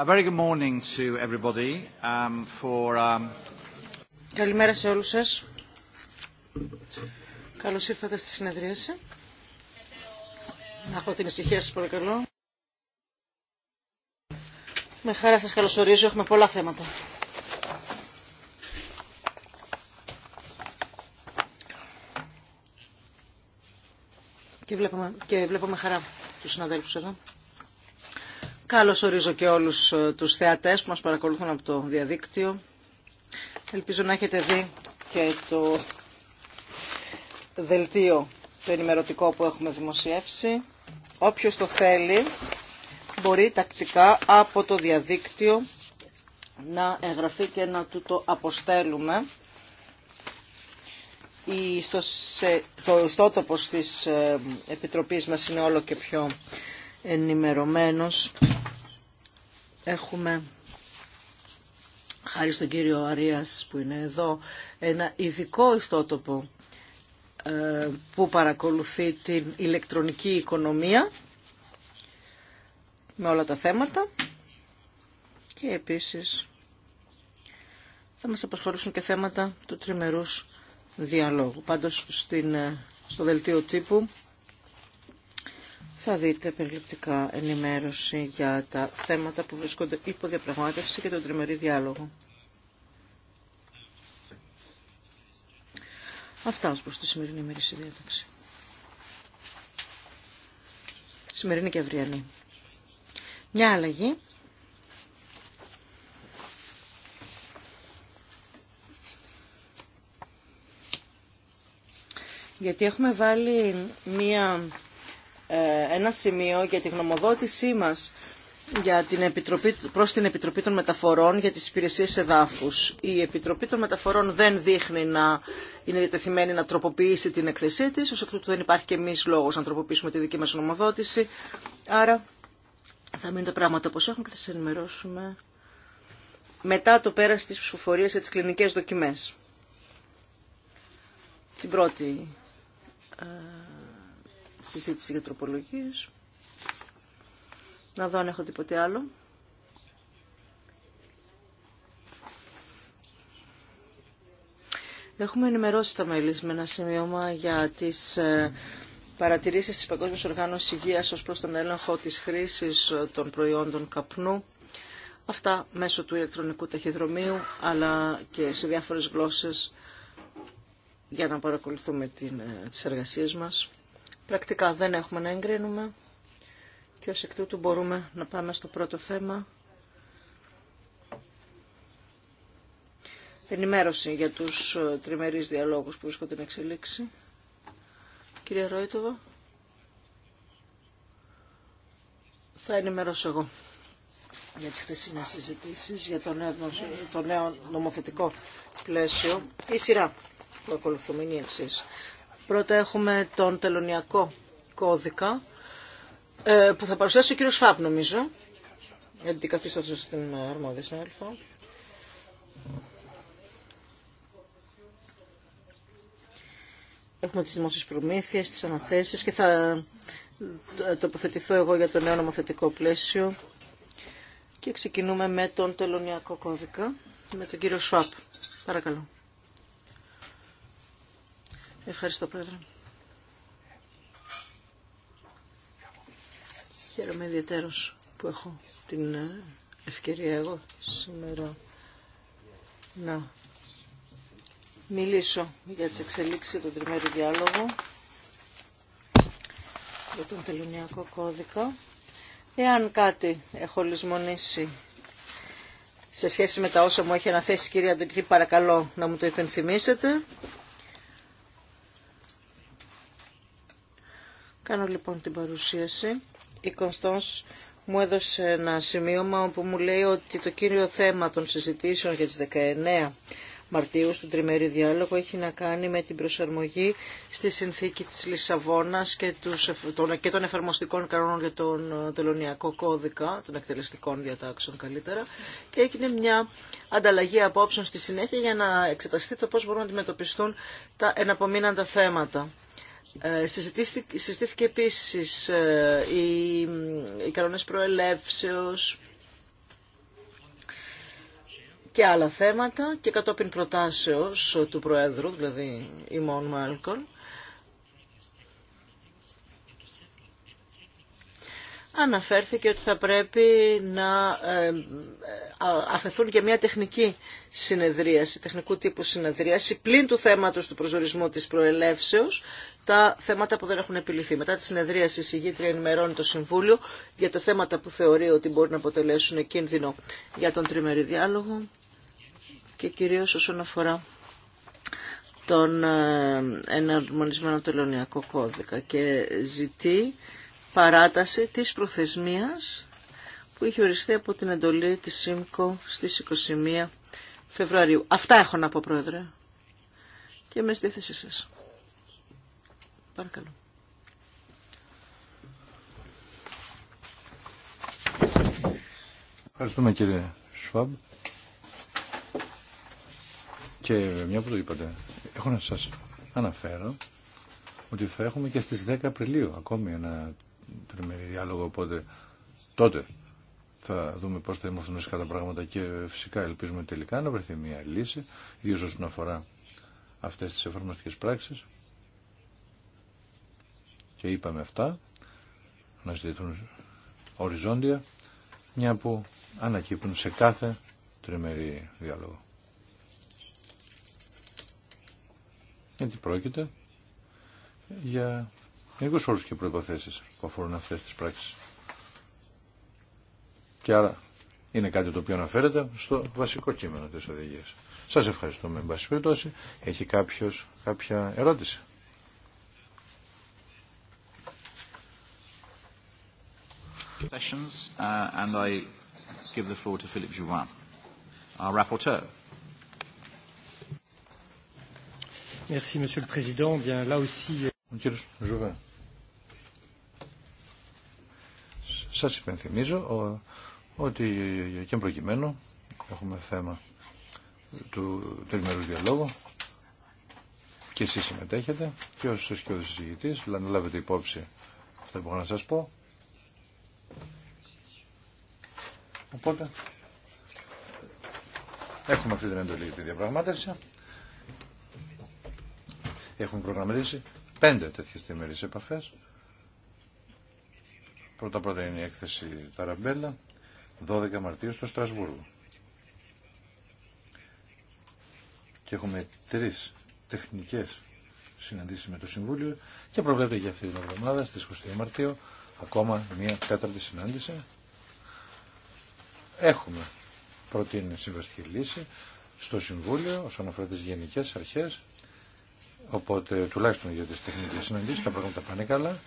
Um, um, Καλημέρα σε όλους σας. Καλώς ήρθατε στη συνεδρίαση. Να έχω την ησυχία σας παρακαλώ. Με χαρά σας καλωσορίζω, έχουμε πολλά θέματα. Και βλέπω και βλέπουμε χαρά τους συναδέλφους εδώ. Καλώς ορίζω και όλους ε, τους θεατές που μας παρακολουθούν από το διαδίκτυο. Ελπίζω να έχετε δει και το δελτίο το ενημερωτικό που έχουμε δημοσιεύσει. Όποιος το θέλει μπορεί τακτικά από το διαδίκτυο να εγγραφεί και να του το αποστέλουμε. Η, στο, το ιστότοπος της ε, Επιτροπής μας είναι όλο και πιο ενημερωμένος. Έχουμε, χάρη στον κύριο Αρίας που είναι εδώ, ένα ειδικό ιστότοπο ε, που παρακολουθεί την ηλεκτρονική οικονομία με όλα τα θέματα και επίσης θα μας απασχολήσουν και θέματα του τριμερούς διαλόγου. Πάντως στην, ε, στο δελτίο τύπου θα δείτε περιληπτικά ενημέρωση για τα θέματα που βρίσκονται υπό διαπραγμάτευση και τον τριμερή διάλογο. Αυτά ως προς τη σημερινή ημερήσια διάταξη. Σημερινή και αυριανή. Μια αλλαγή. Γιατί έχουμε βάλει μία ε, ένα σημείο για τη γνωμοδότησή μας για την Επιτροπή, προς την Επιτροπή των Μεταφορών για τις υπηρεσίες εδάφους. Η Επιτροπή των Μεταφορών δεν δείχνει να είναι διατεθειμένη να τροποποιήσει την εκθεσή της, ως εκ τούτου δεν υπάρχει και εμείς λόγος να τροποποιήσουμε τη δική μας νομοδότηση. Άρα θα μείνουν τα πράγματα όπως έχουν και θα σας ενημερώσουμε μετά το πέρας της ψηφοφορίας για τις κλινικές δοκιμές. Ε, συζήτηση για τροπολογίες. Να δω αν έχω τίποτε άλλο. Έχουμε ενημερώσει τα μέλη με ένα σημείωμα για τις ε, παρατηρήσεις της Παγκόσμιας Οργάνωσης Υγείας ως προς τον έλεγχο της χρήσης ε, των προϊόντων καπνού. Αυτά μέσω του ηλεκτρονικού ταχυδρομείου αλλά και σε διάφορες γλώσσες για να παρακολουθούμε την, ε, τις εργασίες μας πρακτικά δεν έχουμε να εγκρίνουμε και ως εκ τούτου μπορούμε να πάμε στο πρώτο θέμα. Ενημέρωση για τους ε, τριμερείς διαλόγους που βρίσκονται να εξελίξει. Κυρία Ρόιτοβα, θα ενημερώσω εγώ για τις χθεσινές συζητήσεις, για το νέο, το νέο νομοθετικό πλαίσιο. Η σειρά που ακολουθούμε είναι η εξής. Πρώτα έχουμε τον τελωνιακό κώδικα ε, που θα παρουσιάσει ο κύριος Φαπ νομίζω. Γιατί Αντικαθίσταται στην αρμόδια συνάδελφο. Έχουμε τις δημόσιες προμήθειες, τις αναθέσεις και θα τοποθετηθώ εγώ για το νέο νομοθετικό πλαίσιο. Και ξεκινούμε με τον τελωνιακό κώδικα, με τον κύριο Σουάπ. Παρακαλώ. Ευχαριστώ, Πρόεδρε. Χαίρομαι ιδιαίτερος που έχω την ε, ευκαιρία εγώ σήμερα να μιλήσω για τις εξελίξεις του τριμέρου διάλογου για τον τελωνιακό κώδικα. Εάν κάτι έχω λησμονήσει σε σχέση με τα όσα μου έχει αναθέσει η κυρία Ντεγκρή, παρακαλώ να μου το υπενθυμίσετε. Κάνω λοιπόν την παρουσίαση. Η Κωνστός μου έδωσε ένα σημείωμα όπου μου λέει ότι το κύριο θέμα των συζητήσεων για τις 19 Μαρτίου στον τριμερή διάλογο έχει να κάνει με την προσαρμογή στη συνθήκη της Λισαβόνας και, τους, των, και εφαρμοστικών κανόνων για τον ε, τελωνιακό κώδικα, των εκτελεστικών διατάξεων καλύτερα, και έγινε μια ανταλλαγή απόψεων στη συνέχεια για να εξεταστεί το πώς μπορούν να αντιμετωπιστούν τα εναπομείναντα θέματα. Ε, συζητήθηκε επίσης οι, ε, οι κανόνες προελεύσεως και άλλα θέματα και κατόπιν προτάσεως του Προέδρου, δηλαδή Μόν Μάλκον, αναφέρθηκε ότι θα πρέπει να ε, αφαιθούν και μια τεχνική συνεδρίαση, τεχνικού τύπου συνεδρίαση, πλην του θέματος του προσορισμού της προελεύσεως τα θέματα που δεν έχουν επιληθεί. Μετά τη συνεδρίαση η συγγήτρια ενημερώνει το Συμβούλιο για τα θέματα που θεωρεί ότι μπορεί να αποτελέσουν κίνδυνο για τον τριμερή διάλογο και κυρίω όσον αφορά τον ε, εναρμονισμένο τελωνιακό κώδικα και ζητεί παράταση της προθεσμίας που είχε οριστεί από την εντολή της ΣΥΜΚΟ στις 21 Φεβρουαρίου. Αυτά έχω να πω, Πρόεδρε. Και με στη θέση σας. Παρακαλώ. Ευχαριστούμε κύριε Σφάμπ. Και μια που το είπατε, έχω να σας αναφέρω ότι θα έχουμε και στις 10 Απριλίου ακόμη ένα τριμερή διάλογο, οπότε τότε θα δούμε πώς θα δημοφιλονιστικά τα πράγματα και φυσικά ελπίζουμε τελικά να βρεθεί μια λύση, ιδίως όσον αφορά αυτές τις εφαρμοστικές πράξεις και είπαμε αυτά να ζητηθούν οριζόντια μια που ανακύπτουν σε κάθε τριμερή διάλογο. Γιατί πρόκειται για 20 όρους και προϋποθέσεις που αφορούν αυτές τις πράξεις. Και άρα είναι κάτι το οποίο αναφέρεται στο βασικό κείμενο της οδηγίας. Σας ευχαριστούμε, εν πάση περιπτώσει. Έχει κάποιος κάποια ερώτηση. Sessions, uh, and I give the floor to Philippe Jouvin, our rapporteur. Merci, Monsieur le Président. Bien, là aussi... Euh, Monsieur Jouvin. Σα υπενθυμίζω ότι ε, και προκειμένου έχουμε θέμα του τριμερού διαλόγου και εσείς συμμετέχετε και ως σκιώδης συζητητής λάβετε υπόψη αυτά που έχω να σας πω Οπότε έχουμε αυτή την εντολή για τη διαπραγμάτευση. Έχουν προγραμματίσει τέτοιε τέτοιες επαφέ. επαφές. Πρώτα-πρώτα είναι η έκθεση Ταραμπέλα, 12 Μαρτίου στο Στρασβούργο. Και έχουμε τρει τεχνικέ συναντήσει με το Συμβούλιο και προβλέπεται για αυτή την εβδομάδα στι 20 Μαρτίου ακόμα μια τέταρτη συνάντηση έχουμε προτείνει συμβαστική λύση στο Συμβούλιο όσον αφορά τις γενικές αρχές οπότε τουλάχιστον για τις τεχνικές συναντήσεις τα πράγματα πάνε καλά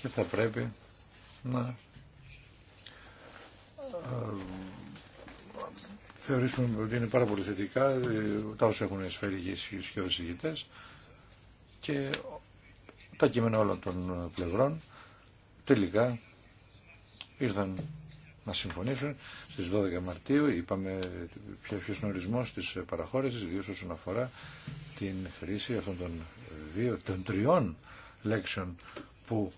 και θα πρέπει να ε, θεωρήσουμε ότι είναι πάρα πολύ θετικά ε, τα όσα έχουν εισφέρει οι σχεδόν και τα κείμενα όλων των πλευρών τελικά ήρθαν να συμφωνήσουν. Στις 12 Μαρτίου είπαμε ποιο είναι ο ορισμός της παραχώρησης, ιδίως όσον αφορά την χρήση αυτών των, δύο, των τριών λέξεων που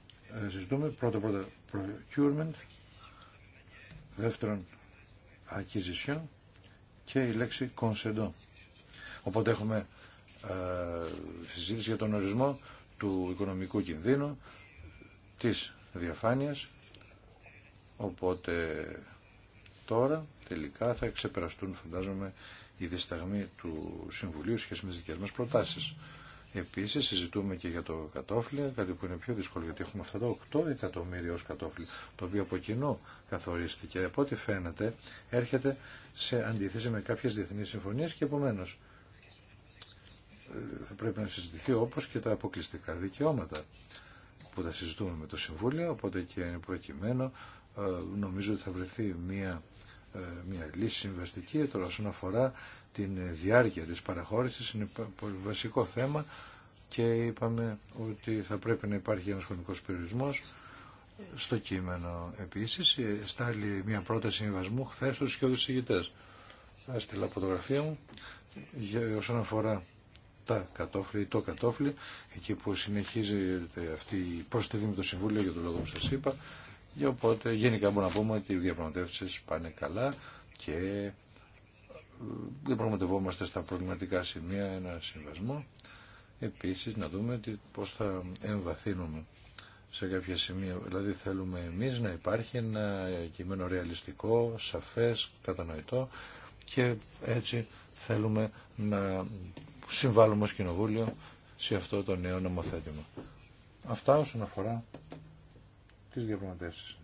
ε, συζητούμε. Πρώτο πρώτο procurement, δεύτερον acquisition και η λέξη consent Οπότε έχουμε ε, συζήτηση για τον ορισμό του οικονομικού κινδύνου, της διαφάνειας Οπότε τώρα τελικά θα ξεπεραστούν φαντάζομαι οι δισταγμοί του Συμβουλίου σχέση με τις δικές μας προτάσεις. Επίσης συζητούμε και για το κατόφλι, κάτι που είναι πιο δύσκολο γιατί έχουμε αυτά τα 8 εκατομμύρια ως κατόφλι, το οποίο από κοινό καθορίστηκε. Από ό,τι φαίνεται έρχεται σε αντίθεση με κάποιες διεθνείς συμφωνίες και επομένω θα πρέπει να συζητηθεί όπως και τα αποκλειστικά δικαιώματα που τα συζητούμε με το Συμβούλιο, οπότε και είναι προκειμένο ε, νομίζω ότι θα βρεθεί μια, ε, μια λύση συμβαστική. Τώρα όσον αφορά την διάρκεια της παραχώρησης είναι πολύ βασικό θέμα και είπαμε ότι θα πρέπει να υπάρχει ένας χρονικός περιορισμός στο κείμενο. Επίσης, ε, στάλει μια πρόταση συμβασμού χθε στους σκιώδους ηγητές. Έστειλα φωτογραφία μου για, όσον αφορά τα κατόφλι ή το κατόφλι εκεί που συνεχίζεται αυτή η το κατοφλι εκει που συνεχιζεται αυτη η προσθετή με το Συμβούλιο για τον λόγο που σας είπα, και οπότε γενικά μπορούμε να πούμε ότι οι διαπραγματεύσει πάνε καλά και ε, διαπραγματευόμαστε στα προβληματικά σημεία ένα συμβασμό. Επίσης να δούμε τι, πώς θα εμβαθύνουμε σε κάποια σημεία. Δηλαδή θέλουμε εμείς να υπάρχει ένα κειμένο ρεαλιστικό, σαφές, κατανοητό και έτσι θέλουμε να συμβάλλουμε ως κοινοβούλιο σε αυτό το νέο νομοθέτημα. Αυτά όσον αφορά τις διαπραγματεύσεις.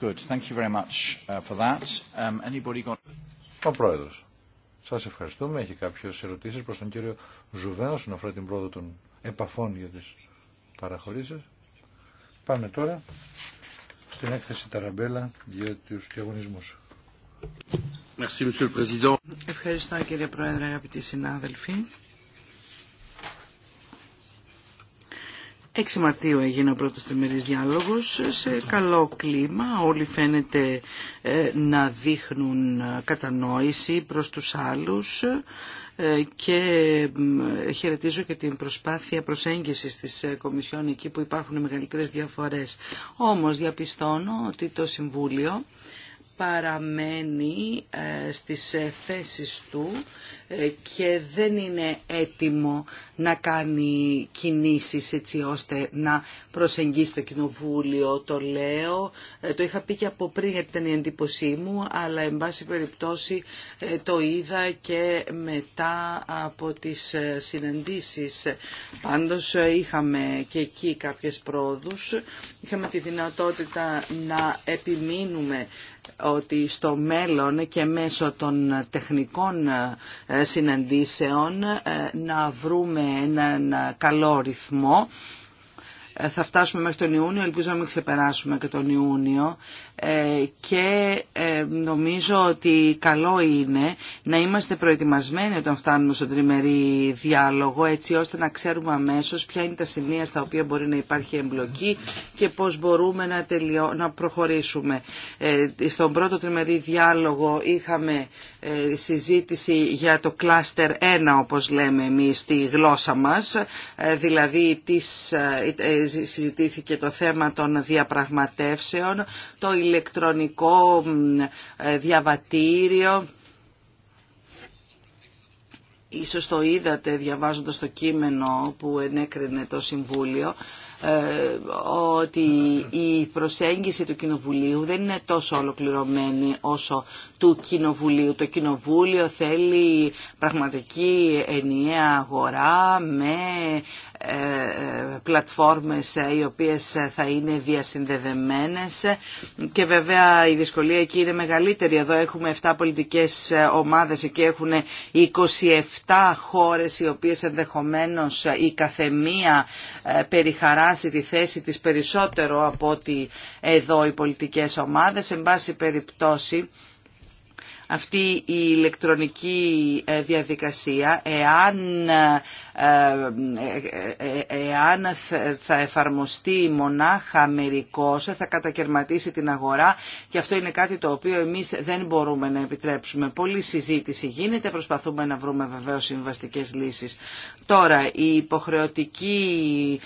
Good. Thank you very much uh, for that. Um, anybody got... Ο Πρόεδρος. Σας ευχαριστούμε. Έχει κάποιες ερωτήσεις προς τον κύριο Ζουβέν όσον αφορά την πρόοδο των επαφών για τις παραχωρήσεις. Πάμε τώρα στην έκθεση Ταραμπέλα για τους διαγωνισμούς. Ευχαριστώ κύριε Πρόεδρε, αγαπητοί συνάδελφοι. 6 Μαρτίου έγινε ο πρώτος τριμερής διάλογος σε καλό κλίμα. Όλοι φαίνεται ε, να δείχνουν ε, κατανόηση προς τους άλλους ε, και χαιρετίζω και την προσπάθεια προσέγγισης της Κομισιόν εκεί που υπάρχουν μεγαλύτερες διαφορές. Όμως διαπιστώνω ότι το Συμβούλιο παραμένει ε, στις ε, θέσεις του ε, και δεν είναι έτοιμο να κάνει κινήσεις έτσι ώστε να προσεγγίσει το κοινοβούλιο. Το λέω, το είχα πει και από πριν γιατί ήταν η εντύπωσή μου, αλλά εν πάση περιπτώσει το είδα και μετά από τις συναντήσεις. Πάντως είχαμε και εκεί κάποιες πρόοδους, είχαμε τη δυνατότητα να επιμείνουμε ότι στο μέλλον και μέσω των τεχνικών ε, συναντήσεων ε, να βρούμε έναν καλό ρυθμό ε, θα φτάσουμε μέχρι τον Ιούνιο, ελπίζω να μην ξεπεράσουμε και τον Ιούνιο, ε, και ε, νομίζω ότι καλό είναι να είμαστε προετοιμασμένοι όταν φτάνουμε στον τριμερή διάλογο έτσι ώστε να ξέρουμε αμέσως ποια είναι τα σημεία στα οποία μπορεί να υπάρχει εμπλοκή και πώς μπορούμε να, τελειώ... να προχωρήσουμε. Ε, στον πρώτο τριμερή διάλογο είχαμε συζήτηση για το κλάστερ 1 όπως λέμε εμείς στη γλώσσα μας δηλαδή συζητήθηκε το θέμα των διαπραγματεύσεων, το ηλεκτρονικό ε, διαβατήριο. Ίσως το είδατε διαβάζοντας το κείμενο που ενέκρινε το Συμβούλιο ε, ότι η προσέγγιση του Κοινοβουλίου δεν είναι τόσο ολοκληρωμένη όσο του Κοινοβουλίου. Το Κοινοβούλιο θέλει πραγματική ενιαία αγορά με πλατφόρμες ε, οι οποίες ε, θα είναι διασυνδεδεμένες και βέβαια η δυσκολία εκεί είναι μεγαλύτερη. Εδώ έχουμε 7 πολιτικές ε, ομάδες, και έχουν 27 χώρες οι οποίες ενδεχομένως η καθεμία περιχαράσει τη θέση της περισσότερο από ότι εδώ οι πολιτικές ομάδες. Εν πάση περιπτώσει αυτή η ηλεκτρονική ε, διαδικασία εάν, ε, ε, εάν θα εφαρμοστεί μονάχα μερικώς θα κατακαιρματίσει την αγορά και αυτό είναι κάτι το οποίο εμείς δεν μπορούμε να επιτρέψουμε. Πολύ συζήτηση γίνεται, προσπαθούμε να βρούμε βεβαίω συμβαστικέ λύσεις. Τώρα η υποχρεωτική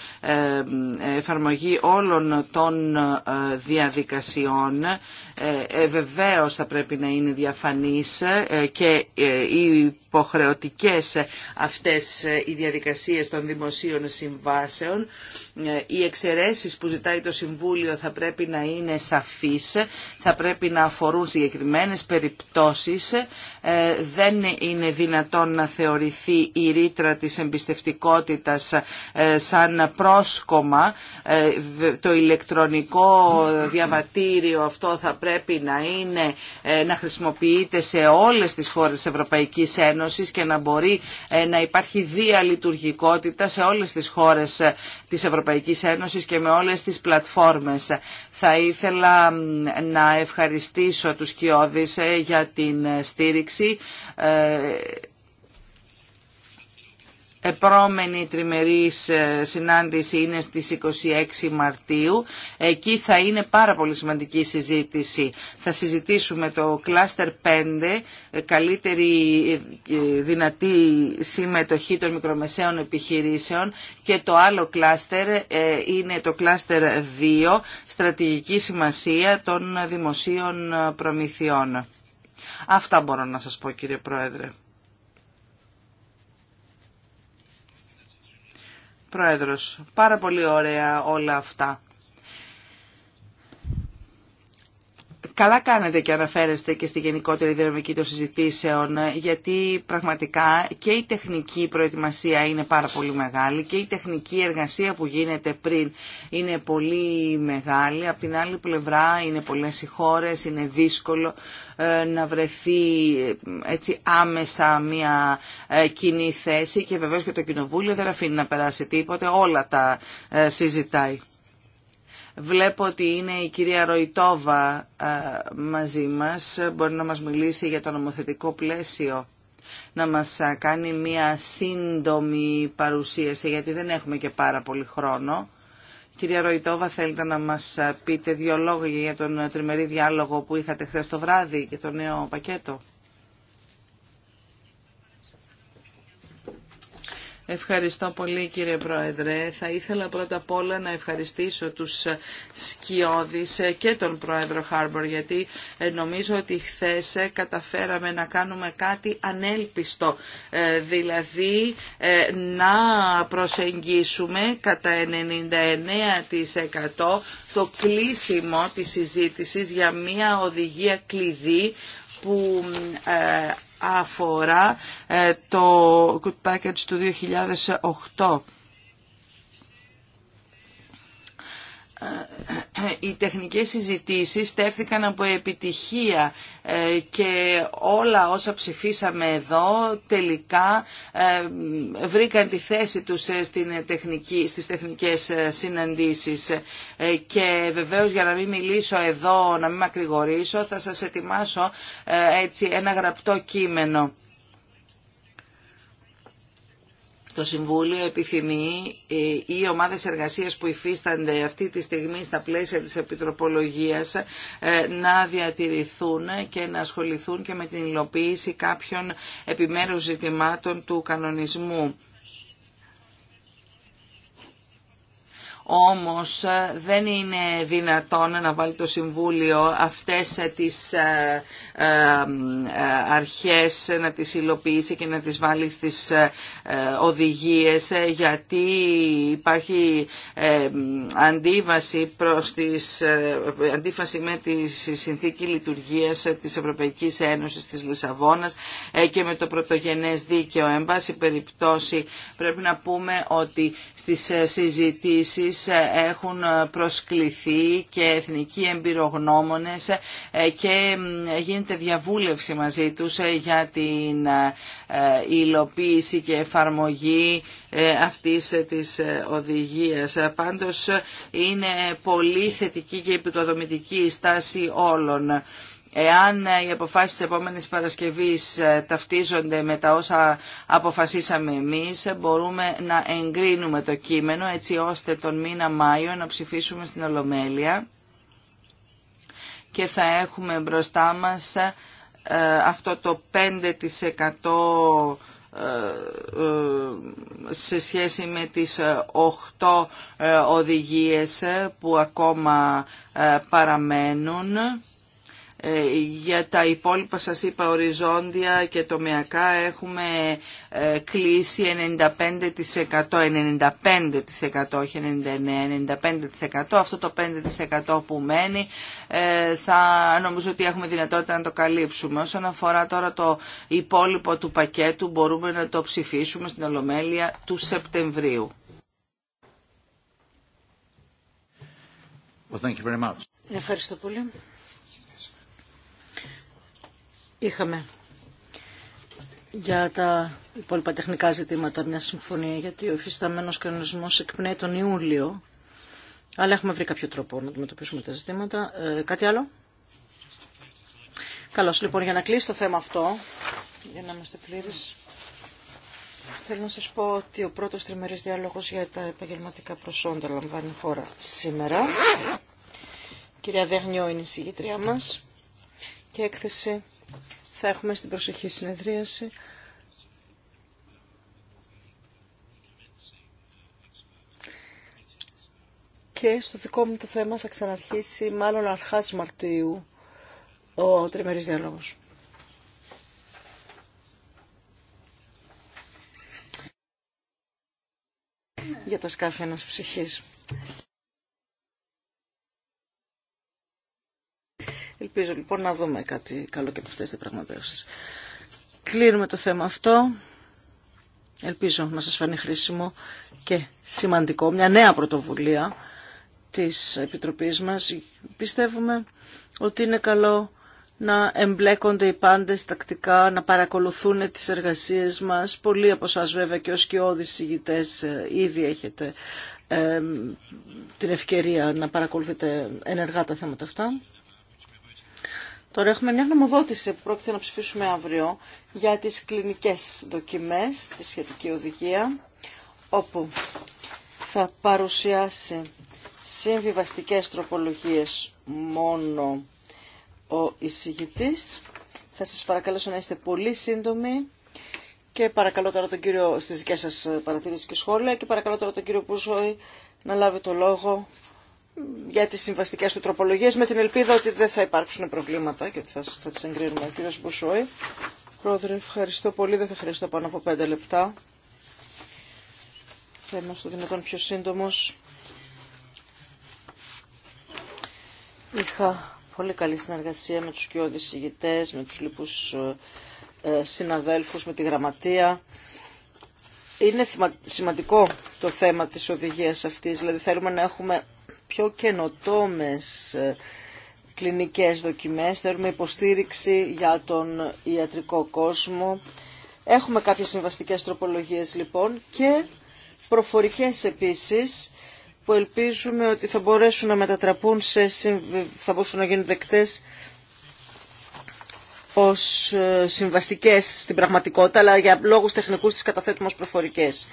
εφαρμογή όλων των διαδικασιών ε, ε, βεβαίως θα πρέπει να είναι διαφανής ε, και ε, οι υποχρεωτικές αυτές οι διαδικασίες των δημοσίων συμβάσεων ε, οι εξαιρέσεις που ζητάει το Συμβούλιο θα πρέπει να είναι σαφείς, θα πρέπει να αφορούν συγκεκριμένες περιπτώσεις. Ε, δεν είναι δυνατόν να θεωρηθεί η ρήτρα της εμπιστευτικότητας ε, σαν πρόσκομα. Το ηλεκτρονικό διαβατήριο αυτό θα πρέπει να, είναι, να χρησιμοποιείται σε όλες τις χώρες της Ευρωπαϊκής Ένωσης και να μπορεί να υπάρχει διαλειτουργικότητα σε όλες τις χώρες της Ευρωπαϊκής Ευρωπαϊκής Ένωσης και με όλες τις πλατφόρμες. Θα ήθελα να ευχαριστήσω τους Κιώδης ε, για την ε, στήριξη ε, επόμενη τριμερής ε, συνάντηση είναι στις 26 Μαρτίου. Εκεί θα είναι πάρα πολύ σημαντική συζήτηση. Θα συζητήσουμε το κλάστερ 5, ε, καλύτερη ε, δυνατή συμμετοχή των μικρομεσαίων επιχειρήσεων και το άλλο κλάστερ είναι το κλάστερ 2, στρατηγική σημασία των δημοσίων προμηθειών. Αυτά μπορώ να σας πω κύριε Πρόεδρε. Πρόεδρος, πάρα πολύ ωραία όλα αυτά. καλά κάνετε και αναφέρεστε και στη γενικότερη δυναμική των συζητήσεων, ε, γιατί πραγματικά και η τεχνική προετοιμασία είναι πάρα πολύ μεγάλη και η τεχνική εργασία που γίνεται πριν είναι πολύ μεγάλη. Απ' την άλλη πλευρά είναι πολλές οι χώρες, είναι δύσκολο ε, να βρεθεί ε, έτσι άμεσα μια κοινή θέση και βεβαίως και το Κοινοβούλιο δεν αφήνει να περάσει τίποτε, όλα τα συζητάει. Βλέπω ότι είναι η κυρία Ροϊτόβα ε, μαζί μας. Μπορεί να μας μιλήσει για το νομοθετικό πλαίσιο. Να μας ε, κάνει μία σύντομη παρουσίαση, γιατί δεν έχουμε και πάρα πολύ χρόνο. Κυρία Ροϊτόβα, θέλετε να μας ε, πείτε δύο λόγια για τον τριμερή διάλογο που είχατε χθες το βράδυ και το νέο πακέτο. Ευχαριστώ πολύ κύριε Πρόεδρε. Θα ήθελα πρώτα απ' όλα να ευχαριστήσω τους Σκιώδης και τον Πρόεδρο Χάρμπορ γιατί ε, νομίζω ότι χθες ε, καταφέραμε να κάνουμε κάτι ανέλπιστο. Ε, δηλαδή να προσεγγίσουμε κατά 99% το κλείσιμο της συζήτησης για μια οδηγία κλειδί που αφορά το Good Package του 2008. οι τεχνικές συζητήσεις στέφθηκαν από επιτυχία ε, και όλα όσα ψηφίσαμε εδώ τελικά ε, βρήκαν τη θέση τους ε, στην τεχνική, στις τεχνικές συναντήσεις και βεβαίως για να μην μιλήσω εδώ, να μην μακρηγορήσω θα σας ετοιμάσω έτσι ένα γραπτό κείμενο Το Συμβούλιο επιθυμεί ε, οι ομάδες εργασίας που υφίστανται αυτή τη στιγμή στα πλαίσια της επιτροπολογίας ε, να διατηρηθούν και να ασχοληθούν και με την υλοποίηση κάποιων επιμέρους ζητημάτων του κανονισμού. Όμως ε, δεν είναι δυνατόν να βάλει το Συμβούλιο αυτές ε, τις ε, αρχές να τις υλοποιήσει και να τις βάλει στις οδηγίες γιατί υπάρχει αντίβαση προς τις, αντίφαση με τη συνθήκη λειτουργίας της Ευρωπαϊκής Ένωσης της Λισαβόνας και με το πρωτογενές δίκαιο. Εν πάση περιπτώσει πρέπει να πούμε ότι στις συζητήσεις ε, έχουν ε, προσκληθεί και εθνικοί εμπειρογνώμονες ε, και γίνεται διαβούλευση μαζί τους για την υλοποίηση και εφαρμογή αυτής της οδηγίας. Πάντως είναι πολύ θετική και επικοδομητική η στάση όλων. Εάν ε, οι αποφάσεις της επόμενης Παρασκευής ε, ταυτίζονται με τα όσα αποφασίσαμε εμείς, ε, μπορούμε να εγκρίνουμε το κείμενο έτσι ώστε τον μήνα Μάιο να ψηφίσουμε στην Ολομέλεια και θα έχουμε μπροστά μας αυτό το 5% σε σχέση με τις 8 οδηγίες που ακόμα παραμένουν ε, για τα υπόλοιπα σας είπα οριζόντια και τομεακά έχουμε ε, κλείσει 95%, 95% όχι 99, 95% αυτό το 5% που μένει ε, θα νομίζω ότι έχουμε δυνατότητα να το καλύψουμε. Όσον αφορά τώρα το υπόλοιπο του πακέτου μπορούμε να το ψηφίσουμε στην Ολομέλεια του Σεπτεμβρίου. thank you very much. Ευχαριστώ πολύ είχαμε για τα υπόλοιπα τεχνικά ζητήματα μια συμφωνία, γιατί ο υφισταμένος κανονισμό εκπνέει τον Ιούλιο, αλλά έχουμε βρει κάποιο τρόπο να αντιμετωπίσουμε τα ζητήματα. Ε, κάτι άλλο? Καλώ λοιπόν, για να κλείσει το θέμα αυτό, για να είμαστε πλήρε, θέλω να σας πω ότι ο πρώτος τριμερής διάλογος για τα επαγγελματικά προσόντα λαμβάνει χώρα σήμερα. Κυρία Δεγνιό είναι η συγγήτριά μας και έκθεση θα έχουμε στην προσεχή συνεδρίαση. Και στο δικό μου το θέμα θα ξαναρχίσει μάλλον αρχάς Μαρτίου ο τριμερής διάλογος. για τα σκάφη ένας ψυχής. Ελπίζω λοιπόν να δούμε κάτι καλό και από αυτές τις πραγματεύσεις. Κλείνουμε το θέμα αυτό. Ελπίζω να σας φανεί χρήσιμο και σημαντικό. Μια νέα πρωτοβουλία της Επιτροπής μας. Πιστεύουμε ότι είναι καλό να εμπλέκονται οι πάντες τακτικά, να παρακολουθούν τις εργασίες μας. Πολλοί από εσά βέβαια και ως και ηγητές ε, ήδη έχετε ε, την ευκαιρία να παρακολουθείτε ενεργά τα θέματα αυτά. Τώρα έχουμε μια γνωμοδότηση που πρόκειται να ψηφίσουμε αύριο για τις κλινικές δοκιμές, τη σχετική οδηγία, όπου θα παρουσιάσει συμβιβαστικές τροπολογίες μόνο ο εισηγητής. Θα σας παρακαλώ να είστε πολύ σύντομοι και παρακαλώ τώρα τον κύριο στις δικές σας παρατηρήσεις και σχόλια και παρακαλώ τώρα τον κύριο Πουζόη να λάβει το λόγο για τις συμβαστικές του τροπολογίες με την ελπίδα ότι δεν θα υπάρξουν προβλήματα και ότι θα, θα τις εγκρίνουμε. Ο κύριος Μπουσόη, πρόεδρε, ευχαριστώ πολύ. Δεν θα χρειαστώ πάνω από πέντε λεπτά. Θα είμαστε δυνατόν πιο σύντομος. Είχα πολύ καλή συνεργασία με τους κοιόδης ηγητές, με τους λοιπούς ε, ε, συναδέλφους, με τη γραμματεία. Είναι σημαντικό το θέμα της οδηγίας αυτής, δηλαδή θέλουμε να έχουμε πιο καινοτόμες ε, κλινικές δοκιμές, θέλουμε υποστήριξη για τον ιατρικό κόσμο. Έχουμε κάποιες συμβαστικές τροπολογίες λοιπόν και προφορικές επίσης που ελπίζουμε ότι θα μπορέσουν να μετατραπούν σε, θα μπορούσαν να γίνουν δεκτές ως ε, συμβαστικές στην πραγματικότητα, αλλά για λόγους τεχνικούς τις καταθέτουμε ως προφορικές.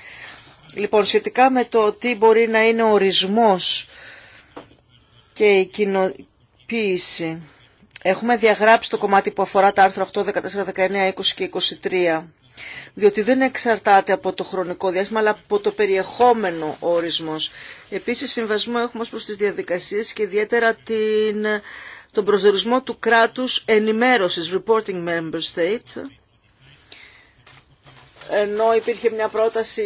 Λοιπόν, σχετικά με το τι μπορεί να είναι ο ορισμός και η κοινοποίηση. Έχουμε διαγράψει το κομμάτι που αφορά τα άρθρα 8, 14, 19, 20 και 23 διότι δεν εξαρτάται από το χρονικό διάστημα, αλλά από το περιεχόμενο ορισμός. Επίσης, συμβασμό έχουμε ως προς τις διαδικασίες και ιδιαίτερα την, τον προσδιορισμό του κράτους ενημέρωσης, reporting member States ενώ υπήρχε μια πρόταση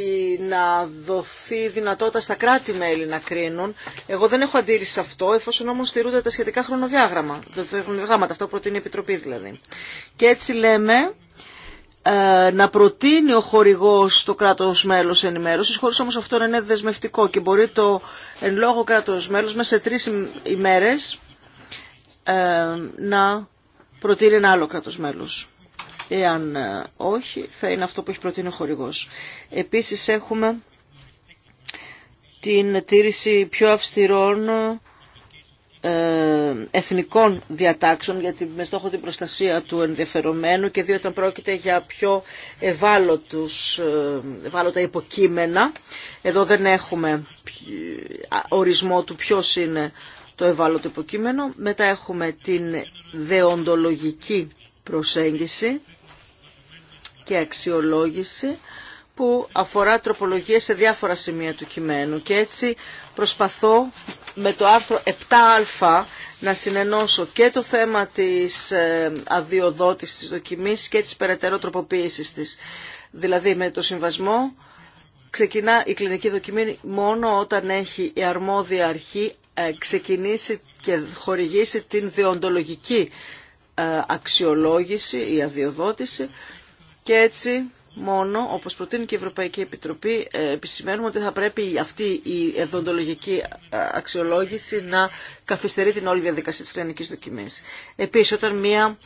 να δοθεί δυνατότητα στα κράτη-μέλη να κρίνουν. Εγώ δεν έχω αντίρρηση σε αυτό, εφόσον όμως στηρούνται τα σχετικά χρονοδιάγραμμα, τα χρονοδιάγραμματα, αυτό προτείνει η Επιτροπή δηλαδή. Και έτσι λέμε ε, να προτείνει ο χορηγός το κράτος μέλος ενημέρωσης, χωρίς όμως αυτό να είναι δεσμευτικό και μπορεί το εν λόγω κράτος μέλος μέσα σε τρεις ημέρες ε, να προτείνει ένα άλλο κράτος μέλος. Εάν ε, όχι, θα είναι αυτό που έχει προτείνει ο χορηγός. Επίσης έχουμε την τήρηση πιο αυστηρών ε, εθνικών διατάξεων για με στόχο την προστασία του ενδιαφερομένου και δύο όταν πρόκειται για πιο ευάλωτους, ε, ευάλωτα υποκείμενα. Εδώ δεν έχουμε ορισμό του ποιος είναι το ευάλωτο υποκείμενο. Μετά έχουμε την δεοντολογική προσέγγιση και αξιολόγηση που αφορά τροπολογίες σε διάφορα σημεία του κειμένου και έτσι προσπαθώ με το άρθρο 7α να συνενώσω και το θέμα της ε, αδειοδότησης της δοκιμής και της περαιτέρω τροποποίησης της. Δηλαδή με το συμβασμό ξεκινά η κλινική δοκιμή μόνο όταν έχει η αρμόδια αρχή ε, ξεκινήσει και χορηγήσει την διοντολογική ε, αξιολόγηση ή αδειοδότηση και έτσι μόνο, όπως προτείνει και η Ευρωπαϊκή Επιτροπή, ε, επισημαίνουμε ότι θα πρέπει αυτή η εδοντολογική ε, αξιολόγηση να καθυστερεί την όλη διαδικασία της κλινικής δοκιμής. Επίσης, όταν μία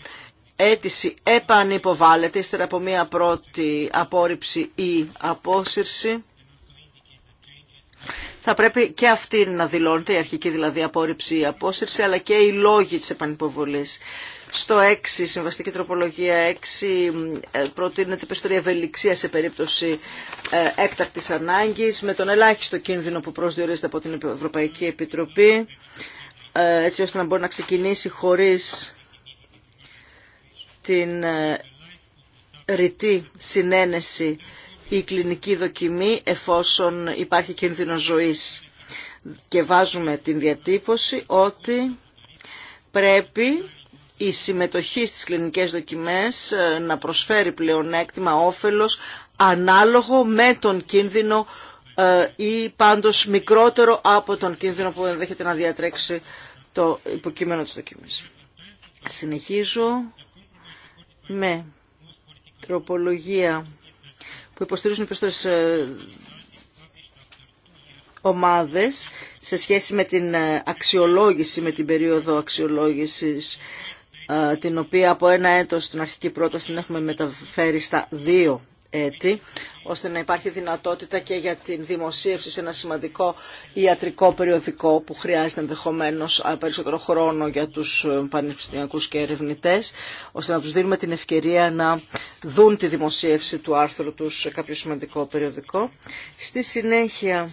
αίτηση επανυποβάλλεται, ύστερα από μία πρώτη απόρριψη ή απόσυρση, θα πρέπει και αυτή να δηλώνεται, η αρχική δηλαδή απόρριψη ή απόσυρση, αλλά και οι λόγοι της επανυποβολής. Στο 6, συμβαστική τροπολογία 6, ε, προτείνεται περισσότερη ευελιξία σε περίπτωση ε, έκτακτης ανάγκης, με τον ελάχιστο κίνδυνο που προσδιορίζεται από την Ευρωπαϊκή Επιτροπή, ε, έτσι ώστε να μπορεί να ξεκινήσει χωρίς την ρητή συνένεση η κλινική δοκιμή εφόσον υπάρχει κίνδυνο ζωής. Και βάζουμε την διατύπωση ότι πρέπει η συμμετοχή στις κλινικές δοκιμές ε, να προσφέρει πλεονέκτημα όφελος ανάλογο με τον κίνδυνο ε, ή πάντως μικρότερο από τον κίνδυνο που ενδέχεται να διατρέξει το υποκείμενο της δοκιμής. Συνεχίζω με τροπολογία που υποστηρίζουν οι ε, ομάδες σε σχέση με την αξιολόγηση, με την περίοδο αξιολόγησης την οποία από ένα έτος στην αρχική πρόταση την έχουμε μεταφέρει στα δύο έτη, ώστε να υπάρχει δυνατότητα και για την δημοσίευση σε ένα σημαντικό ιατρικό περιοδικό που χρειάζεται ενδεχομένω περισσότερο χρόνο για τους ε, πανεπιστημιακούς και ερευνητές, ώστε να τους δίνουμε την ευκαιρία να δουν τη δημοσίευση του άρθρου τους σε κάποιο σημαντικό περιοδικό. Στη συνέχεια...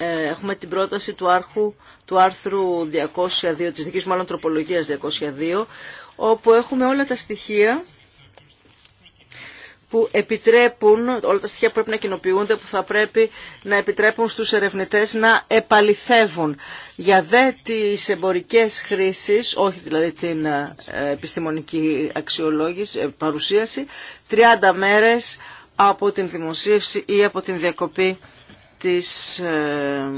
Ε, έχουμε την πρόταση του, άρχου, του άρθρου 202, της δικής μου τροπολογίας 202, όπου έχουμε όλα τα στοιχεία που επιτρέπουν, όλα τα στοιχεία που πρέπει να κοινοποιούνται, που θα πρέπει να επιτρέπουν στους ερευνητές να επαληθεύουν. Για δε τις εμπορικές χρήσεις, όχι δηλαδή την ε, επιστημονική αξιολόγηση, ε, παρουσίαση, 30 μέρες από την δημοσίευση ή από την διακοπή της, ε,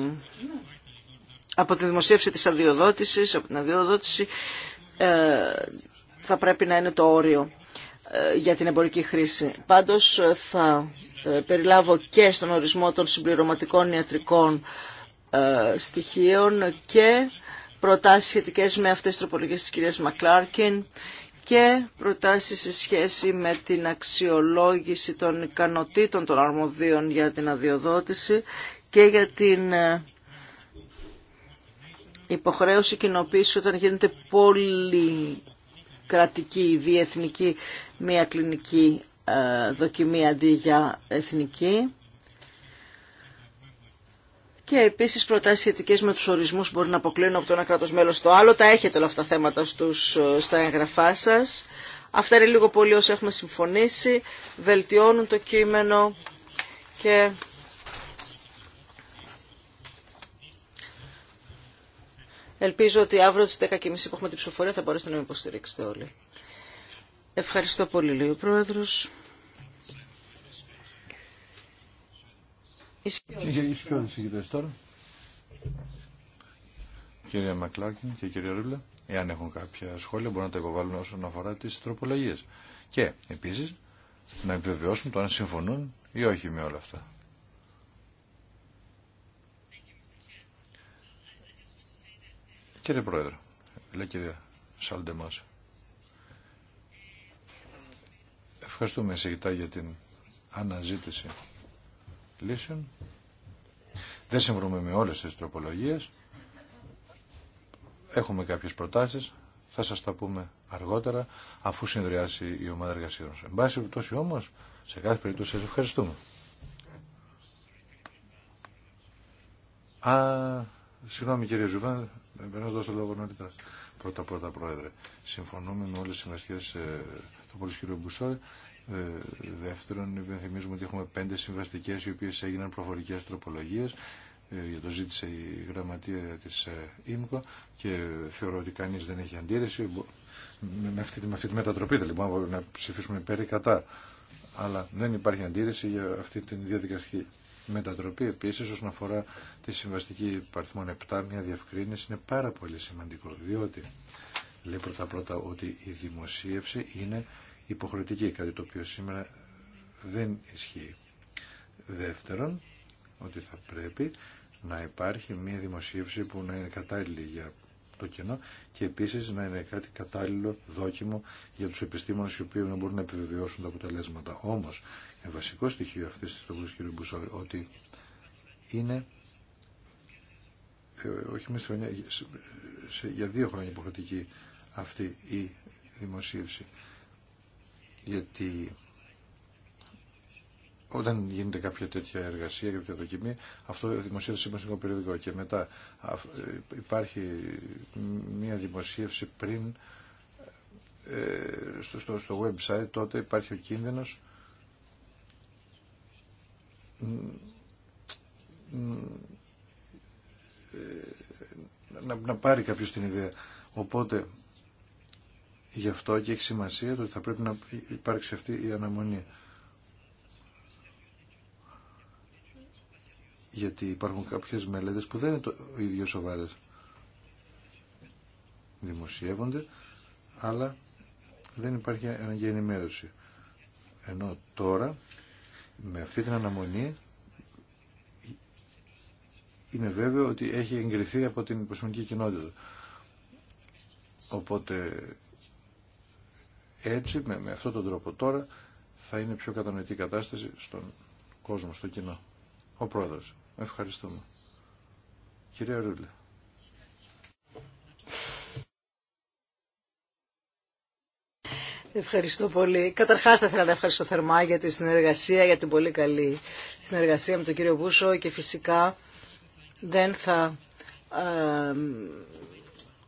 από τη δημοσίευση της αδειοδότησης, από την αδειοδότηση, ε, θα πρέπει να είναι το όριο ε, για την εμπορική χρήση. Πάντως θα περιλάβω και στον ορισμό των συμπληρωματικών ιατρικών στοιχείων και προτάσεις σχετικές με αυτές τις τροπολογίες της κυρίας Μακλάρκιν και προτάσεις σε σχέση με την αξιολόγηση των ικανοτήτων των αρμοδίων για την αδειοδότηση και για την ε, υποχρέωση κοινοποίηση όταν γίνεται πολυκρατική ή διεθνική μία κλινική ε, δοκιμή αντί για εθνική και επίσης προτάσεις σχετικέ με τους ορισμούς μπορεί να αποκλίνουν από το ένα κράτο μέλος στο άλλο. Τα έχετε όλα αυτά τα θέματα στους, ε, στα εγγραφά σα. Αυτά είναι λίγο πολύ όσοι έχουμε συμφωνήσει, βελτιώνουν το κείμενο και ελπίζω ότι αύριο στις 10.30 που έχουμε την ψηφοφορία θα μπορέσετε να με υποστηρίξετε όλοι. Ευχαριστώ πολύ, λέει ο Πρόεδρος. Ισχυρός. τώρα. Κύριε Μακλάκιν και κύριε Ρούλα, εάν έχουν κάποια σχόλια μπορούν να τα υποβάλουν όσον αφορά τις τροπολογίες. Και επίσης να επιβεβαιώσουν το αν συμφωνούν ή όχι με όλα αυτά. Κύριε Πρόεδρε, λέει κύριε Σαλντεμάς, ευχαριστούμε συγκεκριτά για την αναζήτηση λύσεων. Δεν συμβρούμε με όλες τις τροπολογίες. Έχουμε κάποιες προτάσεις. Θα σας τα πούμε αργότερα αφού συνδυάσει η ομάδα εργασίων. Εν πάση περιπτώσει όμως, σε κάθε περίπτωση σας ευχαριστούμε. Α, συγγνώμη κύριε Ζουβά, πρέπει να δώσω λόγο νωρίτερα. Πρώτα πρώτα πρόεδρε, συμφωνούμε με όλες τις συνεργασίες ε, του Πολυσκηρίου Μπουσόη ε, δεύτερον, υπενθυμίζουμε ότι έχουμε πέντε συμβαστικέ οι οποίε έγιναν προφορικές τροπολογίες ε, για το ζήτησε η γραμματεία της ε, ΙΜΚΟ και θεωρώ ότι κανεί δεν έχει αντίρρηση. Με αυτή, τη μετατροπή δεν λοιπόν να ψηφίσουμε υπέρ ή κατά. Αλλά δεν υπάρχει αντίρρηση για αυτή τη διαδικαστική μετατροπή. Επίση όσον αφορά τη συμβαστική παριθμών 7 μια διευκρίνηση είναι πάρα πολύ σημαντικό διότι λέει πρώτα πρώτα ότι η δημοσίευση είναι υποχρεωτική, κάτι το οποίο σήμερα δεν ισχύει. Δεύτερον, ότι θα πρέπει να υπάρχει μια δημοσίευση που να είναι κατάλληλη για το κοινό και επίσης να είναι κάτι κατάλληλο, δόκιμο για τους επιστήμονες οι οποίοι να μπορούν να επιβεβαιώσουν τα αποτελέσματα. Όμως, ε, βασικό στοιχείο αυτής της τοποθέτηση, κύριε Μπουσόη, ότι είναι ε, όχι σε, για δύο χρόνια υποχρεωτική αυτή η δημοσίευση γιατί όταν γίνεται κάποια τέτοια εργασία, κάποια δοκιμή, αυτό δημοσίευσε σήμερα στο περιοδικό και μετά υπάρχει μια δημοσίευση πριν ε, στο, στο, στο website, τότε υπάρχει ο κίνδυνος να, να πάρει κάποιος την ιδέα. Οπότε Γι' αυτό και έχει σημασία το ότι θα πρέπει να υπάρξει αυτή η αναμονή. Γιατί υπάρχουν κάποιες μελέτες που δεν είναι το ίδιο σοβαρές. Δημοσιεύονται, αλλά δεν υπάρχει αναγκαία ενημέρωση. Ενώ τώρα, με αυτή την αναμονή, είναι βέβαιο ότι έχει εγκριθεί από την προσωπική κοινότητα. Οπότε έτσι, με, με αυτόν τον τρόπο τώρα, θα είναι πιο κατανοητή κατάσταση στον κόσμο, στο κοινό. Ο Πρόεδρος. Ευχαριστούμε. Κυρία Ρούλη. Ευχαριστώ πολύ. Καταρχάς θα ήθελα να ευχαριστώ θερμά για τη συνεργασία, για την πολύ καλή συνεργασία με τον κύριο Μπούσο και φυσικά δεν θα ε,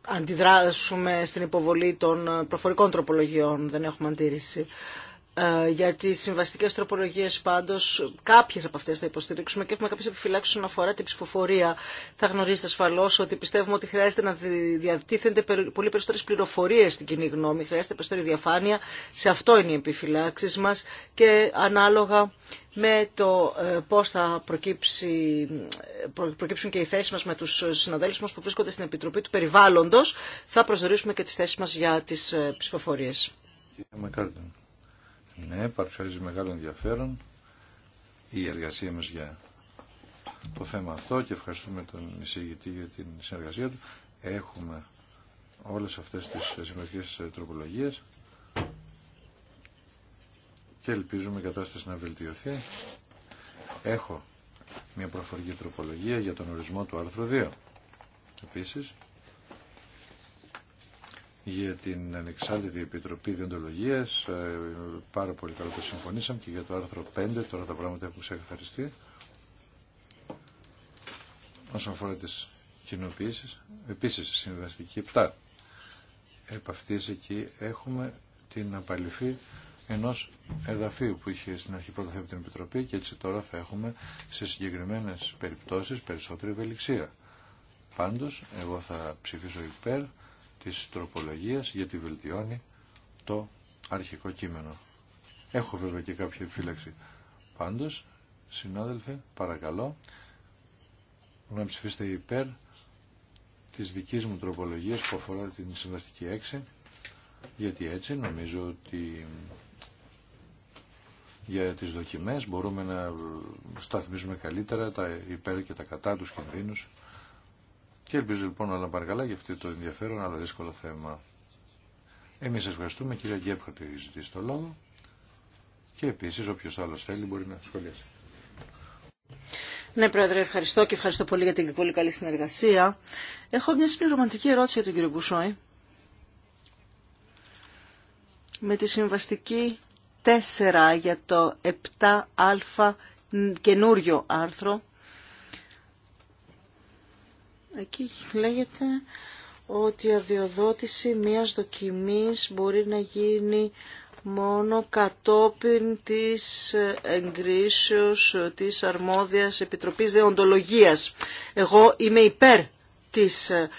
αντιδράσουμε στην υποβολή των προφορικών τροπολογιών. Δεν έχουμε αντίρρηση. Ε, για τι συμβαστικέ τροπολογίε πάντω, κάποιε από αυτέ θα υποστηρίξουμε και έχουμε κάποιε επιφυλάξει όσον αφορά την ψηφοφορία. Θα γνωρίζετε ασφαλώ ότι πιστεύουμε ότι χρειάζεται να διατίθενται πολύ περισσότερε πληροφορίε στην κοινή γνώμη, χρειάζεται περισσότερη διαφάνεια. Σε αυτό είναι οι επιφυλάξει μα και ανάλογα με το ε, πώ θα προκύψει, προκύψουν και οι θέσει μα με του συναδέλφου μα που βρίσκονται στην Επιτροπή του Περιβάλλοντο, θα προσδορίσουμε και τι θέσει μα για τι ε, ψηφοφορίε. Ναι, παρουσιάζει μεγάλο ενδιαφέρον η εργασία μας για το θέμα αυτό και ευχαριστούμε τον εισηγητή για την συνεργασία του. Έχουμε όλες αυτές τις σημαντικές τροπολογίες και ελπίζουμε η κατάσταση να βελτιωθεί. Έχω μια προφορική τροπολογία για τον ορισμό του άρθρου 2. Επίσης, για την Ανεξάρτητη Επιτροπή Διοντολογίας. Ε, πάρα πολύ καλό το συμφωνήσαμε και για το άρθρο 5. Τώρα τα πράγματα έχουν ξεκαθαριστεί. Όσον αφορά τις κοινοποιήσεις, επίσης συμβαστική 7. Επ' αυτής εκεί έχουμε την απαλυφή ενός εδαφίου που είχε στην αρχή πρώτα από την Επιτροπή και έτσι τώρα θα έχουμε σε συγκεκριμένες περιπτώσεις περισσότερη ευελιξία. Πάντως, εγώ θα ψηφίσω υπέρ της τροπολογίας γιατί βελτιώνει το αρχικό κείμενο. Έχω βέβαια και κάποια επιφύλαξη. Πάντως, συνάδελφε, παρακαλώ να ψηφίσετε υπέρ της δικής μου τροπολογίας που αφορά την συμβαστική 6 γιατί έτσι νομίζω ότι για τις δοκιμές μπορούμε να σταθμίζουμε καλύτερα τα υπέρ και τα κατά τους κινδύνους και ελπίζω λοιπόν να παρακαλά καλά για αυτό το ενδιαφέρον αλλά δύσκολο θέμα. Εμεί σα ευχαριστούμε. Κυρία Γκέπχαρτ τη ζητήσει το λόγο. Και επίση όποιο άλλο θέλει μπορεί να σχολιάσει. Ναι, Πρόεδρε, ευχαριστώ και ευχαριστώ πολύ για την πολύ καλή συνεργασία. Έχω μια συμπληρωματική ερώτηση για τον κύριο Μπουσόη. Με τη συμβαστική 4 για το 7α καινούριο άρθρο Εκεί λέγεται ότι η αδειοδότηση μιας δοκιμής μπορεί να γίνει μόνο κατόπιν της εγκρίσεως της αρμόδιας επιτροπής δεοντολογίας. Εγώ είμαι υπέρ της ε,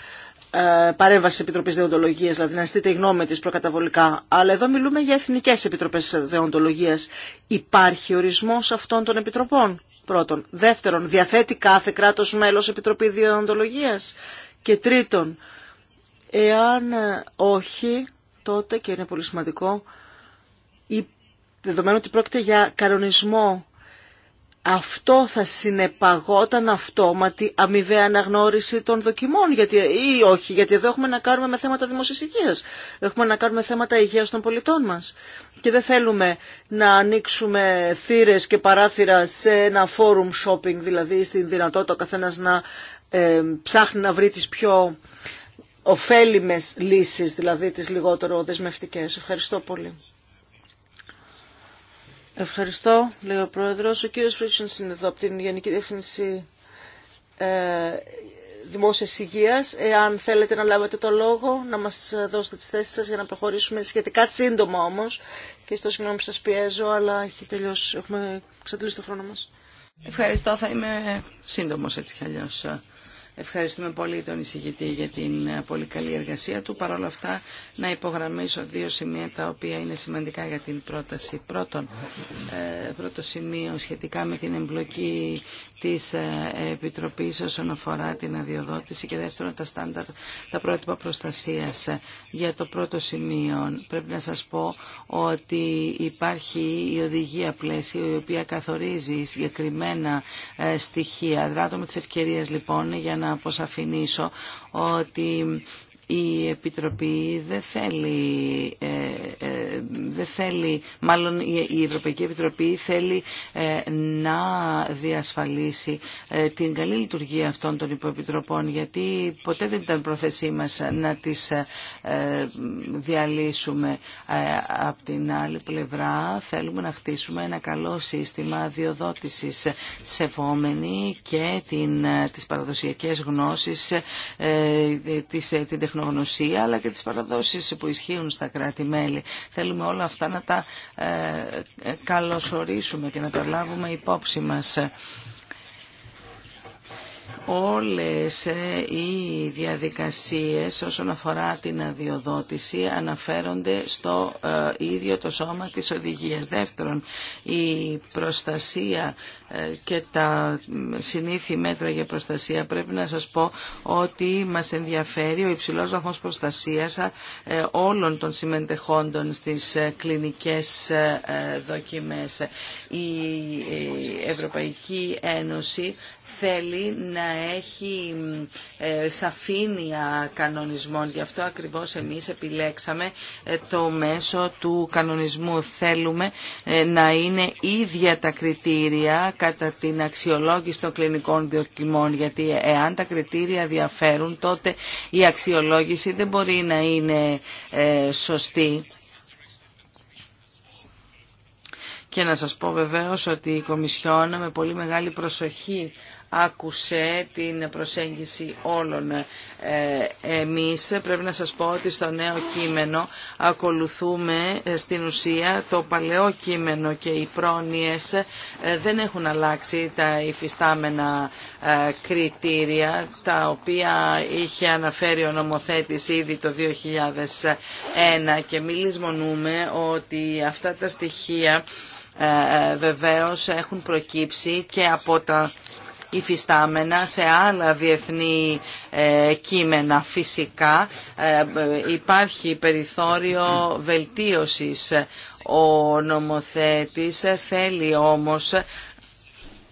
παρέμβαση Επιτροπή Δεοντολογίας, δηλαδή να στείτε η γνώμη της προκαταβολικά. Αλλά εδώ μιλούμε για Εθνικές Επιτροπές Δεοντολογίας. Υπάρχει ορισμός αυτών των επιτροπών. Πρώτον. Δεύτερον, διαθέτει κάθε κράτος μέλος Επιτροπή Διοντολογίας. Και τρίτον, εάν όχι, τότε, και είναι πολύ σημαντικό, δεδομένου ότι πρόκειται για κανονισμό αυτό θα συνεπαγόταν αυτόματη αμοιβαία αναγνώριση των δοκιμών γιατί, ή όχι, γιατί εδώ έχουμε να κάνουμε με θέματα δημόσιας έχουμε να κάνουμε θέματα υγείας των πολιτών μας και δεν θέλουμε να ανοίξουμε θύρες και παράθυρα σε ένα forum shopping, δηλαδή στην δυνατότητα ο καθένας να ε, ψάχνει να βρει τις πιο ωφέλιμες λύσεις, δηλαδή τις λιγότερο δεσμευτικές. Ευχαριστώ πολύ. Ευχαριστώ, λέει ο Πρόεδρος. Ο κύριος είναι εδώ από την Γενική Διεύθυνση ε, Δημόσιας Υγείας. Εάν θέλετε να λάβετε το λόγο, να μας δώσετε τις θέσεις σας για να προχωρήσουμε σχετικά σύντομα όμως. Και στο συγγνώμη που σας πιέζω, αλλά έχει τελειώσει, έχουμε ξατλήσει το χρόνο μας. Ευχαριστώ, θα είμαι σύντομος έτσι κι αλλιώς. Ευχαριστούμε πολύ τον εισηγητή για την ε, πολύ καλή εργασία του. Παρ' όλα αυτά να υπογραμμίσω δύο σημεία τα οποία είναι σημαντικά για την πρόταση. Πρώτον, ε, πρώτο σημείο σχετικά με την εμπλοκή της ε, Επιτροπής όσον αφορά την αδειοδότηση και δεύτερον τα στάνταρ, τα πρότυπα προστασίας. Ε, για το πρώτο σημείο πρέπει να σας πω ότι υπάρχει η οδηγία πλαίσιο η οποία καθορίζει συγκεκριμένα ε, στοιχεία. Δράτω με τις ευκαιρίες λοιπόν για να αποσαφηνίσω ότι η Επιτροπή δεν θέλει, ε, ε, δεν θέλει μάλλον η Ευρωπαϊκή Επιτροπή θέλει ε, να διασφαλίσει ε, την καλή λειτουργία αυτών των υποεπιτροπών γιατί ποτέ δεν ήταν πρόθεσή μας να τις ε, διαλύσουμε. από την άλλη πλευρά θέλουμε να χτίσουμε ένα καλό σύστημα διοδότησης σεβόμενη και την, τις παραδοσιακές γνώσεις, της, την τεχνογνωσία αλλά και τις παραδόσεις που ισχύουν στα κράτη-μέλη. Θέλουμε όλα αυτά να τα ε, ε, καλωσορίσουμε και να τα λάβουμε υπόψη μας όλες ε, οι διαδικασίες όσον αφορά την αδειοδότηση αναφέρονται στο ίδιο το σώμα της οδηγίας. Δεύτερον, η προστασία και τα συνήθη μέτρα για προστασία πρέπει να σας πω ότι μας ενδιαφέρει ο υψηλός βαθμός προστασίας ε, όλων των συμμετεχόντων στις ε, κλινικές ε, δοκιμές. Η Ευρωπαϊκή Ένωση θέλει να έχει σαφήνεια κανονισμών. Γι' αυτό ακριβώς εμείς επιλέξαμε το μέσο του κανονισμού. Θέλουμε να είναι ίδια τα κριτήρια κατά την αξιολόγηση των κλινικών δοκιμών, γιατί εάν τα κριτήρια διαφέρουν, τότε η αξιολόγηση δεν μπορεί να είναι ε, σωστή. Και να σας πω βεβαίως ότι η Κομισιόν με πολύ μεγάλη προσοχή άκουσε την προσέγγιση όλων ε, εμείς. Πρέπει να σας πω ότι στο νέο κείμενο ακολουθούμε ε, στην ουσία το παλαιό κείμενο και οι πρόνοιες ε, δεν έχουν αλλάξει τα υφιστάμενα κριτήρια τα οποία είχε αναφέρει ο νομοθέτης ήδη το 2001 και μη λησμονούμε ότι αυτά τα στοιχεία βεβαίως έχουν προκύψει και από τα υφιστάμενα σε άλλα διεθνή ε, κείμενα. Φυσικά ε, υπάρχει περιθώριο βελτίωσης. Ο νομοθέτης θέλει όμως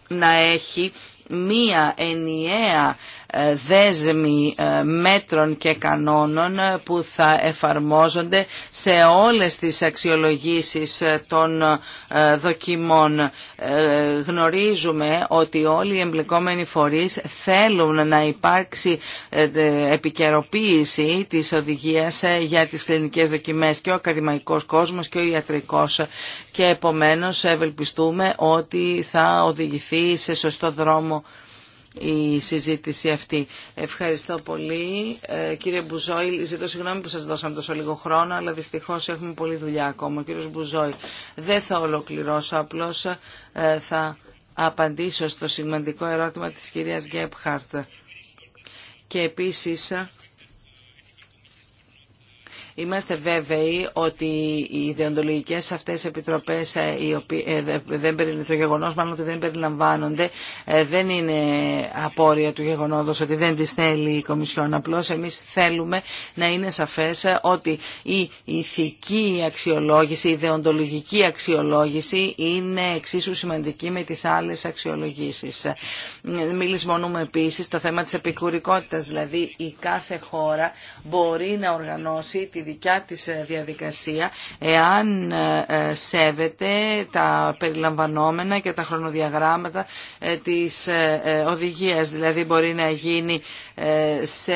να έχει μία ενιαία ε, δέσμοι ε, μέτρων και κανόνων ε, που θα εφαρμόζονται σε όλες τις αξιολογήσεις των δοκιμών. Γνωρίζουμε ότι όλοι οι εμπλεκόμενοι φορείς θέλουν να υπάρξει επικαιροποίηση της οδηγίας για τις κλινικές δοκιμές και ο ακαδημαϊκός κόσμος και ο ιατρικός και επομένως ευελπιστούμε ότι θα οδηγηθεί σε σωστό δρόμο η συζήτηση αυτή. Ευχαριστώ πολύ. Ε, κύριε Μπουζόη, ζητώ συγγνώμη που σας δώσαμε τόσο λίγο χρόνο, αλλά δυστυχώς έχουμε πολλή δουλειά ακόμα. Ο κύριος Μπουζόη, δεν θα ολοκληρώσω, απλώς ε, θα απαντήσω στο σημαντικό ερώτημα της κυρίας Γκέπχαρτ. Και επίσης Είμαστε βέβαιοι ότι οι ιδεοντολογικέ αυτές επιτροπέ, ε, οι οποίες, δεν το γεγονό μάλλον ότι δεν περιλαμβάνονται ε, δεν είναι απόρρια του γεγονότος ότι δεν τι θέλει η Κομισιόν. Απλώ εμεί θέλουμε να είναι σαφέ ε, ότι η ηθική αξιολόγηση, η ιδεοντολογική αξιολόγηση είναι εξίσου σημαντική με τι άλλε αξιολογήσει. Μη λησμονούμε επίσης το θέμα τη επικουρικότητα, δηλαδή η κάθε χώρα μπορεί να οργανώσει τη δικιά της ε, διαδικασία εάν ε, ε, σέβεται τα περιλαμβανόμενα και τα χρονοδιαγράμματα της οδηγίας. Δηλαδή μπορεί να γίνει σε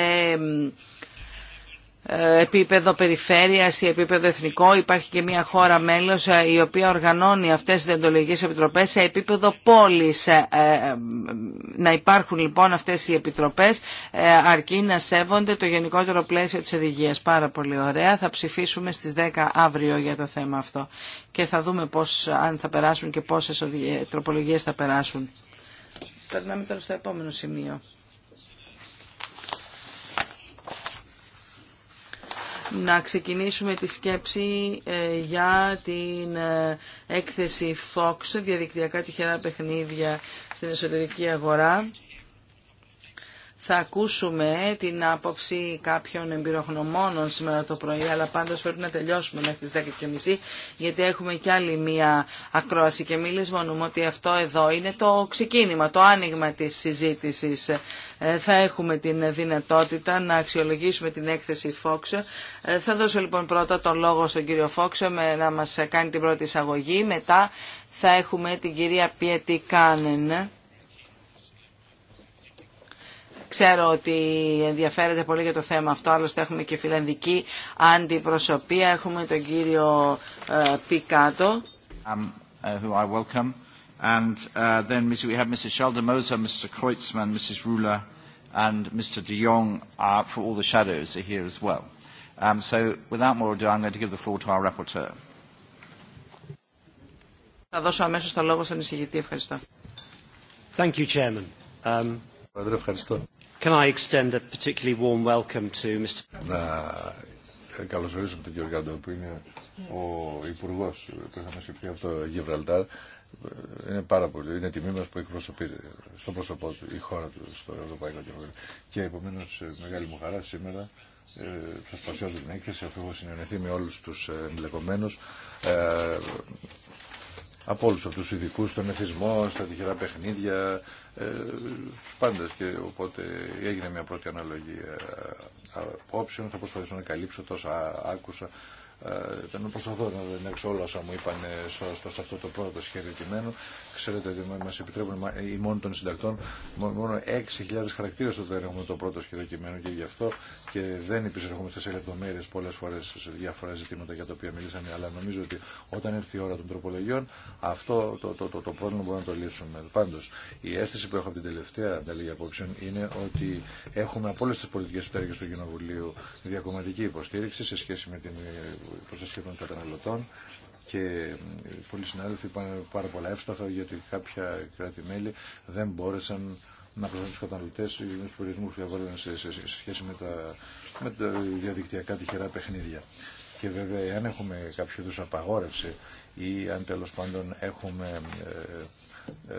ε, επίπεδο περιφέρειας ή επίπεδο εθνικό. Υπάρχει και μια χώρα μέλος ε, η οποία οργανώνει αυτές τις διοντολογικές επιτροπές σε επίπεδο πόλης. Ε, να υπάρχουν λοιπόν αυτές οι επιτροπές αρκεί να σέβονται το γενικότερο πλαίσιο της οδηγίας. Πάρα πολύ ωραία. Θα ψηφίσουμε στις 10 αύριο για το θέμα αυτό και θα δούμε πώς, αν θα περάσουν και πόσες τροπολογίες θα περάσουν. Περνάμε τώρα στο επόμενο σημείο. να ξεκινήσουμε τη σκέψη ε, για την ε, έκθεση Fox, διαδικτυακά τυχερά παιχνίδια στην εσωτερική αγορά θα ακούσουμε την άποψη κάποιων εμπειρογνωμόνων σήμερα το πρωί, αλλά πάντως πρέπει να τελειώσουμε μέχρι τις 10.30, γιατί έχουμε κι άλλη μία ακρόαση και μόνο μου ότι αυτό εδώ είναι το ξεκίνημα, το άνοιγμα της συζήτησης. Ε, θα έχουμε την δυνατότητα να αξιολογήσουμε την έκθεση Fox. Ε, θα δώσω λοιπόν πρώτα τον λόγο στον κύριο Fox ε, να μας κάνει την πρώτη εισαγωγή. Μετά θα έχουμε την κυρία Πιέτη Κάνεν Ξέρω ότι ενδιαφέρεται πολύ για το θέμα αυτό, άλλωστε έχουμε και φιλανδική αντιπροσωπεία, έχουμε τον κύριο Πικάτο. Um, uh, who I welcome. And uh, then we have Mrs. Schaldemoser, Mr. Kreutzmann, Mrs. Ruler, and Mr. de Jong uh, for all the shadows are here as well. Um, so without more ado, I'm going to give the floor to our rapporteur. Θα δώσω αμέσως το λόγο Ευχαριστώ. Thank you, Chairman. Um... ευχαριστώ. Can I extend a particularly warm welcome to Mr. καλωσορίσουμε τον κύριο Γκάντο που είναι ο υπουργό που θα μα συγκρίνει από το Γιβραλτάρ. Είναι πάρα πολύ, είναι τιμή μα που εκπροσωπεί στο πρόσωπό του η χώρα του στο Ευρωπαϊκό Κοινοβούλιο. Και επομένω ε, μεγάλη μου χαρά σήμερα ε, σα παρουσιάζω την έκθεση αφού έχω συνενεθεί με όλου του ε, εμπλεκομένου. Ε, από όλου αυτού του ειδικού, στον εθισμό, στα τυχερά παιχνίδια, ε, Και οπότε έγινε μια πρώτη αναλογία ε, απόψεων. Θα προσπαθήσω να καλύψω τόσα άκουσα. Ε, ήταν προσπαθώ να δεν όλα όσα μου είπαν σε αυτό το πρώτο σχέδιο Ξέρετε ότι μα επιτρέπουν οι μόνοι των συντακτών μόνο 6.000 χαρακτήρε όταν έχουμε το πρώτο σχεδό κειμένο και γι' αυτό και δεν επισερχόμαστε σε λεπτομέρειε πολλέ φορέ σε διάφορα ζητήματα για τα οποία μιλήσαμε. Αλλά νομίζω ότι όταν έρθει η ώρα των τροπολογιών αυτό το, το, το, το πρόβλημα μπορούμε να το λύσουμε. Πάντω η αίσθηση που έχω από την τελευταία ανταλλαγή απόψεων είναι ότι έχουμε από όλε τι πολιτικέ εταιρείε του Κοινοβουλίου διακομματική υποστήριξη σε σχέση με την ε, προστασία των καταναλωτών και πολλοί συνάδελφοι είπαν πάρα πολλά εύστοχα γιατί κάποια κράτη-μέλη δεν μπόρεσαν να προσθέσουν του καταναλωτέ ή περιορισμού που σε, σε, σε, σχέση με τα, με τα διαδικτυακά τυχερά παιχνίδια. Και βέβαια, αν έχουμε κάποιο είδου απαγόρευση ή αν τέλο πάντων έχουμε ε, ε,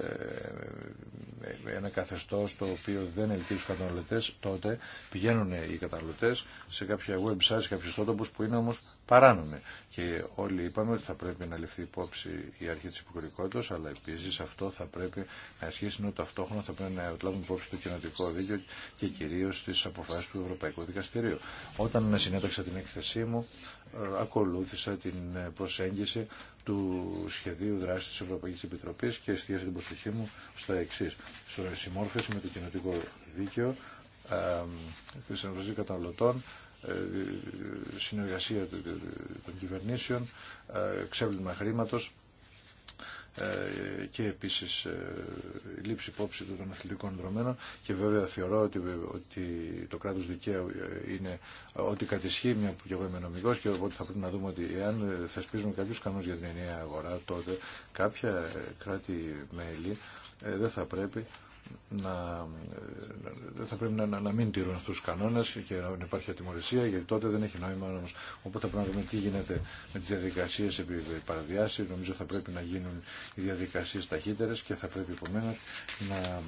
ε, ένα καθεστώς το οποίο δεν ελκύει τους καταναλωτές, τότε πηγαίνουν οι καταναλωτές σε κάποια website, σε κάποιου τότοπους που είναι όμως παράνομοι. Και όλοι είπαμε ότι θα πρέπει να ληφθεί υπόψη η αρχή της υποκριτικότητας, αλλά επίσης αυτό θα πρέπει να ισχύσει ενώ ταυτόχρονα θα πρέπει να λάβουν υπόψη το κοινοτικό δίκαιο και κυρίως τις αποφάσεις του Ευρωπαϊκού Δικαστηρίου. Όταν συνέταξα την έκθεσή μου, ε, ακολούθησα την προσέγγιση του σχεδίου δράσης της Ευρωπαϊκής Επιτροπής και εστίασε την προσοχή μου στα εξής. Σε συμμόρφωση με το κοινοτικό δίκαιο, χρησιμοποίηση καταναλωτών, ε, συνεργασία των κυβερνήσεων, ε, ξέβλημα χρήματος ε, και επίσης ε, λήψη υπόψη του των αθλητικών δρομένων και βέβαια θεωρώ ότι, ότι το κράτος δικαίου ε, είναι ότι κατησχεί μια που και εγώ είμαι νομικός και οπότε θα πρέπει να δούμε ότι εάν θεσπίζουμε κάποιους κανόνες για την ενιαία αγορά τότε κάποια κράτη-μέλη δεν θα πρέπει να, θα πρέπει να, να, να μην τηρούν αυτού του κανόνε και να υπάρχει ατιμορρησία, γιατί τότε δεν έχει νόημα όμω. Οπότε θα πρέπει να δούμε τι γίνεται με τι διαδικασίε επί παραδιάση. Νομίζω θα πρέπει να γίνουν οι διαδικασίε ταχύτερε και θα πρέπει επομένω να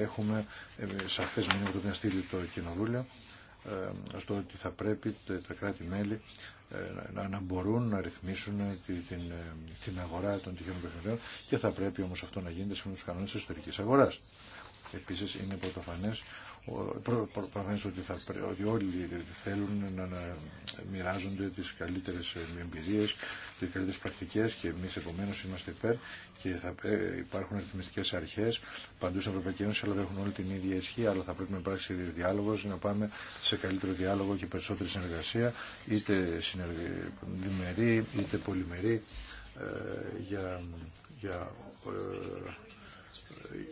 έχουμε ε, σαφέ μήνυμα που να στείλει το Κοινοβούλιο ε, στο ότι θα πρέπει τα κράτη-μέλη ε, να μπορούν να ρυθμίσουν την, την αγορά των τυχαίων παιχνιδιών και θα πρέπει όμως αυτό να γίνεται σύμφωνα στους κανόνες της ιστορικής αγοράς. Επίσης είναι πρωτοφανές, προφανές ότι, θα, ότι όλοι θέλουν να, μοιράζονται τις καλύτερες εμπειρίες, τις καλύτερες πρακτικές και εμείς επομένως είμαστε υπέρ και θα υπάρχουν ρυθμιστικές αρχές παντού στην Ευρωπαϊκή Ένωση αλλά δεν έχουν όλη την ίδια ισχύ αλλά θα πρέπει να υπάρξει διάλογος να πάμε σε καλύτερο διάλογο και περισσότερη συνεργασία είτε διμερή είτε πολυμερή ε, για ε,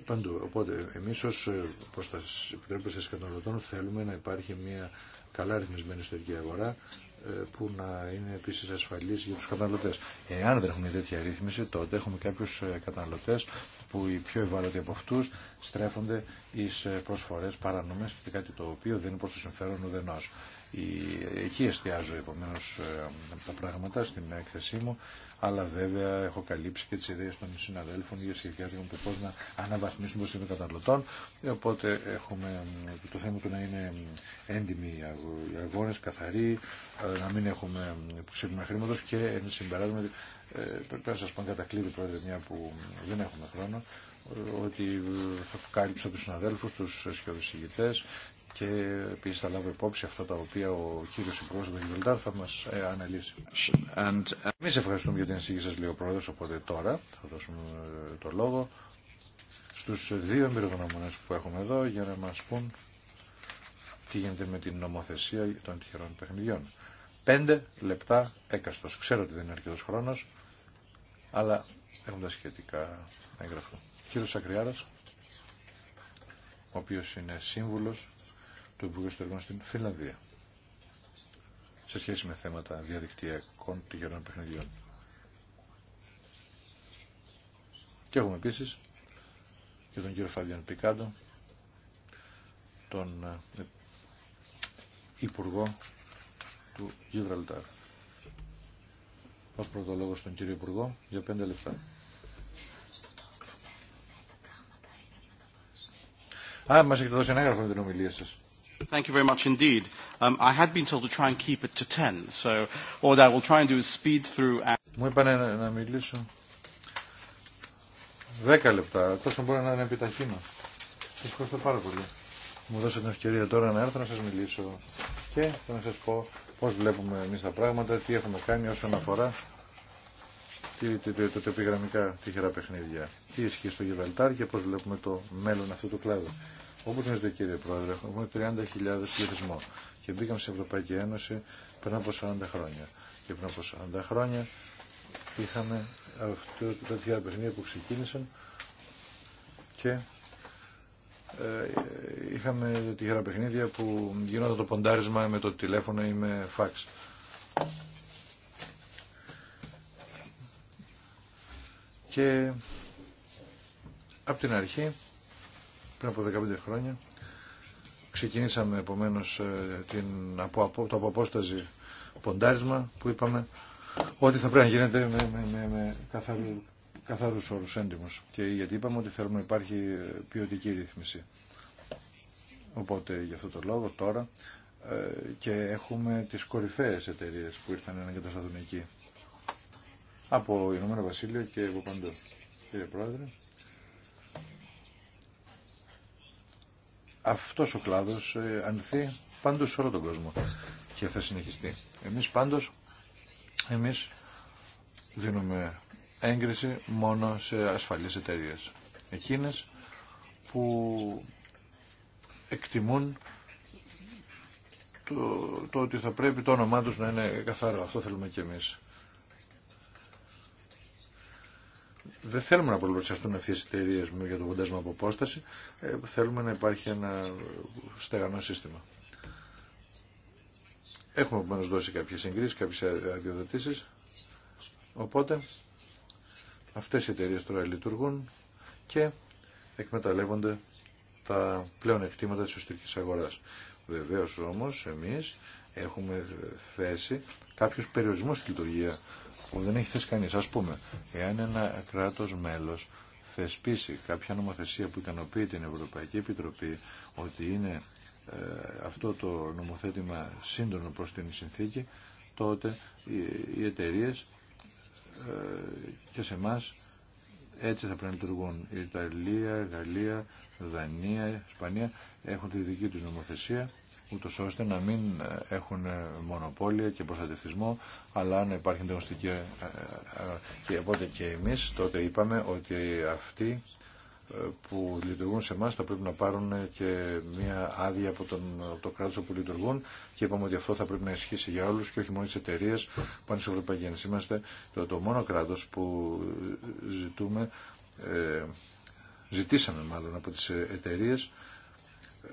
παντού. Οπότε εμείς ως ε, προστασ... επιτρέπωση καταναλωτών θέλουμε να υπάρχει μια καλά ρυθμισμένη ιστορική αγορά ε, που να είναι επίσης ασφαλής για τους καταναλωτές. Εάν δεν έχουμε τέτοια ρύθμιση, τότε έχουμε κάποιους ε, καταναλωτές που οι πιο ευάλωτοι από αυτούς στρέφονται εις προσφορές παρανομές και κάτι το οποίο δεν είναι προς το συμφέρον ουδενός. Εκεί εστιάζω επομένω ε, τα πράγματα στην έκθεσή μου, αλλά βέβαια έχω καλύψει και τι ιδέε των συναδέλφων για σχετικά με το πώ να αναβαθμίσουμε το σύνολο καταναλωτών. Οπότε έχουμε ε, το θέμα του να είναι έντιμοι οι αγώνε, καθαροί, ε, να μην έχουμε ξύπνημα χρήματο και συμπεράσμα, πρέπει να σα πω κατακλείδη πρόεδρε μια που δεν έχουμε χρόνο, ότι θα κάλυψα τους συναδέλφους, τους σκιοδοσηγητές και επίση θα λάβω υπόψη αυτά τα οποία ο κύριο Υπουργό του θα μα ε, αναλύσει. Uh, Εμεί ευχαριστούμε για την εισήγηση σα, λέει ο Οπότε τώρα θα δώσουμε ε, το λόγο στου δύο εμπειρογνώμονε που έχουμε εδώ για να μα πούν τι γίνεται με την νομοθεσία των τυχερών παιχνιδιών. Πέντε λεπτά έκαστο. Ξέρω ότι δεν είναι αρκετό χρόνο, αλλά έχουν τα σχετικά έγγραφα. Κύριο Σακριάρα, ο οποίο είναι σύμβουλο του Υπουργού Ιστορικών στην Φιλανδία σε σχέση με θέματα διαδικτυακών τυχερών παιχνιδιών. Και έχουμε επίσης και τον κύριο Φαβιάν Πικάντο, τον ε, Υπουργό του Γιβραλτάρ. Ως πρωτολόγος τον κύριο Υπουργό για πέντε λεπτά. Α, μας έχετε δώσει ένα έγραφο με την ομιλία σας. Thank you very much indeed. Um, I had been told to try and keep it to 10, so all that we'll try and do is speed through... And... Μου είπανε να, να μιλήσω 10 λεπτά, τόσο μπορεί να είναι επιταχύνω. Σας ευχαριστώ πάρα πολύ. Μου δώσατε την ευκαιρία τώρα να έρθω να σας μιλήσω και να σας πω πώς βλέπουμε εμείς τα πράγματα, τι έχουμε κάνει όσον αφορά τα τεπιγραμμικά τυχερά παιχνίδια, τι ισχύει στο Γεβαλτάρ και πώς βλέπουμε το μέλλον αυτού του κλάδου. Όπω γνωρίζετε κύριε Πρόεδρε, έχουμε 30.000 πληθυσμό και μπήκαμε στην Ευρωπαϊκή Ένωση πριν από 40 χρόνια. Και πριν από 40 χρόνια είχαμε αυτό, τέτοια παιχνίδια που ξεκίνησαν και ε, είχαμε τυχερά παιχνίδια που γινόταν το ποντάρισμα με το τηλέφωνο ή με φάξ. Και από την αρχή πριν από 15 χρόνια. Ξεκινήσαμε επομένως ε, την, το αποπόσταση ποντάρισμα που είπαμε ότι θα πρέπει να γίνεται με, με, με, με καθαρού, καθαρούς όρους Και γιατί είπαμε ότι θέλουμε να υπάρχει ε, ποιοτική ρύθμιση. Οπότε γι' αυτό το λόγο τώρα ε, και έχουμε τις κορυφαίες εταιρείε που ήρθαν να εγκατασταθούν εκεί. Από Ηνωμένο Βασίλειο και από παντού. Κύριε Πρόεδρε, αυτός ο κλάδος ε, ανηθεί πάντως σε όλο τον κόσμο και θα συνεχιστεί. Εμείς πάντως, εμείς δίνουμε έγκριση μόνο σε ασφαλείς εταιρείε. Εκείνες που εκτιμούν το, το ότι θα πρέπει το όνομά τους να είναι καθαρό. Αυτό θέλουμε και εμείς. δεν θέλουμε να προλογιστούν αυτέ οι εταιρείε για το κοντάσμα από απόσταση. Ε, θέλουμε να υπάρχει ένα στεγανό σύστημα. Έχουμε επομένω δώσει κάποιες εγκρίσει, κάποιες αδειοδοτήσει. Οπότε αυτές οι εταιρείε τώρα λειτουργούν και εκμεταλλεύονται τα πλέον εκτήματα της ουστικής αγοράς. Βεβαίως όμως εμείς έχουμε θέσει κάποιους περιορισμούς στη λειτουργία που δεν έχει θέσει κανείς. Ας πούμε, εάν ένα κράτος μέλος θεσπίσει κάποια νομοθεσία που ικανοποιεί την Ευρωπαϊκή Επιτροπή ότι είναι ε, αυτό το νομοθέτημα σύντονο προς την συνθήκη, τότε οι, εταιρείε ε, και σε εμά έτσι θα πρέπει να λειτουργούν. Η Ιταλία, Γαλλία, Δανία, Ισπανία έχουν τη δική τους νομοθεσία ούτως ώστε να μην ε, έχουν ε, μονοπόλια και προστατευτισμό, αλλά να υπάρχει ανταγωνιστική. Ε, και οπότε και εμείς τότε είπαμε ότι αυτοί που λειτουργούν σε εμά θα πρέπει να πάρουν και μια άδεια από, τον, το κράτο όπου λειτουργούν και είπαμε ότι αυτό θα πρέπει να ισχύσει για όλου και όχι μόνο τι εταιρείε που πάνε στην Είμαστε το, το μόνο κράτο που ζητούμε, ζητήσαμε μάλλον από τι εταιρείε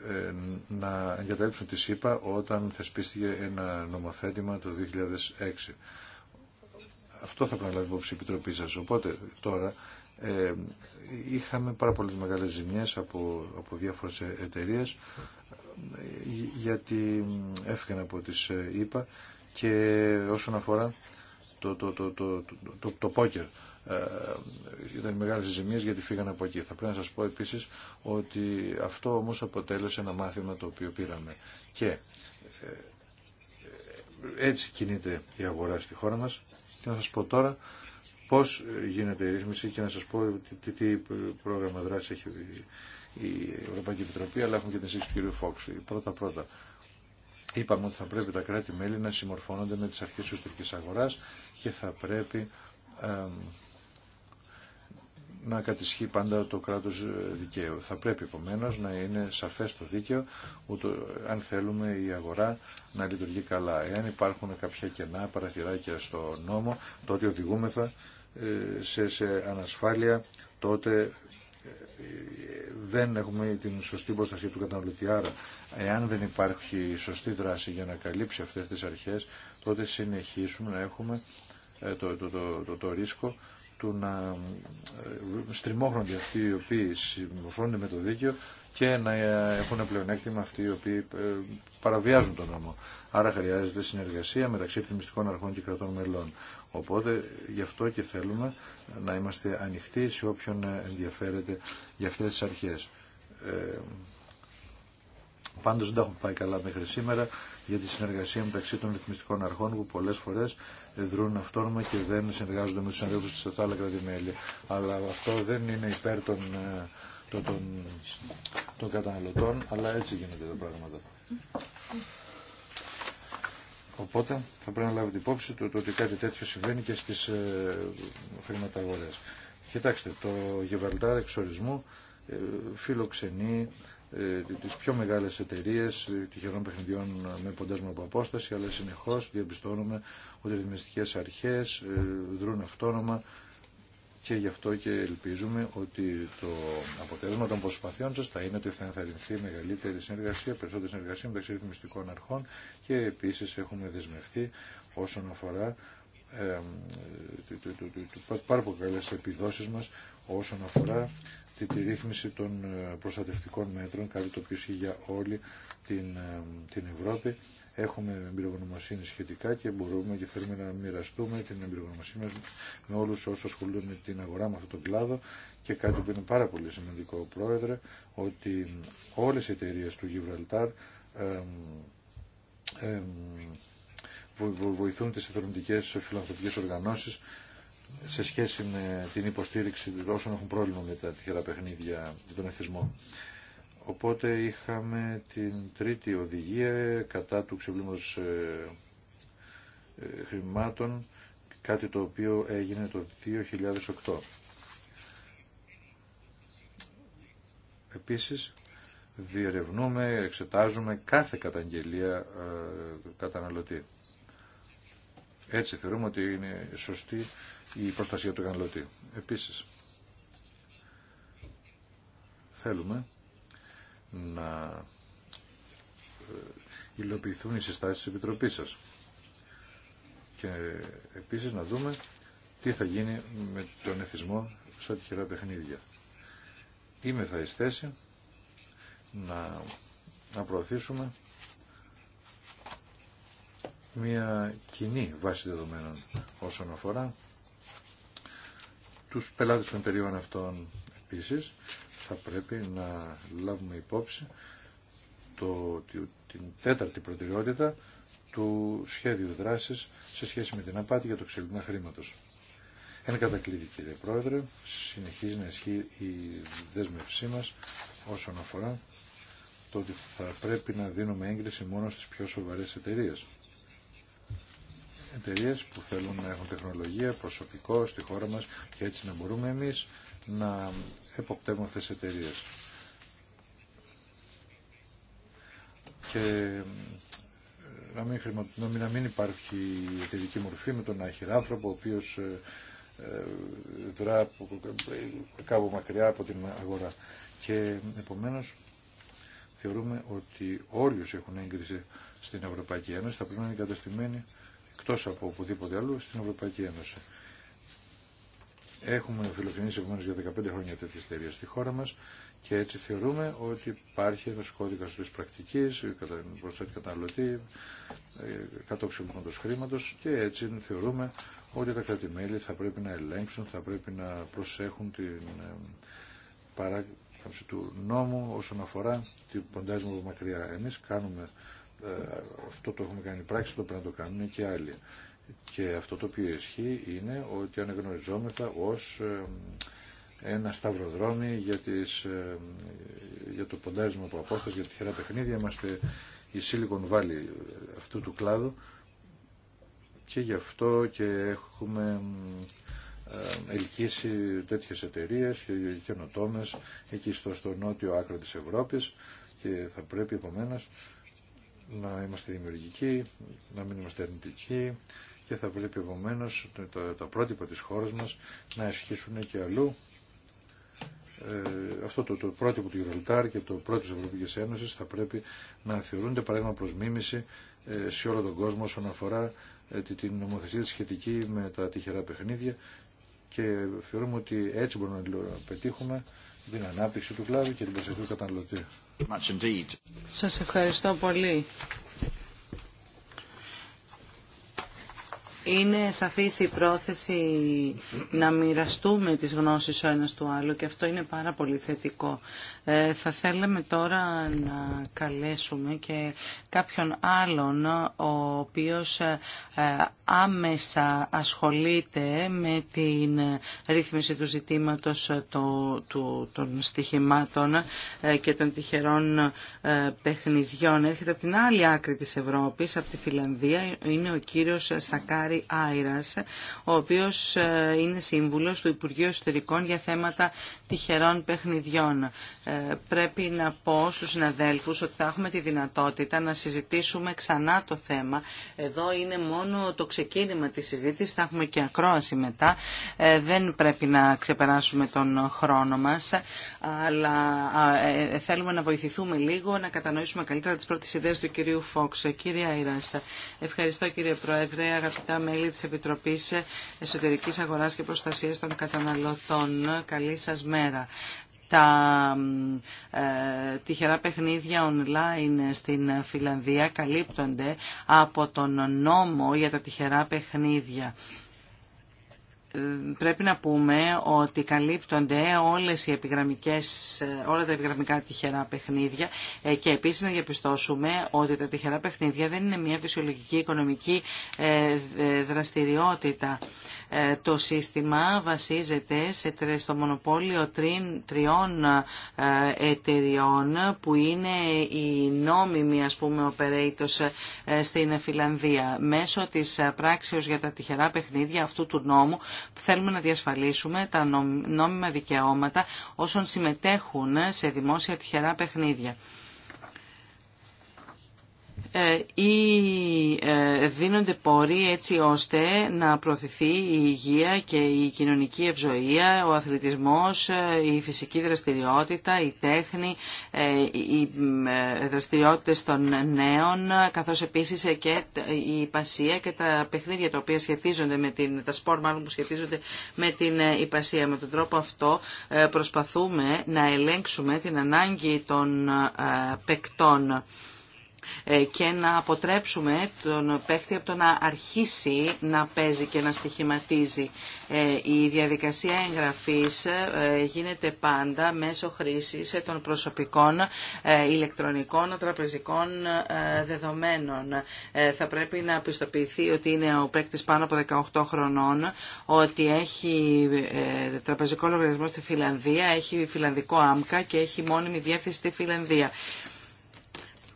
ε, να εγκαταλείψουν τη ΣΥΠΑ όταν θεσπίστηκε ένα νομοθέτημα το 2006. Αυτό θα πρέπει να λάβει υπόψη η Επιτροπή σας. Οπότε τώρα ε, είχαμε πάρα πολλές μεγάλες ζημιές από, από διάφορες εταιρείε ε, γιατί έφυγαν από τις ΕΠΑ και όσον αφορά το, το, το, το, το πόκερ ε, ήταν μεγάλε ζημίε γιατί φύγανε από εκεί. Θα πρέπει να σα πω επίση ότι αυτό όμω αποτέλεσε ένα μάθημα το οποίο πήραμε. Και ε, ε, έτσι κινείται η αγορά στη χώρα μα και να σα πω τώρα πώ γίνεται η ρύθμιση και να σα πω τι, τι πρόγραμμα δράση έχει η Ευρωπαϊκή Επιτροπή αλλά έχουν και την σύγχυση του κ. Φόξ. Πρώτα πρώτα είπαμε ότι θα πρέπει τα κράτη-μέλη να συμμορφώνονται με τι αρχέ τη τουρκική αγορά και θα πρέπει να κατησχεί πάντα το κράτος ε, δικαίου. Θα πρέπει επομένως να είναι σαφές το δίκαιο, ούτω, αν θέλουμε η αγορά να λειτουργεί καλά. Εάν υπάρχουν κάποια κενά, παραθυράκια στο νόμο, τότε οδηγούμεθα ε, σε, ανασφάλεια, τότε ε, δεν έχουμε την σωστή προστασία του καταναλωτή. Άρα, εάν δεν υπάρχει σωστή δράση για να καλύψει αυτές τις αρχές, τότε συνεχίσουμε να έχουμε το, το, το, το ρίσκο του να ε, στριμώχνονται αυτοί οι οποίοι συμμορφώνονται με το δίκαιο και να ε, έχουν πλεονέκτημα αυτοί οι οποίοι ε, παραβιάζουν τον νόμο. Άρα χρειάζεται συνεργασία μεταξύ επιμυστικών αρχών και κρατών μελών. Οπότε γι' αυτό και θέλουμε να είμαστε ανοιχτοί σε όποιον ενδιαφέρεται για αυτές τις αρχές. Πάντω δεν τα έχουμε πάει καλά μέχρι σήμερα για τη συνεργασία μεταξύ των ρυθμιστικών αρχών που πολλέ φορέ δρούν αυτόνομα και δεν συνεργάζονται με τους συνεργούς της άλλα κράτη-μέλη. Αλλά αυτό δεν είναι υπέρ των, ε, των, των, των καταναλωτών, αλλά έτσι γίνονται τα πράγματα. Οπότε θα πρέπει να λάβετε υπόψη το, το ότι κάτι τέτοιο συμβαίνει και στι ε, χρηματαγορέ. Κοιτάξτε, το Γεβαλτάρ εξορισμού ε, φιλοξενεί ε, τις πιο μεγάλες εταιρείες ε, τυχερών παιχνιδιών ε, με ποντάσμα από απόσταση, αλλά συνεχώς διαπιστώνουμε ότι οι δημιουργικές αρχές δρούν αυτόνομα και γι' αυτό και ελπίζουμε ότι το αποτέλεσμα των προσπαθειών σας θα είναι ότι θα ενθαρρυνθεί μεγαλύτερη συνεργασία, περισσότερη συνεργασία μεταξύ ρυθμιστικών αρχών και επίσης έχουμε δεσμευτεί όσον αφορά πάρα πολύ καλές επιδόσεις μας όσον αφορά τη, τη ρύθμιση των ε, προστατευτικών μέτρων, κάτι το οποίο για όλη την, την Ευρώπη. Έχουμε εμπειρογνωμοσύνη σχετικά και μπορούμε και θέλουμε να μοιραστούμε την εμπειρογνωμοσύνη μας με όλους όσους ασχολούνται με την αγορά με αυτόν τον κλάδο και κάτι που είναι πάρα πολύ σημαντικό, Πρόεδρε, ότι όλες οι εταιρείε του Γιβραλτάρ ε, βοηθούν τις εθελοντικές φιλανθρωπικές οργανώσεις σε σχέση με την υποστήριξη όσων έχουν πρόβλημα με τα τυχερά παιχνίδια και τον εθισμό. Οπότε είχαμε την τρίτη οδηγία κατά του ξεβλήματος ε, ε, χρημάτων, κάτι το οποίο έγινε το 2008. Επίσης, διερευνούμε, εξετάζουμε κάθε καταγγελία ε, καταναλωτή. Έτσι θεωρούμε ότι είναι σωστή η προστασία του καταναλωτή. Επίσης, θέλουμε να ε, υλοποιηθούν οι συστάσεις της Επιτροπής σας. Και επίσης να δούμε τι θα γίνει με τον εθισμό σαν τυχερά παιχνίδια. Είμαι θα εις θέση να, να προωθήσουμε μια κοινή βάση δεδομένων όσον αφορά τους πελάτες των περιοχών αυτών επίσης θα πρέπει να λάβουμε υπόψη το, την τέταρτη προτεραιότητα του σχέδιου δράσης σε σχέση με την απάτη για το ξελινά χρήματος. Εν κατακλείδη κύριε Πρόεδρε, συνεχίζει να ισχύει η δέσμευσή μας όσον αφορά το ότι θα πρέπει να δίνουμε έγκριση μόνο στις πιο σοβαρές εταιρείες εταιρείε που θέλουν να έχουν τεχνολογία, προσωπικό στη χώρα μας και έτσι να μπορούμε εμείς να εποπτεύουμε αυτές τις εταιρείε. Και ε, να μην, χρημα... να μην υπάρχει εταιρική μορφή με τον άνθρωπο ο οποίος ε, ε, δρά κάπου μακριά από την αγορά. Και επομένως θεωρούμε ότι όλοι όσοι έχουν έγκριση στην Ευρωπαϊκή Ένωση θα πρέπει να είναι εγκαταστημένοι εκτός από οπουδήποτε άλλο στην Ευρωπαϊκή Ένωση. Έχουμε φιλοξενήσει επομένω για 15 χρόνια τέτοιε εταιρείε στη χώρα μα και έτσι θεωρούμε ότι υπάρχει ένας τη τη πρακτική, προσθέτει καταναλωτή, ε, κατόξιμονος χρήματο και έτσι θεωρούμε ότι τα κρατημέλη θα πρέπει να ελέγξουν, θα πρέπει να προσέχουν την ε, παράκαμψη του νόμου όσον αφορά την ποντάζουμε από μακριά. εμεί. κάνουμε ε, αυτό το έχουμε κάνει πράξη, το πρέπει να το κάνουν και άλλοι. Και αυτό το οποίο ισχύει είναι ότι αναγνωριζόμεθα ως ε, ένα σταυροδρόμι για, τις, ε, για το ποντάρισμα του απόσταση, για τυχερά παιχνίδια. Είμαστε η Silicon Valley αυτού του κλάδου και γι' αυτό και έχουμε ελκύσει τέτοιες εταιρείες και καινοτόμες εκεί στο, στο νότιο άκρο της Ευρώπης και θα πρέπει επομένως να είμαστε δημιουργικοί, να μην είμαστε αρνητικοί και θα βλέπει επομένω τα πρότυπα της χώρας μας να ισχύσουν και αλλού. Ε, αυτό το, το πρότυπο του Γιβραλτάρ και το πρώτο της Ευρωπαϊκής Ένωσης θα πρέπει να θεωρούνται παράδειγμα προς μίμηση ε, σε όλο τον κόσμο όσον αφορά ε, την νομοθεσία σχετική με τα τυχερά παιχνίδια και θεωρούμε ότι έτσι μπορούμε να πετύχουμε την ανάπτυξη του κλάδου και την προστασία του καταναλωτή. Σας ευχαριστώ πολύ. Είναι σαφής η πρόθεση να μοιραστούμε τις γνώσεις ο ένας του άλλου και αυτό είναι πάρα πολύ θετικό. Ε, θα θέλαμε τώρα να καλέσουμε και κάποιον άλλον ο οποίος ε, άμεσα ασχολείται με την ρύθμιση του ζητήματος ε, των στοιχημάτων και των τυχερών παιχνιδιών. Έρχεται από την άλλη άκρη της Ευρώπης, από τη Φιλανδία, είναι ο κύριος Σακάρη Άιρας, ο οποίος είναι σύμβουλος του Υπουργείου Εσωτερικών για θέματα τυχερών παιχνιδιών πρέπει να πω στους συναδέλφους ότι θα έχουμε τη δυνατότητα να συζητήσουμε ξανά το θέμα. Εδώ είναι μόνο το ξεκίνημα της συζήτησης, θα έχουμε και ακρόαση μετά. Ε, δεν πρέπει να ξεπεράσουμε τον χρόνο μας, αλλά ε, ε, θέλουμε να βοηθηθούμε λίγο, να κατανοήσουμε καλύτερα τις πρώτες ιδέες του κυρίου Φόξ. Κύριε Αίρας, ευχαριστώ κύριε Πρόεδρε, αγαπητά μέλη της Επιτροπής Εσωτερικής Αγοράς και Προστασίας των Καταναλωτών. Καλή σας μέρα τα ε, τυχερά παιχνίδια online στην Φιλανδία καλύπτονται από τον νόμο για τα τυχερά παιχνίδια ε, πρέπει να πούμε ότι καλύπτονται όλες οι επιγραμμικές, όλα τα επιγραμμικά τυχερά παιχνίδια ε, και επίσης να διαπιστώσουμε ότι τα τυχερά παιχνίδια δεν είναι μια φυσιολογική οικονομική δραστηριότητα. Ε, το σύστημα βασίζεται σε, στο μονοπόλιο τρίν, τριών ε, εταιριών που είναι οι νόμιμοι ας πούμε operators ε, στην Φιλανδία. Μέσω της πράξεως για τα τυχερά παιχνίδια αυτού του νόμου θέλουμε να διασφαλίσουμε τα νόμιμα δικαιώματα όσων συμμετέχουν σε δημόσια τυχερά παιχνίδια. Ε, ή ε, δίνονται πόροι έτσι ώστε να προωθηθεί η υγεία και η κοινωνική ευζοία, ο αθλητισμός, ε, η φυσική δραστηριότητα, η τέχνη, οι δραστηριότητες των νέων, καθώς επίσης και η υπασία και τα παιχνίδια τα σχετίζονται με την, τα σπορ μάλλον που σχετίζονται με την υπασία. Με τον τρόπο αυτό προσπαθούμε να ελέγξουμε την ανάγκη των παικτών. Ε, και να αποτρέψουμε τον παίκτη από το να αρχίσει να παίζει και να στοιχηματίζει. Ε, η διαδικασία εγγραφής ε, γίνεται πάντα μέσω χρήσης των προσωπικών ηλεκτρονικών τραπεζικών δεδομένων. Θα πρέπει να πιστοποιηθεί ότι είναι ο παίκτης πάνω από 18 χρονών, ότι έχει τραπεζικό λογαριασμό στη Φιλανδία, έχει φιλανδικό άμκα και έχει μόνιμη διεύθυνση στη Φιλανδία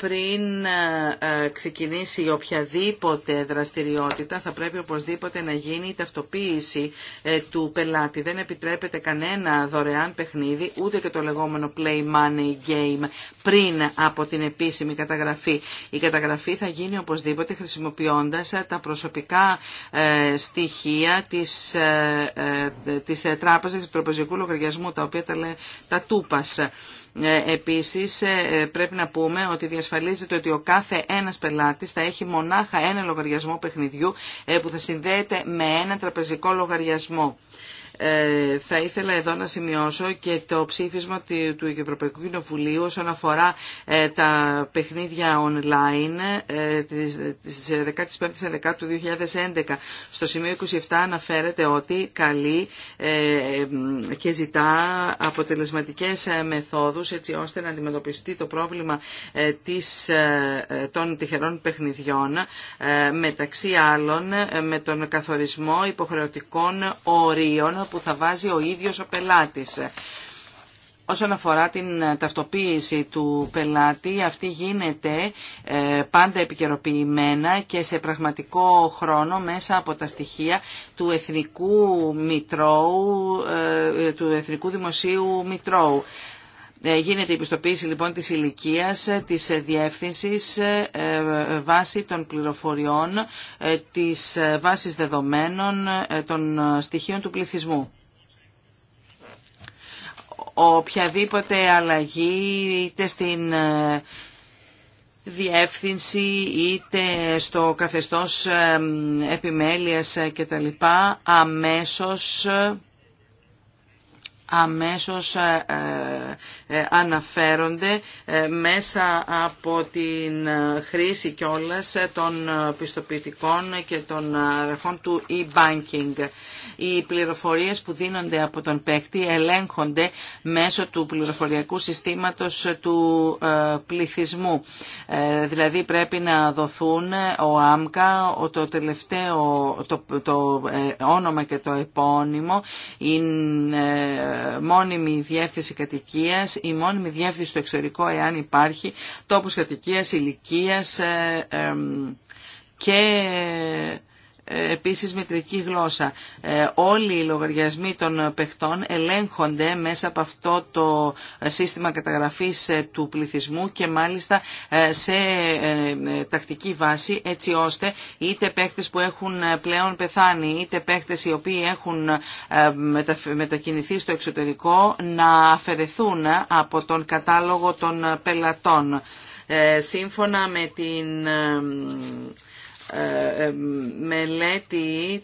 πριν ε, ε, ξεκινήσει οποιαδήποτε δραστηριότητα θα πρέπει οπωσδήποτε να γίνει η ταυτοποίηση ε, του πελάτη. Δεν επιτρέπεται κανένα δωρεάν παιχνίδι, ούτε και το λεγόμενο play money game πριν από την επίσημη καταγραφή. Η καταγραφή θα γίνει οπωσδήποτε χρησιμοποιώντας τα προσωπικά στοιχεία της, της τράπεζας, του τροπεζικού λογαριασμού, τα οποία τα, τα ε, επίσης ε, ε, πρέπει να πούμε ότι διασφαλίζεται ότι ο κάθε ένας πελάτης θα έχει μονάχα ένα λογαριασμό παιχνιδιού που θα συνδέεται με ένα τραπεζικό λογαριασμό. Ε, θα ήθελα εδώ να σημειώσω και το ψήφισμα του Ευρωπαϊκού Κοινοβουλίου όσον αφορά ε, τα παιχνίδια online ε, της 15ης 11 του 2011. Στο σημείο 27 αναφέρεται ότι καλεί και ζητά αποτελεσματικές μεθόδους έτσι ώστε να αντιμετωπιστεί το πρόβλημα της, των τυχερών παιχνιδιών μεταξύ άλλων με τον καθορισμό υποχρεωτικών ορίων που θα βάζει ο ίδιος ο πελάτης. Όσον αφορά την ταυτοποίηση του πελάτη, αυτή γίνεται ε, πάντα επικαιροποιημένα και σε πραγματικό χρόνο μέσα από τα στοιχεία του Εθνικού, Μητρώου, ε, του Εθνικού Δημοσίου Μητρώου. Ε, γίνεται η πιστοποίηση λοιπόν της ηλικία ε, της ε, διεύθυνσης βάση των πληροφοριών, της βάσης δεδομένων των στοιχείων του πληθυσμού οποιαδήποτε αλλαγή είτε στην διεύθυνση είτε στο καθεστώς επιμέλειας και τα λοιπά αμέσως αμέσως ε, ε, αναφέρονται ε, μέσα από την χρήση κιόλας των πιστοποιητικών και των αρχών του e-banking οι πληροφορίες που δίνονται από τον παίκτη ελέγχονται μέσω του πληροφοριακού συστήματος του ε, πληθυσμού. Ε, δηλαδή πρέπει να δοθούν ε, ο ΆΜΚΑ, το τελευταίο το, όνομα και το επώνυμο, η μόνιμη διεύθυνση κατοικίας, η μόνιμη διεύθυνση στο εξωτερικό εάν υπάρχει, τόπους κατοικίας, ηλικίας και επίσης μητρική γλώσσα. Ε, όλοι οι λογαριασμοί των παιχτών ελέγχονται μέσα από αυτό το σύστημα καταγραφής ε, του πληθυσμού και μάλιστα ε, σε τακτική βάση έτσι ώστε είτε παίχτες που έχουν πλέον πεθάνει είτε παίχτες οι οποίοι έχουν μετακινηθεί στο εξωτερικό να αφαιρεθούν από τον κατάλογο των πελατών. Σύμφωνα με την ε, ε, μελέτη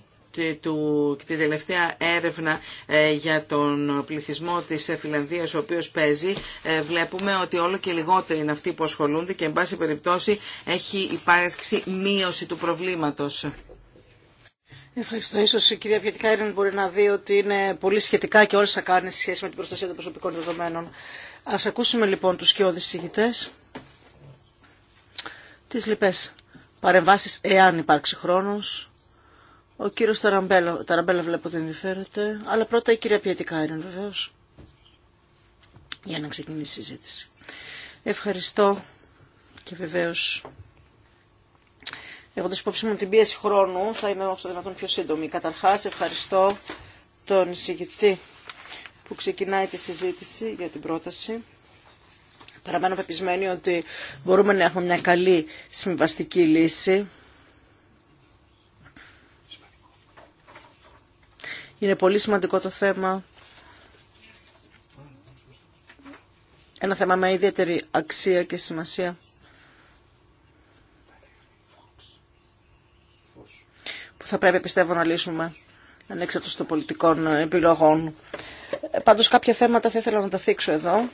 του, την τελευταία έρευνα ε, για τον πληθυσμό της Φιλανδίας ο οποίος παίζει βλέπουμε ότι όλο και λιγότεροι είναι αυτοί που ασχολούνται και εν πάση περιπτώσει έχει υπάρξει μείωση του προβλήματος. Ευχαριστώ. Ίσως η κυρία Βιωτικά μπορεί να δει ότι είναι πολύ σχετικά και θα κάνει σε σχέση με την προστασία των προσωπικών δεδομένων. Α ακούσουμε λοιπόν του σκιώδει ηγητέ. Τι λοιπές παρεμβάσεις εάν υπάρξει χρόνος. Ο κύριος Ταραμπέλα, βλέπω ότι ενδιαφέρεται, αλλά πρώτα η κυρία Πιετικά είναι βεβαίως για να ξεκινήσει η συζήτηση. Ευχαριστώ και βεβαίως έχοντα υπόψη μου την πίεση χρόνου θα είμαι όσο δυνατόν πιο σύντομη. Καταρχάς ευχαριστώ τον εισηγητή που ξεκινάει τη συζήτηση για την πρόταση παραμένω πεπισμένη ότι μπορούμε να έχουμε μια καλή συμβαστική λύση. Είναι πολύ σημαντικό το θέμα. Ένα θέμα με ιδιαίτερη αξία και σημασία. Που θα πρέπει πιστεύω να λύσουμε ανέξατος των πολιτικών επιλογών. Ε, πάντως κάποια θέματα θα ήθελα να τα θίξω εδώ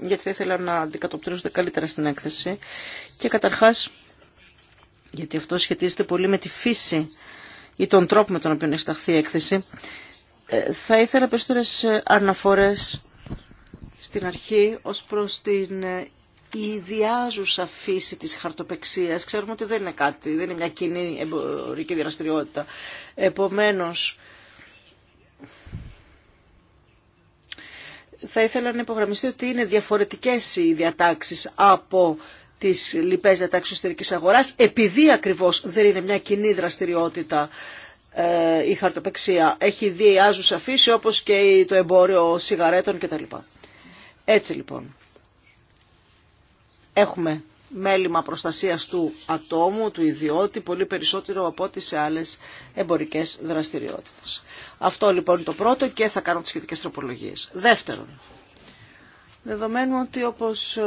γιατί θα ήθελα να αντικατοπτρίζονται καλύτερα στην έκθεση. Και καταρχάς, γιατί αυτό σχετίζεται πολύ με τη φύση ή τον τρόπο με τον οποίο σταχθεί η έκθεση, ε, θα ήθελα περισσότερες ε, αναφορές στην αρχή ως προς την ε, ιδιάζουσα φύση της χαρτοπεξίας. Ξέρουμε ότι δεν είναι κάτι, δεν είναι μια κοινή εμπορική δραστηριότητα. Επομένως, θα ήθελα να υπογραμμιστεί ότι είναι διαφορετικές οι διατάξεις από τις λοιπές διατάξεις εσωτερικής αγοράς, επειδή ακριβώς δεν είναι μια κοινή δραστηριότητα ε, η χαρτοπεξία. Έχει άζους αφήσει όπως και το εμπόριο σιγαρέτων κτλ. Έτσι λοιπόν. Έχουμε μέλημα προστασίας του ατόμου, του ιδιώτη, πολύ περισσότερο από ό,τι σε άλλες εμπορικές δραστηριότητες. Αυτό λοιπόν είναι το πρώτο και θα κάνω τις σχετικές τροπολογίες. Δεύτερον, δεδομένου ότι όπως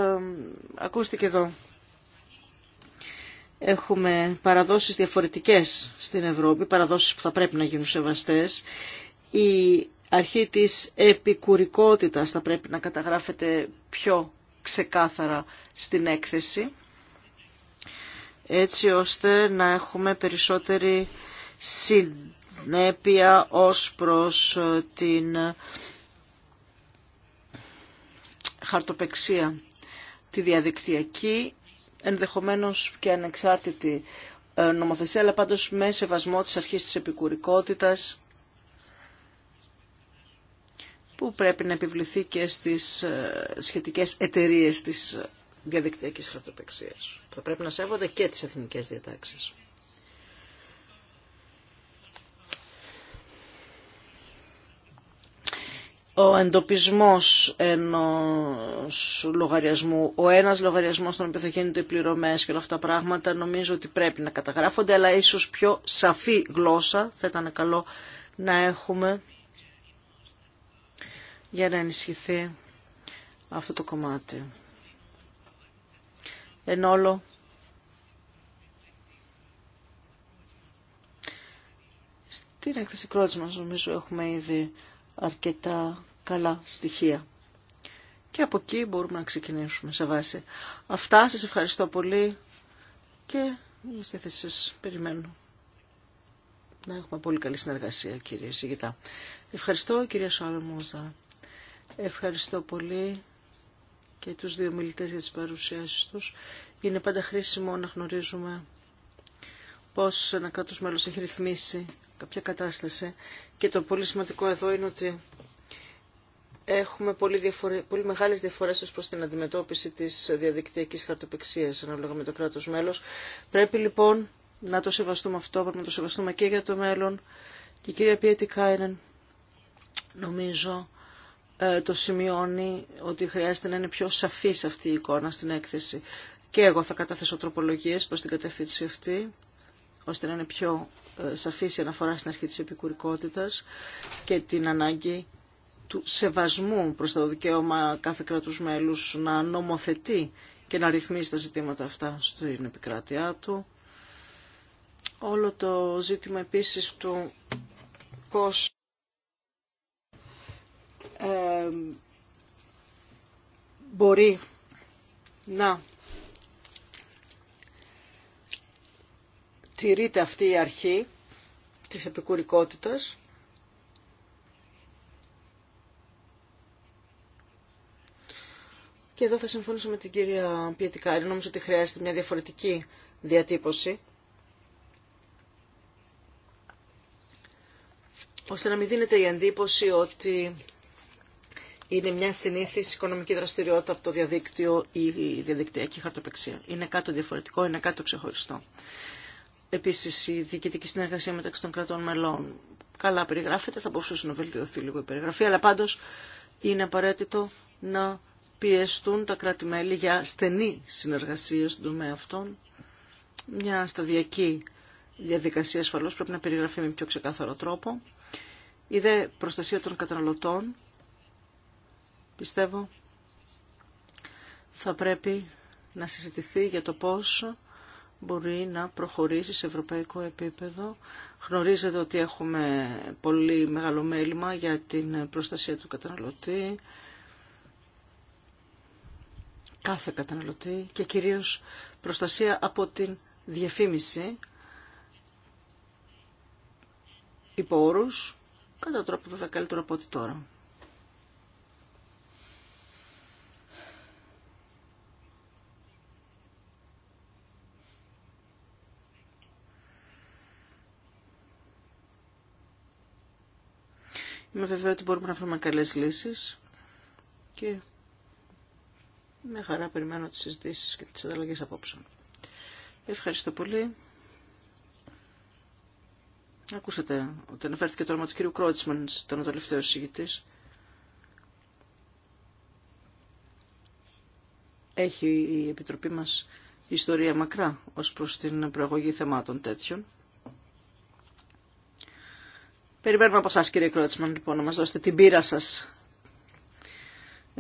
ακούστηκε εδώ, έχουμε παραδόσεις διαφορετικές στην Ευρώπη, παραδόσεις που θα πρέπει να γίνουν σεβαστές, η αρχή της επικουρικότητας θα πρέπει να καταγράφεται πιο ξεκάθαρα στην έκθεση έτσι ώστε να έχουμε περισσότερη συνέπεια ως προς ε, την χαρτοπεξία τη διαδικτυακή, ενδεχομένως και ανεξάρτητη ε, νομοθεσία, αλλά πάντως με σεβασμό της αρχής της επικουρικότητας που πρέπει να επιβληθεί και στις ε, σχετικές εταιρείε της διαδικτυακής χαρτοπεξίας. Θα πρέπει να σέβονται και τις εθνικές διατάξεις. ο εντοπισμός ενός λογαριασμού, ο ένας λογαριασμός στον οποίο θα γίνονται οι πληρωμές και όλα αυτά τα πράγματα νομίζω ότι πρέπει να καταγράφονται, αλλά ίσως πιο σαφή γλώσσα θα ήταν καλό να έχουμε για να ενισχυθεί αυτό το κομμάτι. Εν όλο, στην έκθεση κρότης μας νομίζω έχουμε ήδη αρκετά καλά στοιχεία. Και από εκεί μπορούμε να ξεκινήσουμε σε βάση. Αυτά σας ευχαριστώ πολύ και είμαστε θέση σας περιμένω να έχουμε πολύ καλή συνεργασία κύριε Σιγητά. Ευχαριστώ κυρία Σάλα Ευχαριστώ πολύ και τους δύο μιλητές για τις παρουσιάσεις τους. Είναι πάντα χρήσιμο να γνωρίζουμε πώς ένα κράτος μέλος έχει ρυθμίσει κάποια κατάσταση. Και το πολύ σημαντικό εδώ είναι ότι έχουμε πολύ, διαφορε... πολύ μεγάλες διαφορές προς την αντιμετώπιση της διαδικτυακής χαρτοπεξίας ανάλογα με το κράτος μέλος. Πρέπει λοιπόν να το σεβαστούμε αυτό, πρέπει να το σεβαστούμε και για το μέλλον. Και κυρία Πιέτη Κάινεν, νομίζω ε, το σημειώνει ότι χρειάζεται να είναι πιο σαφής αυτή η εικόνα στην έκθεση. Και εγώ θα καταθέσω τροπολογίες προς την κατεύθυνση αυτή, ώστε να είναι πιο ε, σαφής η αναφορά στην αρχή της επικουρικότητας και την ανάγκη του σεβασμού προς το δικαίωμα κάθε κράτους μέλους να νομοθετεί και να ρυθμίσει τα ζητήματα αυτά στην επικράτειά του. Όλο το ζήτημα επίσης του πώς ε, μπορεί να τηρείται αυτή η αρχή της επικουρικότητας Και εδώ θα συμφωνήσω με την κυρία Πιετικάρη. Νομίζω ότι χρειάζεται μια διαφορετική διατύπωση. Ώστε να μην δίνεται η εντύπωση ότι είναι μια συνήθις οικονομική δραστηριότητα από το διαδίκτυο ή η διαδικτυακή χαρτοπεξία. Είναι κάτι διαφορετικό, είναι κάτι ξεχωριστό. Επίσης, η διοικητική συνεργασία μεταξύ των κρατών μελών καλά περιγράφεται, θα μπορούσε να βελτιώθηκε λίγο η περιγραφή, αλλά πάντως είναι απαραίτητο να πιεστούν τα κράτη-μέλη για στενή συνεργασία στον τομέα αυτών. Μια σταδιακή διαδικασία ασφαλώς πρέπει να πιεστουν τα κρατη μελη για στενη συνεργασια στον τομεα αυτων μια σταδιακη διαδικασια ασφαλω πρεπει να περιγραφει με πιο ξεκάθαρο τρόπο. Η δε προστασία των καταναλωτών πιστεύω θα πρέπει να συζητηθεί για το πώς μπορεί να προχωρήσει σε ευρωπαϊκό επίπεδο. Γνωρίζετε ότι έχουμε πολύ μεγάλο μέλημα για την προστασία του καταναλωτή, κάθε καταναλωτή και κυρίως προστασία από την διαφήμιση υπό κατά τρόπο βέβαια καλύτερο από ό,τι τώρα. Είμαι βέβαια ότι μπορούμε να βρούμε καλές λύσεις και με χαρά περιμένω τις συζητήσεις και τις ανταλλαγές απόψεων. Ευχαριστώ πολύ. Ακούσατε ότι αναφέρθηκε το όνομα του κ. Κρότσμαν, τον ο Έχει η Επιτροπή μας ιστορία μακρά ως προς την προαγωγή θεμάτων τέτοιων. Περιμένουμε από εσά κύριε Κρότσμαν λοιπόν να μα δώσετε την πείρα σα.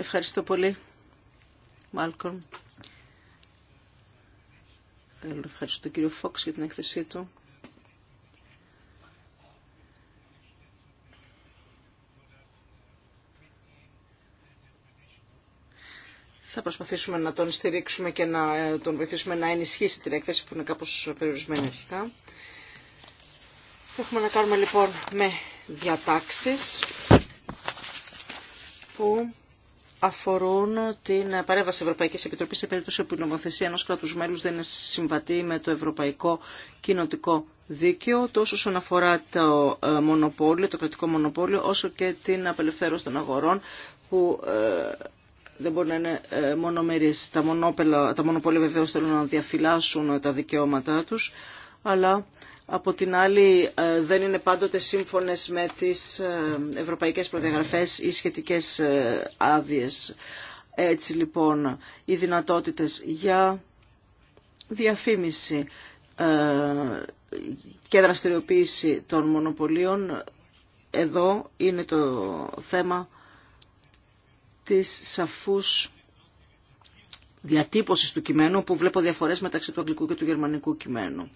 Ευχαριστώ πολύ. Μάλκον. Ευχαριστώ τον κύριο Φόξ για την έκθεσή του. Θα προσπαθήσουμε να τον στηρίξουμε και να ε, τον βοηθήσουμε να ενισχύσει την έκθεση που είναι κάπως περιορισμένη αρχικά. Έχουμε να κάνουμε λοιπόν με διατάξεις που αφορούν την παρέμβαση Ευρωπαϊκής Επιτροπής σε περίπτωση που η νομοθεσία ενός κράτους μέλους δεν είναι συμβατή με το Ευρωπαϊκό Κοινοτικό Δίκαιο, τόσο όσον αφορά το ε, μονοπόλιο, το κρατικό μονοπόλιο, όσο και την απελευθέρωση των αγορών που ε, δεν μπορεί να είναι ε, μονομερείς. Τα, μονοπόλια βεβαίως θέλουν να διαφυλάσσουν τα δικαιώματά τους, αλλά από την άλλη ε, δεν είναι πάντοτε σύμφωνες με τις ε, ευρωπαϊκές προδιαγραφές ή σχετικές ε, άδειε, Έτσι λοιπόν οι δυνατότητες για διαφήμιση και δραστηριοποίηση των μονοπωλίων εδώ είναι το θέμα της σαφούς διατύπωσης του κειμένου που βλέπω διαφορές μεταξύ του αγγλικού και του γερμανικού κειμένου.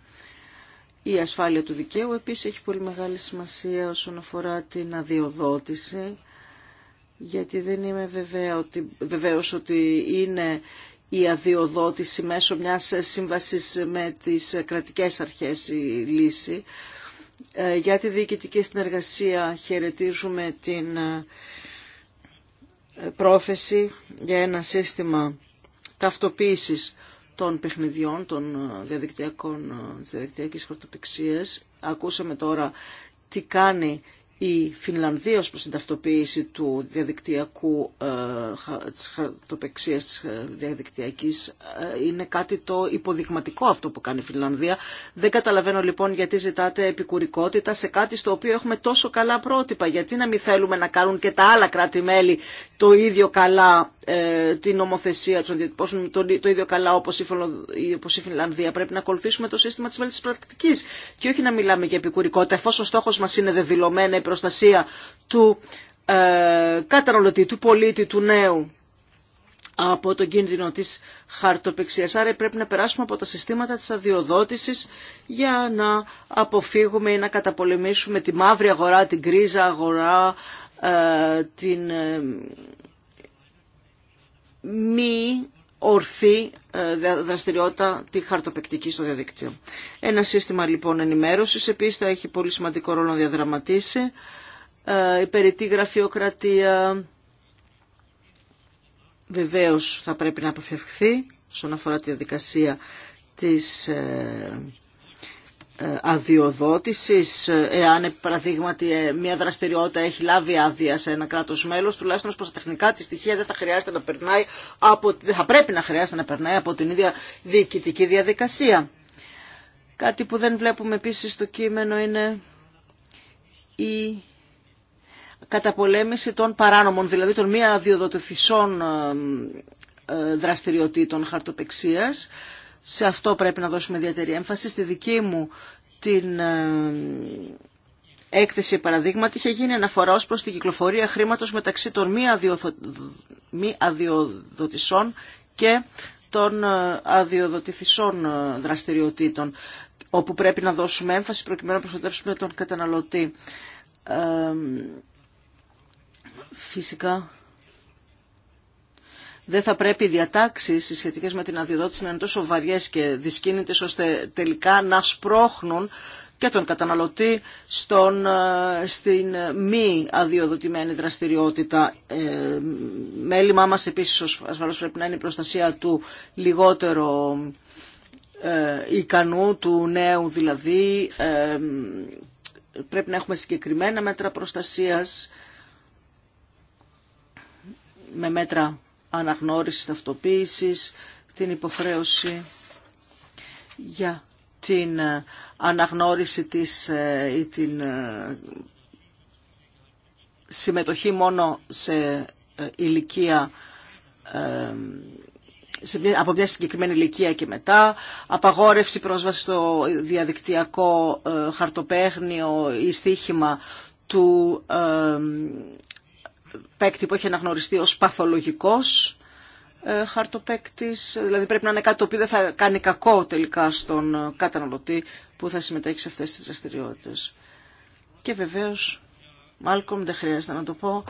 Η ασφάλεια του δικαίου επίσης έχει πολύ μεγάλη σημασία όσον αφορά την αδειοδότηση, γιατί δεν είμαι βεβαίω ότι, βεβαίως ότι είναι η αδειοδότηση μέσω μιας σύμβασης με τις κρατικές αρχές η λύση. Ε, για τη διοικητική συνεργασία χαιρετίζουμε την ε, πρόθεση για ένα σύστημα ταυτοποίησης των παιχνιδιών, των ε, διαδικτυακών, ε, της διαδικτυακής χορτοπηξίας. Ακούσαμε τώρα τι κάνει η Φινλανδία ως προς την ταυτοποίηση του διαδικτυακού ε, της χαρτοπεξίας της ε, διαδικτυακής ε, είναι κάτι το υποδειγματικό αυτό που κάνει η Φινλανδία. Δεν καταλαβαίνω λοιπόν γιατί ζητάτε επικουρικότητα σε κάτι στο οποίο έχουμε τόσο καλά πρότυπα. Γιατί να μην θέλουμε να κάνουν και τα άλλα κράτη-μέλη το ίδιο καλά ε, την νομοθεσία τους, το, ίδιο καλά όπως η, Φινλανδία. Πρέπει να ακολουθήσουμε το σύστημα της βέλτιστης πρακτικής και όχι να μιλάμε για επικουρικότητα εφόσον στόχος μας είναι δεδηλωμένα προστασία του ε, καταναλωτή, του πολίτη, του νέου από τον κίνδυνο της χαρτοπεξίας. Άρα πρέπει να περάσουμε από τα συστήματα της αδειοδότησης για να αποφύγουμε ή να καταπολεμήσουμε τη μαύρη αγορά, την κρίζα αγορά, ε, την ε, μη ορθή ε, δραστηριότητα τη χαρτοπεκτική στο διαδίκτυο. Ένα σύστημα λοιπόν ενημέρωσης επίσης θα έχει πολύ σημαντικό ρόλο να διαδραματίσει. Η ε, περίτη γραφειοκρατία βεβαίως θα πρέπει να αποφευχθεί όσον αφορά τη διαδικασία της ε, ε, αδειοδότησης, ε, εάν ε, παραδείγματι μια δραστηριότητα έχει λάβει άδεια σε ένα κράτος μέλος, τουλάχιστον προς τα τεχνικά τη στοιχεία δεν θα χρειάζεται να περνάει από, θα πρέπει να χρειάζεται να περνάει από την ίδια διοικητική διαδικασία. Κάτι που δεν βλέπουμε επίσης στο κείμενο είναι η καταπολέμηση των παράνομων, δηλαδή των μη αδειοδοτηθισών δραστηριοτήτων χαρτοπεξίας, σε αυτό πρέπει να δώσουμε ιδιαίτερη έμφαση. Στη δική μου την ε, έκθεση παραδείγματι είχε γίνει αναφορά ως προς την κυκλοφορία χρήματος μεταξύ των μη, αδειοδο... αδειοδοτησών και των ε, αδειοδοτηθησών ε, δραστηριοτήτων, όπου πρέπει να δώσουμε έμφαση προκειμένου να προστατεύσουμε τον καταναλωτή. φυσικά δεν θα πρέπει οι διατάξει σχετικέ με την αδειοδότηση να είναι τόσο βαριέ και δυσκίνητε ώστε τελικά να σπρώχνουν και τον καταναλωτή στον, ε, στην μη αδειοδοτημένη δραστηριότητα. Ε, μέλημά μας επίσης ασφαλώς πρέπει να είναι η προστασία του λιγότερο ε, ικανού, του νέου δηλαδή. Ε, πρέπει να έχουμε συγκεκριμένα μέτρα προστασίας με μέτρα αναγνώρισης ταυτοποίησης, την υποχρέωση για την ε, αναγνώριση της ε, ή την ε, συμμετοχή μόνο σε ηλικία από μια συγκεκριμένη ηλικία και μετά, απαγόρευση πρόσβαση στο διαδικτυακό χαρτοπέγνιο ή στοίχημα του παίκτη που έχει αναγνωριστεί ως παθολογικός ε, δηλαδή πρέπει να είναι κάτι το οποίο δεν θα κάνει κακό τελικά στον ε, καταναλωτή που θα συμμετέχει σε αυτές τις δραστηριότητες. Και βεβαίως, Μάλκομ, δεν χρειάζεται να το πω,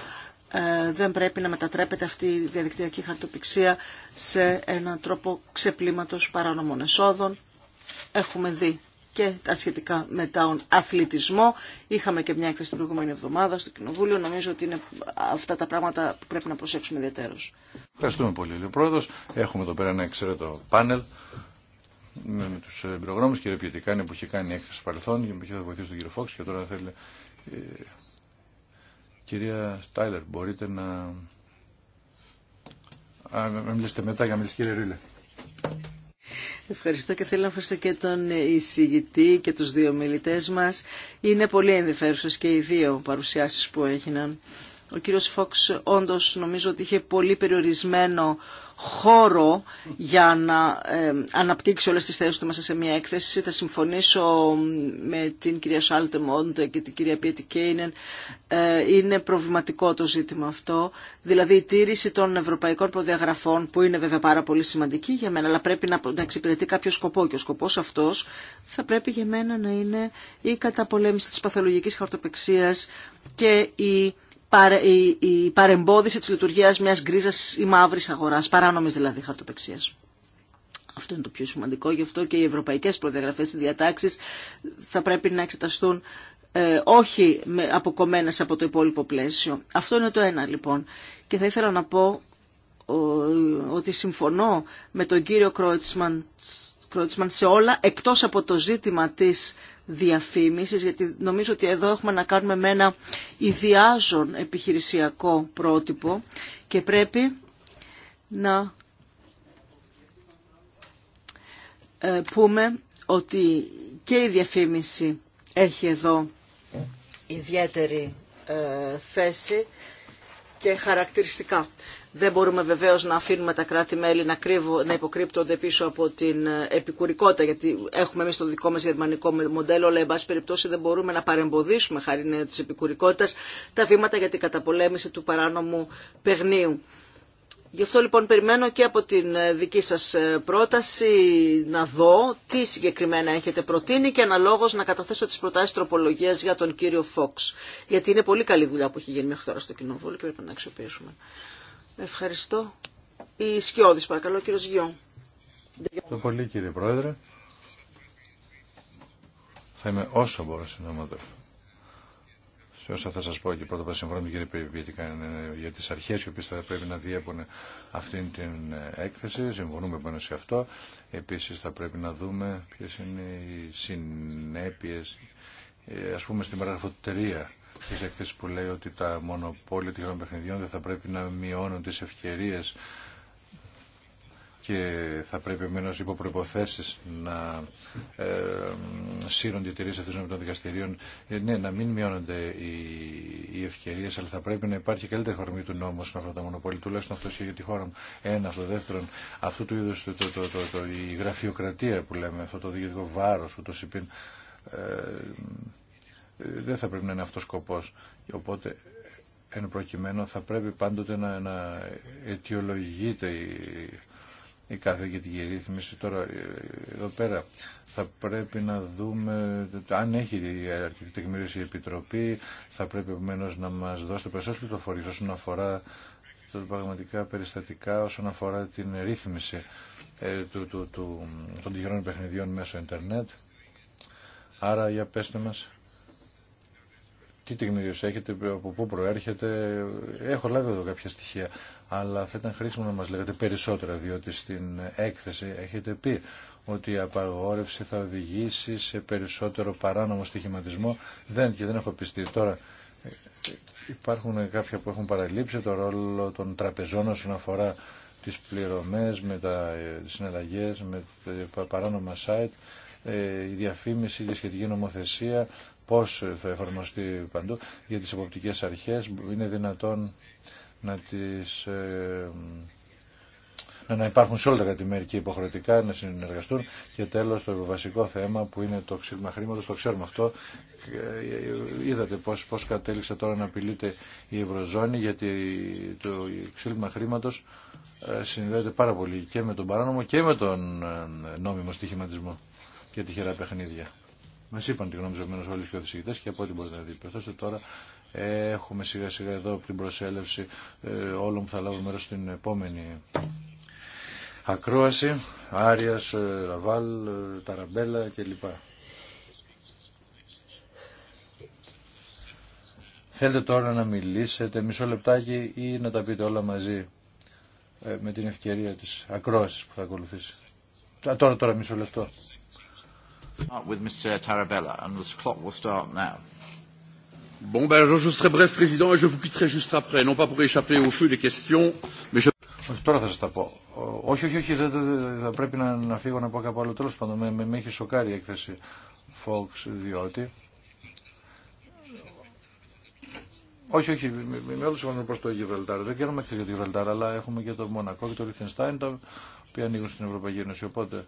ε, δεν πρέπει να μετατρέπεται αυτή η διαδικτυακή χαρτοπηξία σε έναν τρόπο ξεπλήματος παράνομων εσόδων. Έχουμε δει και τα σχετικά με τον αθλητισμό. Είχαμε και μια έκθεση την προηγούμενη εβδομάδα στο Κοινοβούλιο. Νομίζω ότι είναι αυτά τα πράγματα που πρέπει να προσέξουμε ιδιαίτερω. Ευχαριστούμε πολύ, Πρόεδρο. Έχουμε εδώ πέρα ένα εξαιρετό πάνελ με, με του εμπειρογνώμου. Κύριε Πιετικάνη που είχε κάνει έκθεση στο παρελθόν και που είχε βοηθήσει τον κύριο Φόξ και τώρα θέλει. Ε, κυρία Στάιλερ, μπορείτε να. Α, μιλήσετε μετά για να μιλήσει κύριε Ρίλε. Ευχαριστώ και θέλω να ευχαριστώ και τον εισηγητή και τους δύο μιλητές μας. Είναι πολύ ενδιαφέρουσες και οι δύο παρουσιάσεις που έγιναν. Ο κύριος Φόξ όντως νομίζω ότι είχε πολύ περιορισμένο χώρο για να ε, αναπτύξει όλες τις θέσεις του μέσα σε μια έκθεση. Θα συμφωνήσω με την κυρία Σάλτε Μόντε και την κυρία Πιέτη Κέινεν. Ε, είναι προβληματικό το ζήτημα αυτό. Δηλαδή η τήρηση των ευρωπαϊκών προδιαγραφών που είναι βέβαια πάρα πολύ σημαντική για μένα αλλά πρέπει να, να εξυπηρετεί κάποιο σκοπό και ο σκοπός αυτός θα πρέπει για μένα να είναι η καταπολέμηση της παθολογικής χαρτοπεξίας και η η παρεμπόδιση της λειτουργίας μιας γκρίζας ή μαύρης αγοράς, παράνομης δηλαδή χαρτοπεξίας. Αυτό είναι το πιο σημαντικό, γι' αυτό και οι ευρωπαϊκές προδιαγραφές, οι διατάξεις θα πρέπει να εξεταστούν ε, όχι με, αποκομμένες από το υπόλοιπο πλαίσιο. Αυτό είναι το ένα λοιπόν. Και θα ήθελα να πω ότι συμφωνώ με τον κύριο Κρότσμαν, σε όλα, εκτός από το ζήτημα της διαφήμισης, γιατί νομίζω ότι εδώ έχουμε να κάνουμε με ένα ιδιάζον επιχειρησιακό πρότυπο και πρέπει να ε, πούμε ότι και η διαφήμιση έχει εδώ ιδιαίτερη ε, θέση και χαρακτηριστικά. Δεν μπορούμε βεβαίω να αφήνουμε τα κράτη-μέλη να, να υποκρύπτονται πίσω από την ε, επικουρικότητα, γιατί έχουμε εμεί το δικό μα γερμανικό μοντέλο, αλλά εν πάση περιπτώσει δεν μπορούμε να παρεμποδίσουμε χάρη τη επικουρικότητα τα βήματα για την καταπολέμηση του παράνομου παιγνίου. Γι' αυτό λοιπόν περιμένω και από την ε, δική σας ε, πρόταση να δω τι συγκεκριμένα έχετε προτείνει και αναλόγως να καταθέσω τις προτάσεις τροπολογίας για τον κύριο Φόξ. Γιατί είναι πολύ καλή δουλειά που έχει γίνει μέχρι τώρα στο Κοινοβούλιο και πρέπει να αξιοποιήσουμε. Ευχαριστώ. Η Σκιώδης, παρακαλώ, κύριος Γιώ. Ευχαριστώ πολύ, κύριε Πρόεδρε. Θα είμαι όσο μπορώ συνόματο. Σε όσα θα σα πω και πρώτα απ' συμφωνώ με κύριε για τι αρχέ οι θα πρέπει να διέπουν αυτήν την ε, έκθεση. Συμφωνούμε πάνω σε αυτό. Επίση θα πρέπει να δούμε ποιε είναι οι συνέπειε, ε, ας πούμε στην παραγραφωτερία Τη εκθέσεις που λέει ότι τα μονοπόλια των παιχνιδιών δεν θα πρέπει να μειώνουν τις ευκαιρίες και θα πρέπει εμένα υπό προποθέσει να ε, σύρονται οι εταιρείε αυτών των δικαστηρίων. Ε, ναι, να μην μειώνονται οι, οι ευκαιρίε, αλλά θα πρέπει να υπάρχει καλύτερη χορμή του νόμου με αυτά τα μονοπόλια. Τουλάχιστον αυτό ισχύει για τη χώρα μου. Ένα, αυτό. Δεύτερον, αυτού του είδου το, το, η γραφειοκρατία που λέμε, αυτό το διοικητικό βάρο ούτω το δεν θα πρέπει να είναι αυτός σκοπός. Οπότε, εν προκειμένου, θα πρέπει πάντοτε να, να αιτιολογείται η, η κάθε ρύθμιση. Τώρα, ε, εδώ πέρα, θα πρέπει να δούμε αν έχει αρκετή η Επιτροπή, θα πρέπει επομένω να μας δώσετε περισσότερες πληροφορίες όσον αφορά τα πραγματικά περιστατικά, όσον αφορά την ρύθμιση ε, του, του, του, των τυχερών παιχνιδιών μέσω ίντερνετ. Άρα, για πέστε μας τι τεκμηρίως έχετε, από πού προέρχεται. Έχω λάβει εδώ κάποια στοιχεία, αλλά θα ήταν χρήσιμο να μας λέγατε περισσότερα, διότι στην έκθεση έχετε πει ότι η απαγόρευση θα οδηγήσει σε περισσότερο παράνομο στοιχηματισμό. Δεν και δεν έχω πιστεί τώρα. Υπάρχουν κάποια που έχουν παραλείψει το ρόλο των τραπεζών όσον αφορά τις πληρωμές, με τα ε, συναλλαγές, με τα παράνομα site, ε, η διαφήμιση, η σχετική νομοθεσία, πώς θα εφαρμοστεί παντού για τις εποπτικές αρχές είναι δυνατόν να τις ε, να υπάρχουν σε όλα τα κατημέρια και υποχρεωτικά να συνεργαστούν και τέλος το βασικό θέμα που είναι το ξύλμα χρήματος, το ξέρουμε αυτό ε, είδατε πώς, πώς κατέληξε τώρα να απειλείται η Ευρωζώνη γιατί το ξύλμα χρήματος ε, συνδέεται πάρα πολύ και με τον παράνομο και με τον νόμιμο στοιχηματισμό και τυχερά παιχνίδια. Μα είπαν τη γνώμη του όλοι και ο και από ό,τι μπορείτε να δείτε. Ωστόσο τώρα έχουμε σιγά σιγά εδώ την προσέλευση ε, όλων που θα λάβουν μέρο στην επόμενη ακρόαση. Άρια, ε, Ραβάλ, ε, Ταραμπέλα κλπ. Θέλετε τώρα να μιλήσετε μισό λεπτάκι ή να τα πείτε όλα μαζί με την ευκαιρία της ακρόασης που θα ακολουθήσει. Τώρα, τώρα μισό λεπτό. With Mr. Tarabella, and this clock will start now. Bon, ben, je serai bref, Président, et je vous quitterai juste après, non pas pour échapper au feu des questions, mais je... τώρα θα σα τα πω. Όχι, όχι, όχι, δεν, θα πρέπει να, να φύγω να πω κάπου άλλο. Τέλο πάντων, με, με, με έχει σοκάρει η έκθεση Fox, διότι. Όχι, όχι, με, με όλου συμφωνούμε προ το Γιβραλτάρ. Δεν κάνουμε έκθεση για το Γιβραλτάρ, αλλά έχουμε και το Μονακό και το Λιχτενστάιν, τα οποία ανοίγουν στην Ευρωπαϊκή Ένωση. Οπότε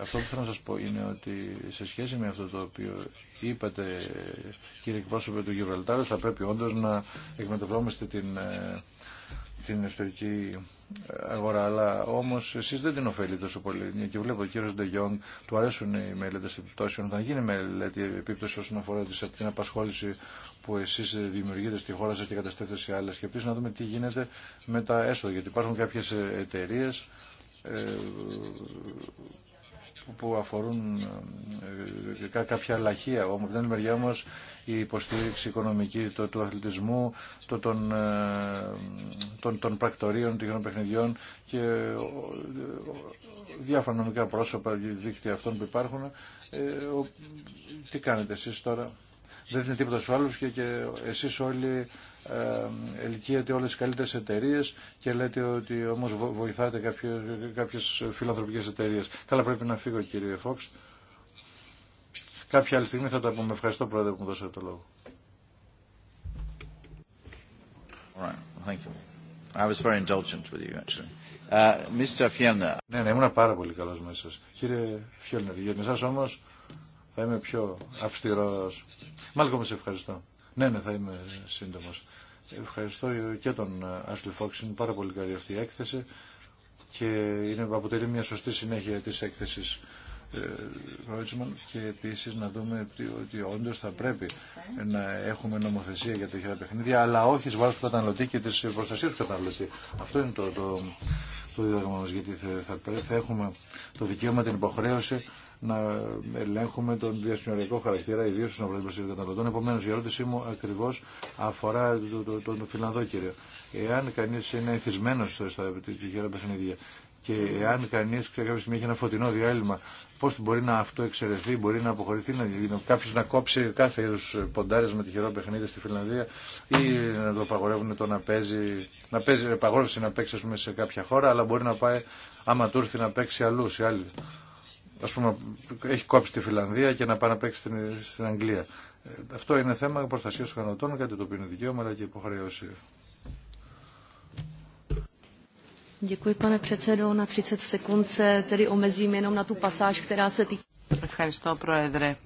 αυτό που θέλω να σας πω είναι ότι σε σχέση με αυτό το οποίο είπατε κύριε εκπρόσωπε του Γιβραλτάρου θα πρέπει όντως να εκμεταλλευόμαστε την, ε, την ιστορική αγορά αλλά όμως εσείς δεν την ωφέλει τόσο πολύ και βλέπω ο κύριος Ντεγιόν του αρέσουν οι μελέτες επιπτώσεων Θα γίνει μελέτη επίπτωση όσον αφορά την απασχόληση που εσείς δημιουργείτε στη χώρα σα και καταστρέφετε σε άλλε. Και επίσης να δούμε τι γίνεται με τα έσοδα. Γιατί υπάρχουν κάποιε εταιρείε ε, που αφορούν ε, κάποια λαχεία. όμω. την άλλη μεριά η υποστήριξη οικονομική το, του αθλητισμού, το, των, ε, των, των πρακτορείων, των παιχνιδιών και διάφορα νομικά πρόσωπα και δίκτυα αυτών που υπάρχουν. Ε, ο, τι κάνετε εσεί τώρα δεν δίνει τίποτα στους άλλους και, και εσείς όλοι ε, ελκύετε όλες τις καλύτερες εταιρείε και λέτε ότι όμως βοηθάτε κάποιες, κάποιες φιλανθρωπικές εταιρείε. Καλά πρέπει να φύγω κύριε Φόξ. Κάποια άλλη στιγμή θα τα πούμε. Ευχαριστώ πρόεδρε που μου δώσατε το λόγο. Ναι, ναι, ήμουν πάρα πολύ καλός μέσα σας. Κύριε Φιέλνερ, για εσάς όμως θα είμαι πιο αυστηρό. Μάλκομ, σε ευχαριστώ. Ναι, ναι, θα είμαι σύντομο. Ευχαριστώ και τον Άσλι Φόξ, είναι πάρα πολύ καλή αυτή η έκθεση και είναι, αποτελεί μια σωστή συνέχεια τη της έκθεσης ε, και επίση να δούμε ότι όντω θα πρέπει να έχουμε νομοθεσία για τέτοια παιχνίδια αλλά όχι σβάρο του καταναλωτή και τη προστασία του καταναλωτή. Αυτό είναι το, το, το δίδαγμα μας γιατί θα, θα, θα έχουμε το δικαίωμα, την υποχρέωση να ελέγχουμε τον διασυνοριακό χαρακτήρα, ιδίω στου αγορά των καταναλωτών. Επομένω, η ερώτησή μου ακριβώ αφορά τον το, το, το Φιλανδό κύριο. Εάν κανεί είναι εθισμένο στα τυχερά παιχνίδια και εάν κανεί κάποια στιγμή έχει ένα φωτεινό διάλειμμα, πώ μπορεί να αυτοεξαιρεθεί, μπορεί να αποχωρηθεί, να, κάποιο να κόψει κάθε είδου ποντάρε με τυχερό παιχνίδι στη Φιλανδία ή να το απαγορεύουν το να παίζει, να παίζει, να παίξει σε κάποια χώρα, αλλά μπορεί να πάει άμα του να παίξει αλλού σε άλλη ας πούμε, έχει κόψει τη Φιλανδία και να πάει να παίξει στην, στην Αγγλία. Ε, αυτό είναι θέμα προστασία των κανοτών, κάτι το οποίο είναι δικαίωμα αλλά και υποχρέωση. Ευχαριστώ, Πρόεδρε.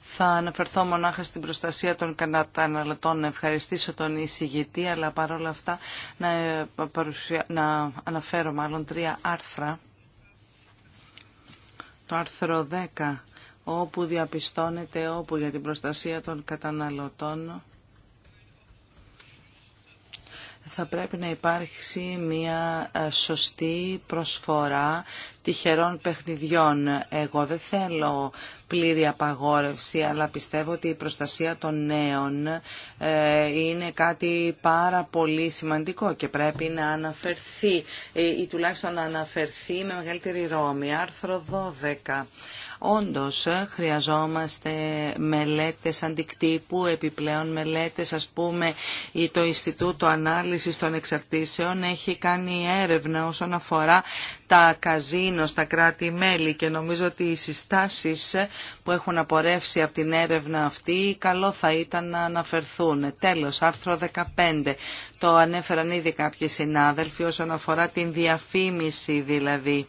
Θα αναφερθώ μονάχα στην προστασία των καταναλωτών, να ευχαριστήσω τον εισηγητή, αλλά παρόλα αυτά να, ε, παρουσια... να αναφέρω μάλλον τρία άρθρα το άρθρο 10 όπου διαπιστώνεται όπου για την προστασία των καταναλωτών θα πρέπει να υπάρξει μια ε, σωστή προσφορά τυχερών παιχνιδιών. Εγώ δεν θέλω πλήρη απαγόρευση, αλλά πιστεύω ότι η προστασία των νέων ε, είναι κάτι πάρα πολύ σημαντικό και πρέπει να αναφερθεί ε, ή τουλάχιστον να αναφερθεί με μεγαλύτερη ρόμη. Άρθρο 12. Όντως χρειαζόμαστε μελέτες αντικτύπου, επιπλέον μελέτες, ας πούμε το Ινστιτούτο Ανάλυσης των Εξαρτήσεων έχει κάνει έρευνα όσον αφορά τα καζίνο στα κράτη-μέλη και νομίζω ότι οι συστάσεις που έχουν απορρεύσει από την έρευνα αυτή καλό θα ήταν να αναφερθούν. Τέλος, άρθρο 15. Το ανέφεραν ήδη κάποιοι συνάδελφοι όσον αφορά την διαφήμιση δηλαδή.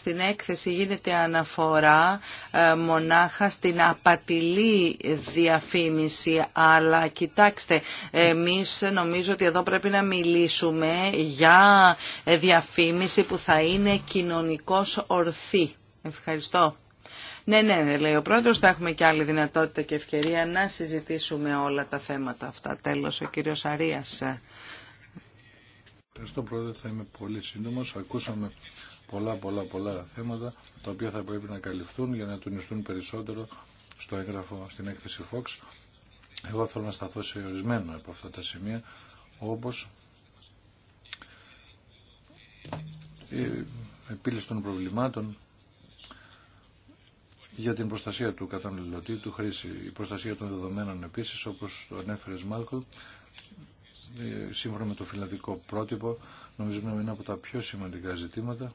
Στην έκθεση γίνεται αναφορά ε, μονάχα στην απατηλή διαφήμιση, αλλά κοιτάξτε, εμείς νομίζω ότι εδώ πρέπει να μιλήσουμε για διαφήμιση που θα είναι κοινωνικός ορθή. Ευχαριστώ. Ναι, ναι, λέει ο πρόεδρος, θα έχουμε και άλλη δυνατότητα και ευκαιρία να συζητήσουμε όλα τα θέματα αυτά. Τέλος, ο κύριος Αρίας. Ευχαριστώ πρόεδρε, θα είμαι πολύ σύντομος. Ακούσαμε πολλά πολλά πολλά θέματα τα οποία θα πρέπει να καλυφθούν για να τονιστούν περισσότερο στο έγγραφο στην έκθεση Fox. Εγώ θέλω να σταθώ σε ορισμένα από αυτά τα σημεία όπως η επίλυση των προβλημάτων για την προστασία του καταναλωτή, του χρήση, η προστασία των δεδομένων επίσης, όπως το ανέφερε Μάλκο, ε, σύμφωνα με το φιλανδικό πρότυπο, νομίζω είναι ένα από τα πιο σημαντικά ζητήματα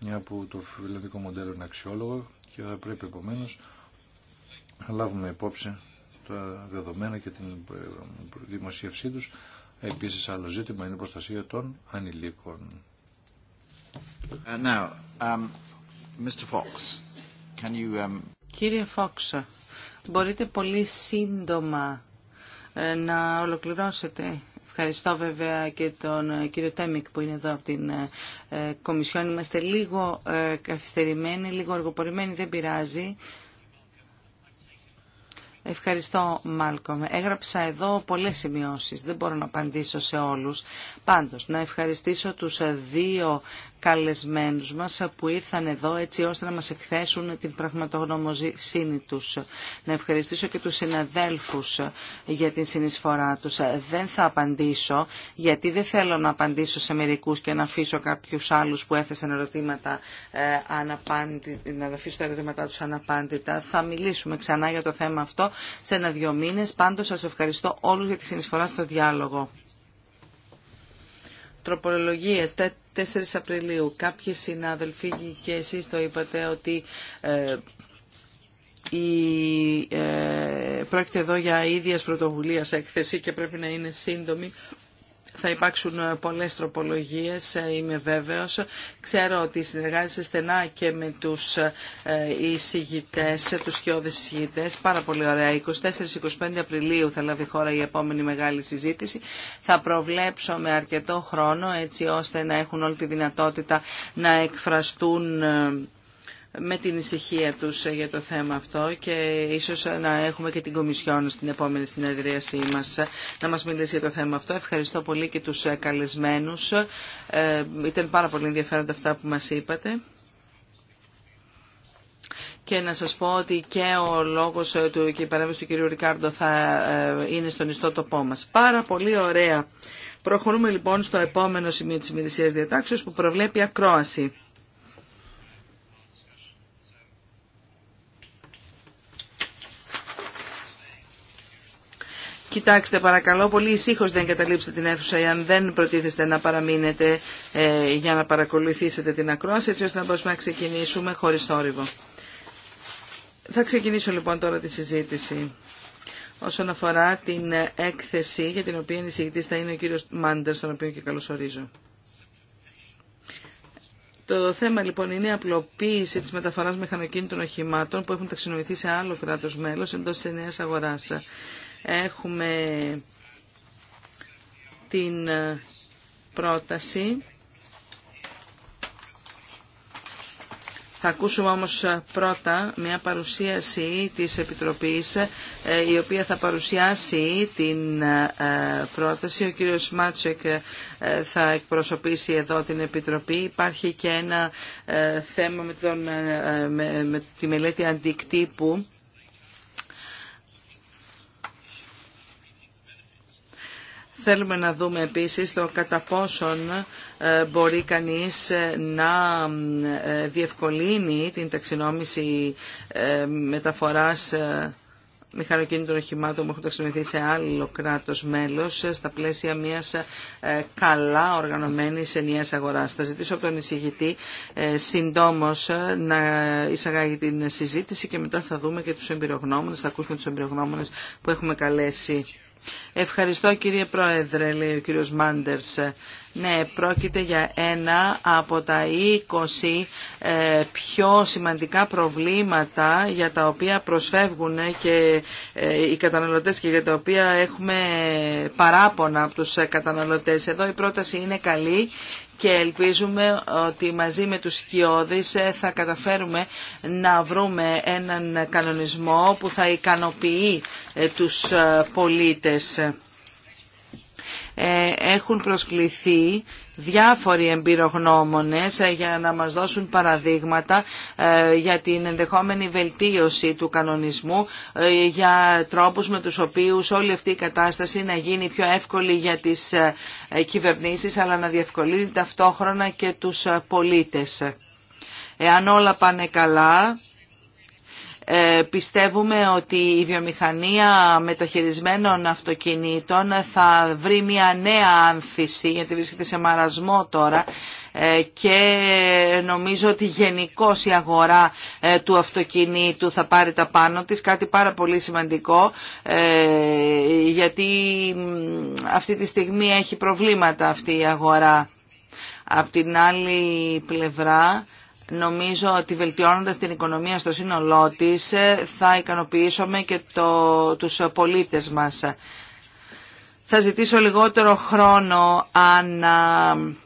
μια που το φιλανδικό μοντέλο είναι αξιόλογο και θα πρέπει επομένω να λάβουμε υπόψη τα δεδομένα και την δημοσίευσή τους. Επίσης άλλο ζήτημα είναι η προστασία των ανηλίκων. Uh, now, um, Mr. Fox, can you, um, Κύριε Φόξ, μπορείτε πολύ σύντομα ε, να ολοκληρώσετε Ευχαριστώ βέβαια και τον ε, κύριο Τέμικ που είναι εδώ από την ε, ε, Κομισιόν. Είμαστε λίγο καθυστερημένοι, λίγο αργοπορημένοι, δεν πειράζει. Ευχαριστώ, Μάλκομ. Έγραψα εδώ πολλές σημειώσεις. Δεν μπορώ να απαντήσω σε όλους. Πάντως, να ευχαριστήσω τους δύο καλεσμένους μας που ήρθαν εδώ έτσι ώστε να μας εκθέσουν την πραγματογνωμοσύνη τους. Να ευχαριστήσω και τους συναδέλφους για την συνεισφορά τους. Δεν θα απαντήσω γιατί δεν θέλω να απαντήσω σε μερικούς και να αφήσω κάποιους άλλους που έθεσαν ερωτήματα ε, να αφήσω τα ερωτήματά τους αναπάντητα. Θα μιλήσουμε ξανά για το θέμα αυτό σε ένα-δυο μήνες. Πάντως σας ευχαριστώ όλους για τη συνεισφορά στο διάλογο. Τροπολογίες 4 Απριλίου. Κάποιοι συνάδελφοι και εσείς το είπατε ότι ε, η, ε, πρόκειται εδώ για ίδιας πρωτοβουλίας έκθεση και πρέπει να είναι σύντομη θα υπάρξουν ε, πολλές τροπολογίες, ε, είμαι βέβαιος. Ξέρω ότι συνεργάζεσαι στενά και με τους ε, εισηγητές, τους σκιώδες εισηγητές. Πάρα πολύ ωραία. 24-25 Απριλίου θα λάβει χώρα η επόμενη μεγάλη συζήτηση. Θα προβλέψω με αρκετό χρόνο έτσι ώστε να έχουν όλη τη δυνατότητα να εκφραστούν με την ησυχία τους ε, για το θέμα αυτό και ίσως ε, να έχουμε και την Κομισιόν στην επόμενη συνεδρίασή μας ε, να μας μιλήσει για το θέμα αυτό. Ευχαριστώ πολύ και τους καλεσμένους. Ήταν πάρα πολύ ενδιαφέροντα αυτά που μας είπατε. Και να σας πω ότι και ο λόγος του, και η παρέμβαση του κυρίου Ρικάρντο θα είναι στον ιστό τοπό μας. Πάρα πολύ ωραία. Προχωρούμε λοιπόν στο επόμενο σημείο της ημερησία διατάξεως που προβλέπει ακρόαση. Κοιτάξτε παρακαλώ, πολύ ησύχως δεν καταλήψετε την αίθουσα εάν δεν προτίθεστε να παραμείνετε ε, για να παρακολουθήσετε την ακρόαση έτσι ώστε να μπορούμε να ξεκινήσουμε χωρίς θόρυβο. Θα ξεκινήσω λοιπόν τώρα τη συζήτηση όσον αφορά την έκθεση για την οποία εισηγητής θα είναι ο κύριος Μάντερ, τον οποίο και καλωσορίζω. Το θέμα λοιπόν είναι η απλοποίηση της μεταφοράς μηχανοκίνητων οχημάτων που έχουν ταξινομηθεί σε άλλο κράτος μέλος εντός της νέας αγοράς έχουμε την ε, πρόταση. Θα ακούσουμε όμως ε, πρώτα μια παρουσίαση της Επιτροπής ε, η οποία θα παρουσιάσει την πρόταση. Ο κύριος Μάτσεκ θα εκπροσωπήσει εδώ την Επιτροπή. Υπάρχει και ένα θέμα με, τον, με τη μελέτη αντικτύπου Θέλουμε να δούμε επίσης το κατά πόσον ε, μπορεί κανείς ε, να ε, διευκολύνει την ταξινόμηση μεταφοράς μηχανοκίνητων οχημάτων που έχουν ταξινομηθεί σε άλλο κράτος μέλος στα πλαίσια μιας καλά οργανωμένης ενιαίας αγοράς. Θα ζητήσω από τον εισηγητή συντόμως να εισαγάγει την συζήτηση και μετά θα δούμε και τους εμπειρογνώμονες, θα ακούσουμε τους εμπειρογνώμονες που έχουμε καλέσει. Ευχαριστώ κύριε Πρόεδρε, λέει ο κύριος Μάντερς. Ναι, πρόκειται για ένα από τα 20 ε, πιο σημαντικά προβλήματα για τα οποία προσφεύγουν και ε, οι καταναλωτές και για τα οποία έχουμε παράπονα από τους καταναλωτές. Εδώ η πρόταση είναι καλή και ελπίζουμε ότι μαζί με τους σκιώδεις ε, θα καταφέρουμε να βρούμε έναν κανονισμό που θα ικανοποιεί ε, τους ε, πολίτες. Έχουν προσκληθεί διάφοροι εμπειρογνώμονες ε, για να μας δώσουν παραδείγματα ε, για την ενδεχόμενη βελτίωση του κανονισμού ε, για τρόπους με τους οποίους όλη αυτή η κατάσταση να γίνει πιο εύκολη για τις κυβερνήσεις αλλά να διευκολύνει ταυτόχρονα και τους πολίτες. Εάν όλα πάνε καλά ε, πιστεύουμε ότι η βιομηχανία μεταχειρισμένων αυτοκινήτων θα βρει μια νέα άνθηση γιατί βρίσκεται σε μαρασμό τώρα ε, και νομίζω ότι γενικώ η αγορά ε, του αυτοκινήτου θα πάρει τα πάνω της, κάτι πάρα πολύ σημαντικό γιατί αυτή τη στιγμή έχει προβλήματα αυτή η αγορά. Απ' την άλλη πλευρά Νομίζω ότι βελτιώνοντας την οικονομία στο σύνολό της ε, θα ικανοποιήσουμε και το, τους πολίτες μας. Θα ζητήσω λιγότερο χρόνο έμπειρο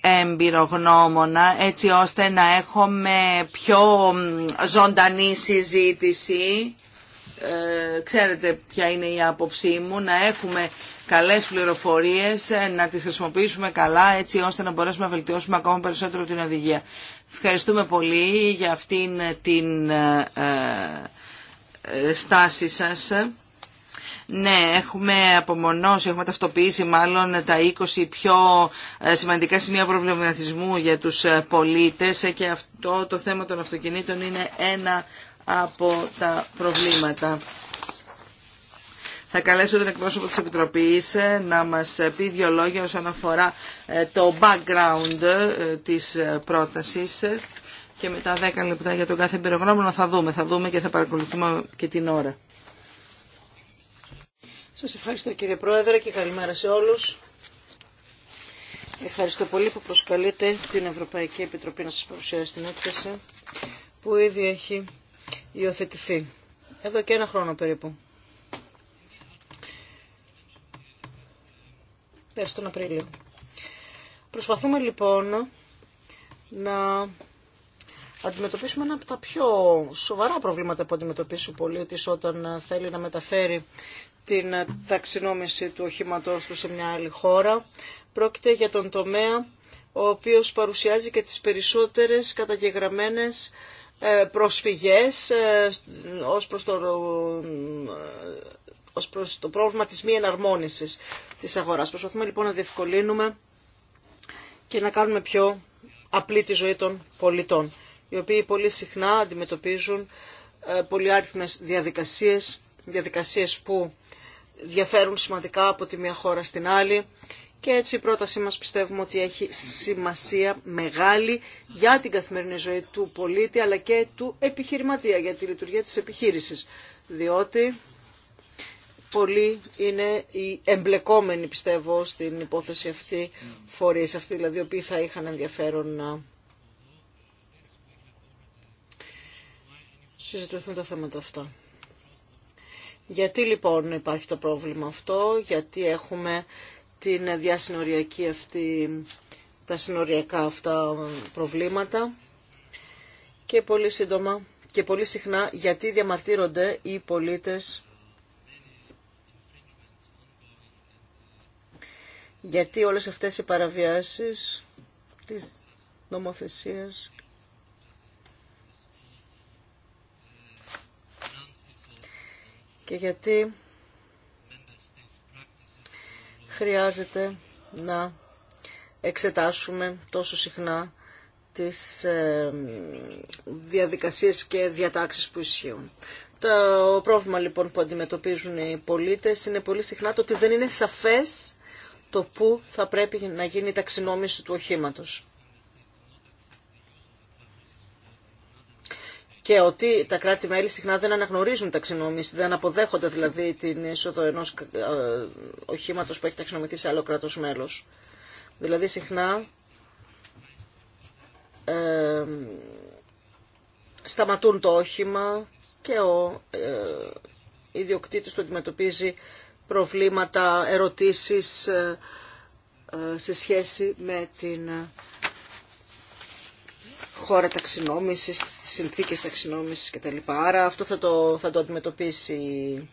εμπειρογνώμονα έτσι ώστε να έχουμε πιο ζωντανή συζήτηση ε, ξέρετε ποια είναι η άποψή μου, να έχουμε καλές πληροφορίες, ε, να τις χρησιμοποιήσουμε καλά έτσι ώστε να μπορέσουμε να βελτιώσουμε ακόμα περισσότερο την οδηγία. Ευχαριστούμε πολύ για αυτήν την ε, στάση σας. Ναι, έχουμε απομονώσει, έχουμε ταυτοποιήσει μάλλον τα 20 πιο σημαντικά σημεία προβληματισμού για τους πολίτες και αυτό το θέμα των αυτοκινήτων είναι ένα από τα προβλήματα. Θα καλέσω τον εκπρόσωπο της Επιτροπής ε, να μας ε, πει δύο λόγια όσον αφορά ε, το background της πρότασης και μετά 10 λεπτά για τον κάθε εμπειρογνώμονα θα δούμε. Θα δούμε και θα παρακολουθούμε και την ώρα. Σας ευχαριστώ κύριε Πρόεδρε και καλημέρα σε όλους. Ευχαριστώ πολύ που προσκαλείτε την Ευρωπαϊκή Επιτροπή να σας παρουσιάσει την έκθεση που ήδη έχει υιοθετηθεί. Εδώ και ένα χρόνο περίπου. Πέρσι τον Απρίλιο. Προσπαθούμε λοιπόν να αντιμετωπίσουμε ένα από τα πιο σοβαρά προβλήματα που αντιμετωπίσει ο πολίτης όταν θέλει να μεταφέρει την ταξινόμηση του οχήματός του σε μια άλλη χώρα. Πρόκειται για τον τομέα ο οποίος παρουσιάζει και τις περισσότερες καταγεγραμμένες ε, προσφυγές ε, ως προς το ε, ως προς το πρόβλημα της μη εναρμόνισης της αγοράς. Προσπαθούμε λοιπόν να διευκολύνουμε και να κάνουμε πιο απλή τη ζωή των πολιτών, οι οποίοι πολύ συχνά αντιμετωπίζουν πολυάριθμες διαδικασίες, διαδικασίες που διαφέρουν σημαντικά από τη μία χώρα στην άλλη και έτσι η πρότασή μας πιστεύουμε ότι έχει σημασία μεγάλη για την καθημερινή ζωή του πολίτη αλλά και του επιχειρηματία για τη λειτουργία της επιχείρησης. Διότι πολλοί είναι οι εμπλεκόμενοι πιστεύω στην υπόθεση αυτή φορείς αυτοί δηλαδή οποίοι θα είχαν ενδιαφέρον να συζητηθούν τα θέματα αυτά. Γιατί λοιπόν υπάρχει το πρόβλημα αυτό, γιατί έχουμε την διασυνοριακή αυτή, τα συνοριακά αυτά προβλήματα και πολύ σύντομα και πολύ συχνά γιατί διαμαρτύρονται οι πολίτες γιατί όλες αυτές οι παραβιάσεις της νομοθεσίας και γιατί χρειάζεται να εξετάσουμε τόσο συχνά τις ε, διαδικασίες και διατάξεις που ισχύουν. Το πρόβλημα λοιπόν που αντιμετωπίζουν οι πολίτες είναι πολύ συχνά το ότι δεν είναι σαφές το πού θα πρέπει να γίνει η ταξινόμηση του οχήματος. και ότι τα κράτη-μέλη συχνά δεν αναγνωρίζουν ταξινόμηση, δεν αποδέχονται δηλαδή την είσοδο ενός ε, οχήματος που έχει ταξινομηθεί σε άλλο κράτος μέλος. Δηλαδή συχνά ε, σταματούν το όχημα και ο ε, ιδιοκτήτης του αντιμετωπίζει προβλήματα, ερωτήσεις ε, σε σχέση με την χώρα ταξινόμησης, συνθήκες ταξινόμησης κτλ. Άρα αυτό θα το, θα το αντιμετωπίσει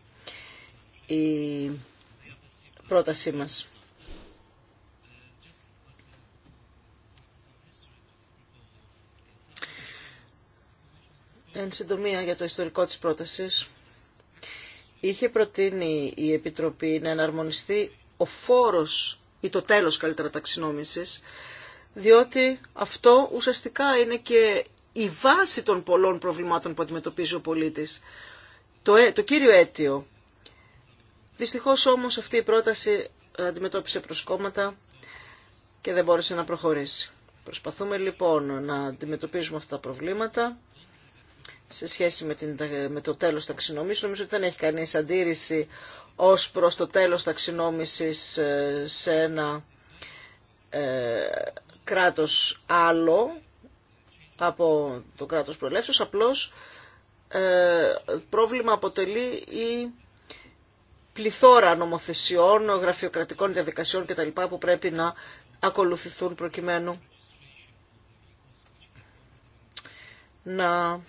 η πρότασή μας. Εν συντομία για το ιστορικό της πρότασης, είχε προτείνει η Επιτροπή να εναρμονιστεί ο φόρος ή το τέλος καλύτερα ταξινόμησης διότι αυτό ουσιαστικά είναι και η βάση των πολλών προβλημάτων που αντιμετωπίζει ο πολίτης. Το, ε, το κύριο αίτιο. Δυστυχώς όμως αυτή η πρόταση ε, αντιμετώπισε προσκόμματα και δεν μπόρεσε να προχωρήσει. Προσπαθούμε λοιπόν να αντιμετωπίζουμε αυτά τα προβλήματα σε σχέση με, την, με το τέλος ταξινόμησης. Νομίζω ότι δεν έχει κανείς αντίρρηση ως προς το τέλος ταξινόμησης ε, σε ένα κράτος άλλο από το κράτος προελεύσεως, απλώς ε, πρόβλημα αποτελεί η πληθώρα νομοθεσιών, γραφειοκρατικών διαδικασιών κτλ. που πρέπει να ακολουθηθούν προκειμένου να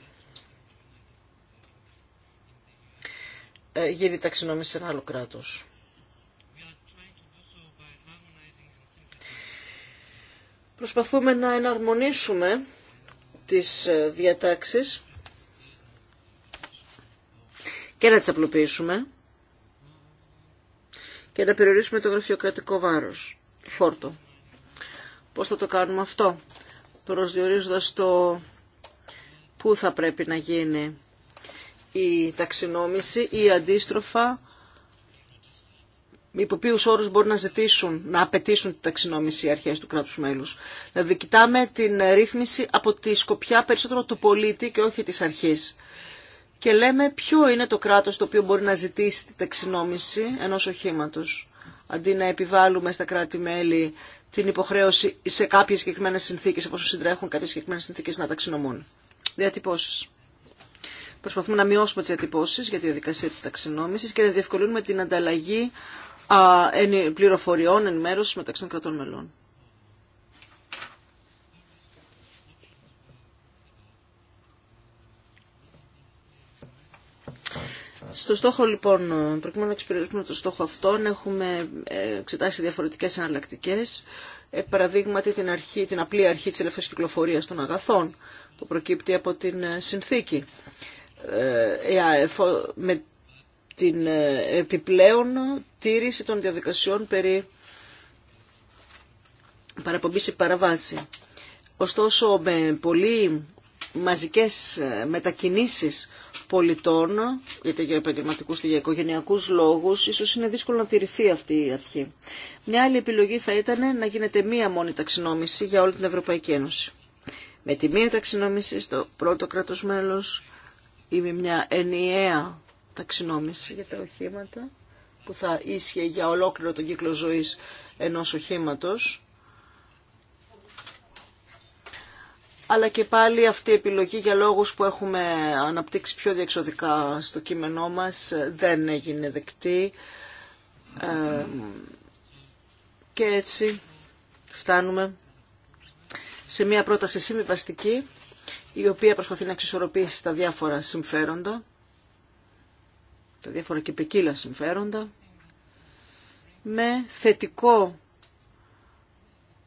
ε, γίνει ταξινόμηση σε ένα άλλο κράτος. Προσπαθούμε να εναρμονίσουμε τις ε, διατάξεις και να τις απλοποιήσουμε και να περιορίσουμε το γραφειοκρατικό βάρος, φόρτο. Πώς θα το κάνουμε αυτό, προσδιορίζοντας το πού θα πρέπει να γίνει η ταξινόμηση ή αντίστροφα υπό ποιου όρου μπορούν να ζητήσουν, να απαιτήσουν την ταξινόμηση οι αρχέ του κράτου μέλου. Δηλαδή, κοιτάμε την ρύθμιση από τη σκοπιά περισσότερο του πολίτη και όχι τη αρχή. Και λέμε ποιο είναι το κράτο το οποίο μπορεί να ζητήσει την ταξινόμηση ενό οχήματο. Αντί να επιβάλλουμε στα κράτη-μέλη την υποχρέωση σε κάποιε συγκεκριμένε συνθήκε, εφόσον συντρέχουν κάποιε συγκεκριμένε συνθήκε, να ταξινομούν. Διατυπώσει. Προσπαθούμε να μειώσουμε τι διατυπώσει για τη διαδικασία τη ταξινόμηση και να διευκολύνουμε την ανταλλαγή πληροφοριών ενημέρωσης μεταξύ των κρατών μελών. Στο στόχο λοιπόν, προκειμένου να εξυπηρετήσουμε το στόχο αυτό, έχουμε ε, εξετάσει διαφορετικές εναλλακτικέ. Ε, παραδείγματι την, αρχή, την απλή αρχή της ελεύθερης κυκλοφορίας των αγαθών που προκύπτει από την ε, συνθήκη. Ε, με την ε, επιπλέον τήρηση των διαδικασιών περί παραπομπής ή παραβάση. Ωστόσο με πολύ μαζικές ε, μετακινήσεις πολιτών, είτε για επαγγελματικούς είτε για οικογενειακούς λόγους, ίσως είναι δύσκολο να τηρηθεί αυτή η αρχή. Μια άλλη επιλογή θα ήταν να γίνεται μία μόνη ταξινόμηση για όλη την Ευρωπαϊκή Ένωση. Με τη μία ταξινόμηση στο πρώτο κράτος μέλος ή με μια ενιαία ταξινόμηση για τα οχήματα που θα ίσχυε για ολόκληρο τον κύκλο ζωής ενός οχήματος. Αλλά και πάλι αυτή η επιλογή για λόγους που έχουμε αναπτύξει πιο διεξοδικά στο κείμενό μας δεν έγινε δεκτή. Ε, και έτσι φτάνουμε σε μια πρόταση συμβιβαστική η οποία προσπαθεί να εξισορροπήσει τα διάφορα συμφέροντα τα διάφορα και ποικίλα συμφέροντα, με θετικό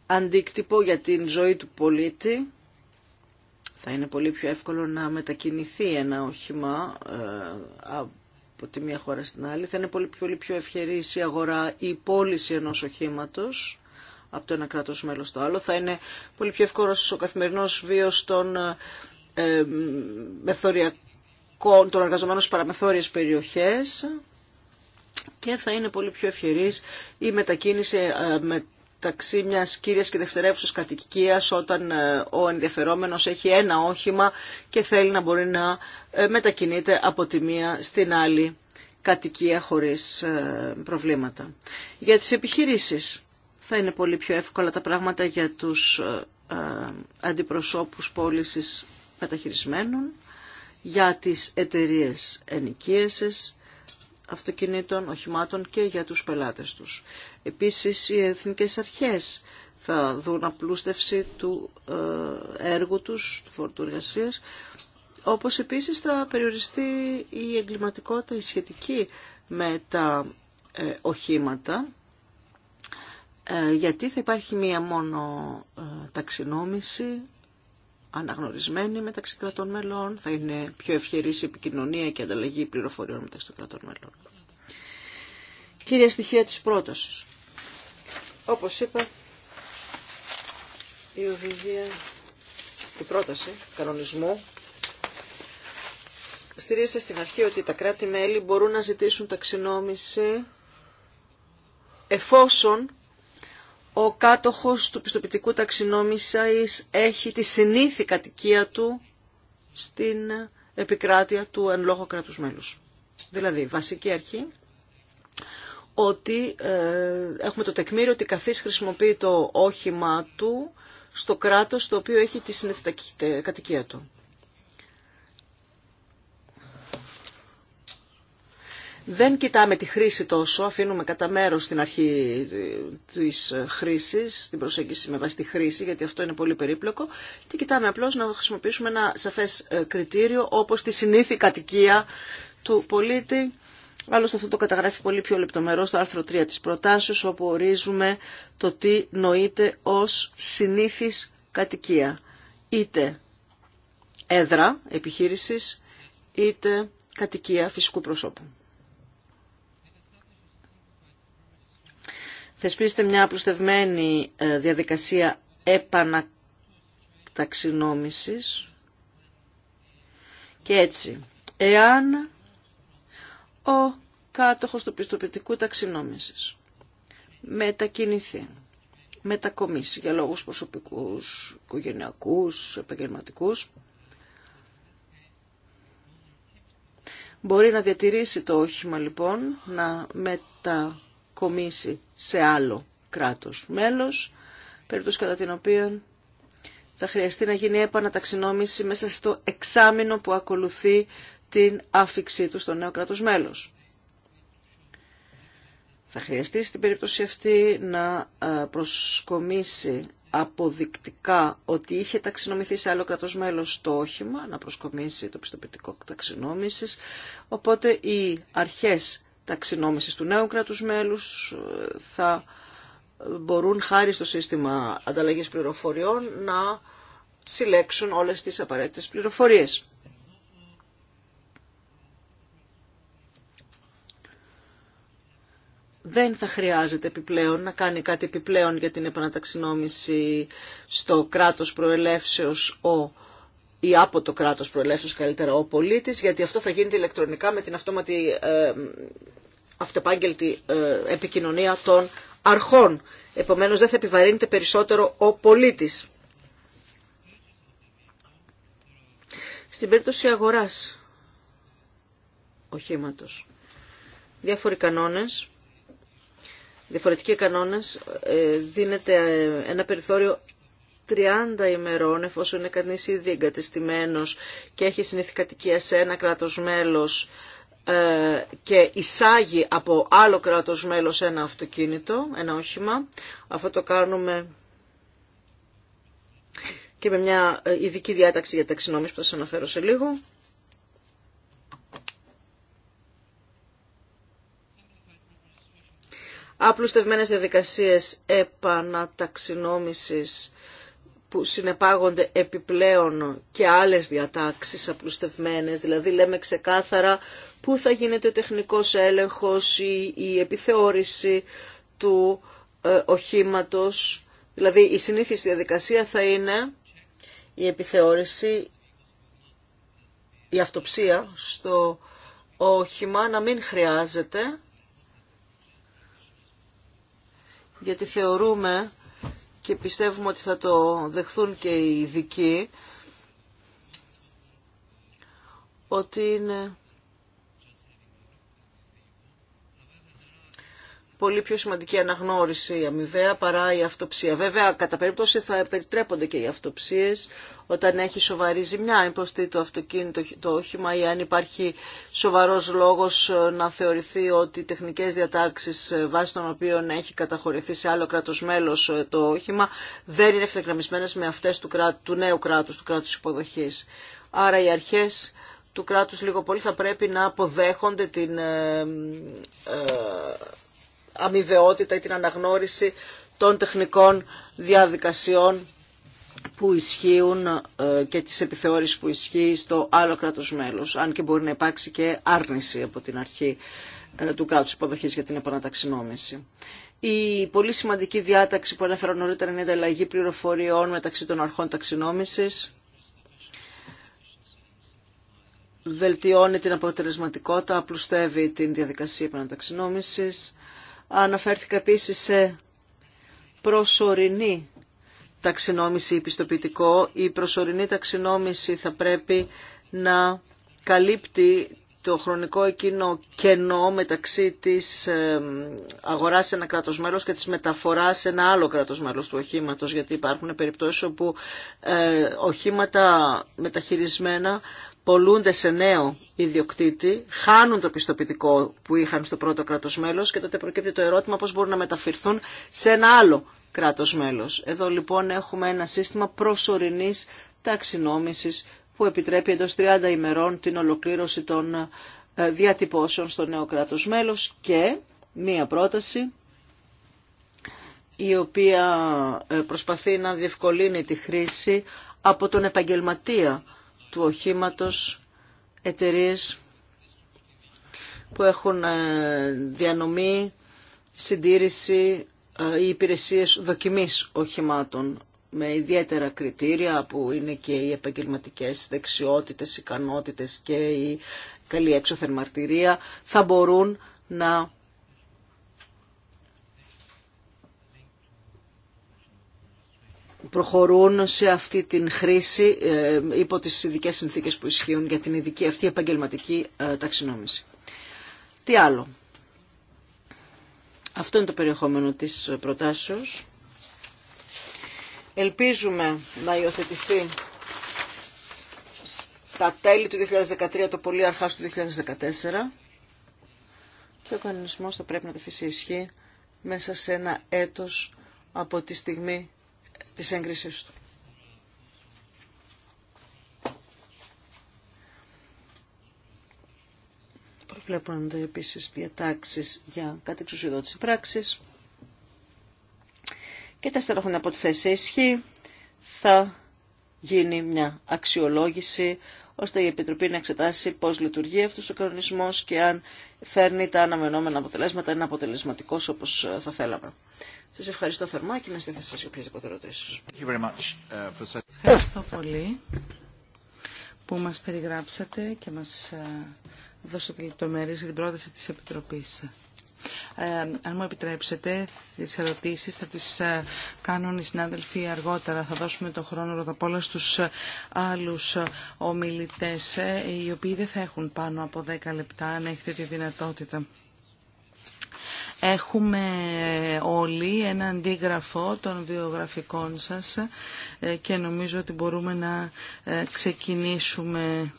αντίκτυπο για την ζωή του πολίτη. Θα είναι πολύ πιο εύκολο να μετακινηθεί ένα όχημα ε, από τη μία χώρα στην άλλη. Θα είναι πολύ, πολύ πιο ευχερής η αγορά ή η πώληση ενός οχήματος από το ένα κράτος μέλος στο άλλο. Θα είναι πολύ πιο εύκολο ο καθημερινός βίος των ε, μεθοριακών των εργαζομένων στις παραμεθόριες περιοχές και θα είναι πολύ πιο ευχερής η μετακίνηση ε, μεταξύ μιας κύριας και δευτερεύουσας κατοικίας όταν ε, ο ενδιαφερόμενος έχει ένα όχημα και θέλει να μπορεί να ε, μετακινείται από τη μία στην άλλη κατοικία χωρίς προβλήματα. Για τις επιχειρήσεις θα είναι πολύ πιο εύκολα τα πράγματα για τους αντιπροσώπους πώληση μεταχειρισμένων για τις εταιρείες ενοικίασης αυτοκινήτων, οχημάτων και για τους πελάτες τους. Επίσης οι εθνικές αρχές θα δουν απλούστευση του ε, έργου τους, του φορτού εργασίας, όπως επίσης θα περιοριστεί η εγκληματικότητα σχετική με τα ε, οχήματα, ε, γιατί θα υπάρχει μία μόνο ταξινόμηση αναγνωρισμένη μεταξύ κρατών μελών, θα είναι πιο ευχερή η επικοινωνία και ανταλλαγή πληροφοριών μεταξύ των κρατών μελών. Κύρια στοιχεία της πρότασης. Όπως είπα, η οδηγία, η πρόταση κανονισμού στηρίζεται στην αρχή ότι τα κράτη-μέλη μπορούν να ζητήσουν ταξινόμηση εφόσον ο κάτοχος του πιστοποιητικού ταξινόμησης έχει τη συνήθη κατοικία του στην επικράτεια του εν λόγω κράτους μέλους. Δηλαδή, βασική αρχή ότι ε, έχουμε το τεκμήριο ότι καθής χρησιμοποιεί το όχημα του στο κράτος το οποίο έχει τη συνήθη κατοικία του. Δεν κοιτάμε τη χρήση τόσο, αφήνουμε κατά μέρο την αρχή τη χρήση, την προσέγγιση με βάση τη χρήση, γιατί αυτό είναι πολύ περίπλοκο, και κοιτάμε απλώ να χρησιμοποιήσουμε ένα σαφέ ε, κριτήριο, όπω τη συνήθη κατοικία του πολίτη. Άλλωστε αυτό το καταγράφει πολύ πιο λεπτομερό στο άρθρο 3 της προτάσεως, όπου ορίζουμε το τι νοείται ως συνήθις κατοικία. Είτε έδρα επιχείρησης, είτε κατοικία φυσικού προσώπου. θεσπίστε μια απλουστευμένη ε, διαδικασία επαναταξινόμησης και έτσι, εάν ο κάτοχος του πιστοποιητικού ταξινόμησης μετακινηθεί, μετακομίσει για λόγους προσωπικούς, οικογενειακούς, επαγγελματικούς, Μπορεί να διατηρήσει το όχημα λοιπόν, να μετα κομίσει σε άλλο κράτος μέλος, περίπτωση κατά την οποία θα χρειαστεί να γίνει επαναταξινόμηση μέσα στο εξάμεινο που ακολουθεί την άφηξή του στο νέο κράτος μέλος. Θα χρειαστεί στην περίπτωση αυτή να ε, προσκομίσει αποδεικτικά ότι είχε ταξινομηθεί σε άλλο κρατός μέλος το όχημα, να προσκομίσει το πιστοποιητικό ταξινόμησης. Οπότε οι αρχές ταξινόμησης του νέου κράτους μέλους θα μπορούν χάρη στο σύστημα ανταλλαγής πληροφοριών να συλλέξουν όλες τις απαραίτητες πληροφορίες. δεν θα χρειάζεται επιπλέον να κάνει κάτι επιπλέον για την επαναταξινόμηση στο κράτος προελεύσεως ο ή από το κράτος προελεύσεως καλύτερα ο πολίτης, γιατί αυτό θα γίνεται ηλεκτρονικά με την αυτόματη ε, ε, επικοινωνία των αρχών. Επομένως δεν θα επιβαρύνεται περισσότερο ο πολίτης. Στην περίπτωση αγοράς οχήματος, διάφοροι κανόνες, διαφορετικοί κανόνες, ε, δίνεται ε, ένα περιθώριο 30 ημερών, εφόσον είναι κανείς ήδη εγκατεστημένος και έχει συνηθικατική σε ένα κράτος μέλος ε, και εισάγει από άλλο κράτος μέλος ένα αυτοκίνητο, ένα όχημα. Αυτό το κάνουμε και με μια ε, ειδική διάταξη για ταξινόμηση που θα σας αναφέρω σε λίγο. Απλουστευμένες διαδικασίες επαναταξινόμησης που συνεπάγονται επιπλέον και άλλες διατάξεις απλουστευμένες, δηλαδή λέμε ξεκάθαρα πού θα γίνεται ο τεχνικός έλεγχος ή η επιθεώρηση του ε, οχήματος. Δηλαδή η συνήθιση διαδικασία θα είναι η επιθεώρηση, η αυτοψία στο όχημα να μην χρειάζεται, γιατί θεωρούμε και πιστεύουμε ότι θα το δεχθούν και οι ειδικοί, ότι είναι πολύ πιο σημαντική αναγνώριση αμοιβαία παρά η αυτοψία. Βέβαια, κατά περίπτωση θα περιτρέπονται και οι αυτοψίε, όταν έχει σοβαρή ζημιά, υποστεί το αυτοκίνητο, το όχημα ή αν υπάρχει σοβαρό λόγο ε, να θεωρηθεί ότι οι τεχνικές διατάξεις ε, βάσει των οποίων έχει καταχωρηθεί σε άλλο κράτος μέλος ε, το όχημα δεν είναι ευθεγραμμισμένε με αυτέ του, του νέου κράτου, του κράτου υποδοχή. Άρα οι αρχέ του κράτους λίγο πολύ θα πρέπει να αποδέχονται την αμοιβαιότητα ή την αναγνώριση των τεχνικών διαδικασιών που ισχύουν ε, και της επιθεώρησης που ισχύει στο άλλο κράτος μέλος, αν και μπορεί να υπάρξει και άρνηση από την αρχή ε, του κράτους υποδοχής για την επαναταξινόμηση. Η πολύ σημαντική διάταξη που ανέφερα νωρίτερα είναι η ανταλλαγή πληροφοριών μεταξύ των αρχών ταξινόμησης. Βελτιώνει την αποτελεσματικότητα, απλουστεύει την διαδικασία επαναταξινόμησης Αναφέρθηκα επίσης σε προσωρινή ταξινόμηση ή πιστοποιητικό. Η προσωρινή ταξινόμηση θα πρέπει να καλύπτει το χρονικό εκείνο κενό μεταξύ της αγοράς σε ένα κράτος μέλος και της μεταφοράς σε ένα άλλο κράτος μέλος του οχήματος, γιατί υπάρχουν περιπτώσεις όπου ε, οχήματα μεταχειρισμένα πολλούνται σε νέο ιδιοκτήτη, χάνουν το πιστοποιητικό που είχαν στο πρώτο κράτος μέλος και τότε προκύπτει το ερώτημα πώς μπορούν να μεταφερθούν σε ένα άλλο κράτος μέλος. Εδώ λοιπόν έχουμε ένα σύστημα προσωρινή ταξινόμησης που επιτρέπει εντό 30 ημερών την ολοκλήρωση των ε, διατυπώσεων στο νέο κράτος μέλος και μία πρόταση η οποία ε, προσπαθεί να διευκολύνει τη χρήση από τον επαγγελματία του οχήματος, εταιρείε που έχουν ε, διανομή, συντήρηση ή ε, υπηρεσίες δοκιμής οχημάτων με ιδιαίτερα κριτήρια που είναι και οι επαγγελματικές δεξιότητες, ικανότητες και η καλή έξω μαρτυρία θα μπορούν να προχωρούν σε αυτή την χρήση ε, υπό τις ειδικέ συνθήκες που ισχύουν για την ειδική αυτή επαγγελματική ε, ταξινόμηση. Τι άλλο. Αυτό είναι το περιεχόμενο της προτάσεως. Ελπίζουμε να υιοθετηθεί στα τέλη του 2013, το πολύ αρχάς του 2014 και ο κανονισμός θα πρέπει να τεθεί σε ισχύ μέσα σε ένα έτος από τη στιγμή της έγκρισης του. Προβλέπονται επίσης διατάξεις για κατεξουσιοδότηση πράξης και τα στερόχρονα από τη θέση ισχύ θα γίνει μια αξιολόγηση ώστε η Επιτροπή να εξετάσει πώ λειτουργεί αυτό ο κανονισμός και αν φέρνει τα αναμενόμενα αποτελέσματα, είναι αποτελεσματικό όπως θα θέλαμε. Σας ευχαριστώ θερμά και είμαι στη θέση σας για οποιασδήποτε ερωτήσει. Uh, ευχαριστώ πολύ που μας περιγράψατε και μας ε, δώσατε λεπτομέρειε για την πρόταση της Επιτροπής αν μου επιτρέψετε, τις ερωτήσεις θα τις ε, κάνουν οι συνάδελφοι αργότερα. Θα δώσουμε τον χρόνο πρώτα απ' άλλου στους ε, άλλους ε, ομιλητές, οι οποίοι δεν θα έχουν πάνω από 10 λεπτά, αν έχετε τη δυνατότητα. Έχουμε όλοι ένα αντίγραφο των βιογραφικών σας και νομίζω ότι μπορούμε να ξεκινήσουμε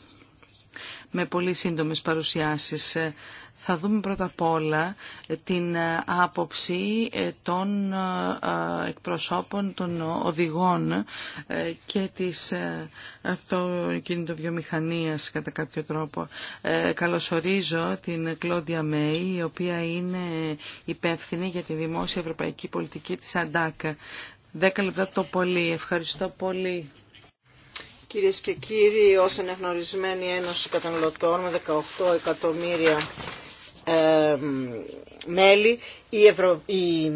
με πολύ σύντομες παρουσιάσεις. Ε, θα δούμε πρώτα απ' όλα ε, την ε, άποψη των εκπροσώπων των οδηγών και της αυτοκινητοβιομηχανίας κατά κάποιο τρόπο. Καλωσορίζω την Κλόντια Μέη, η οποία είναι υπεύθυνη για τη δημόσια ευρωπαϊκή πολιτική της ΑΝΤΑΚ. Δέκα λεπτά το πολύ. Ευχαριστώ πολύ. Κυρίες και κύριοι, ως ενεγνωρισμένη Ένωση Καταναλωτών με 18 εκατομμύρια μέλη, η, Ευρω... η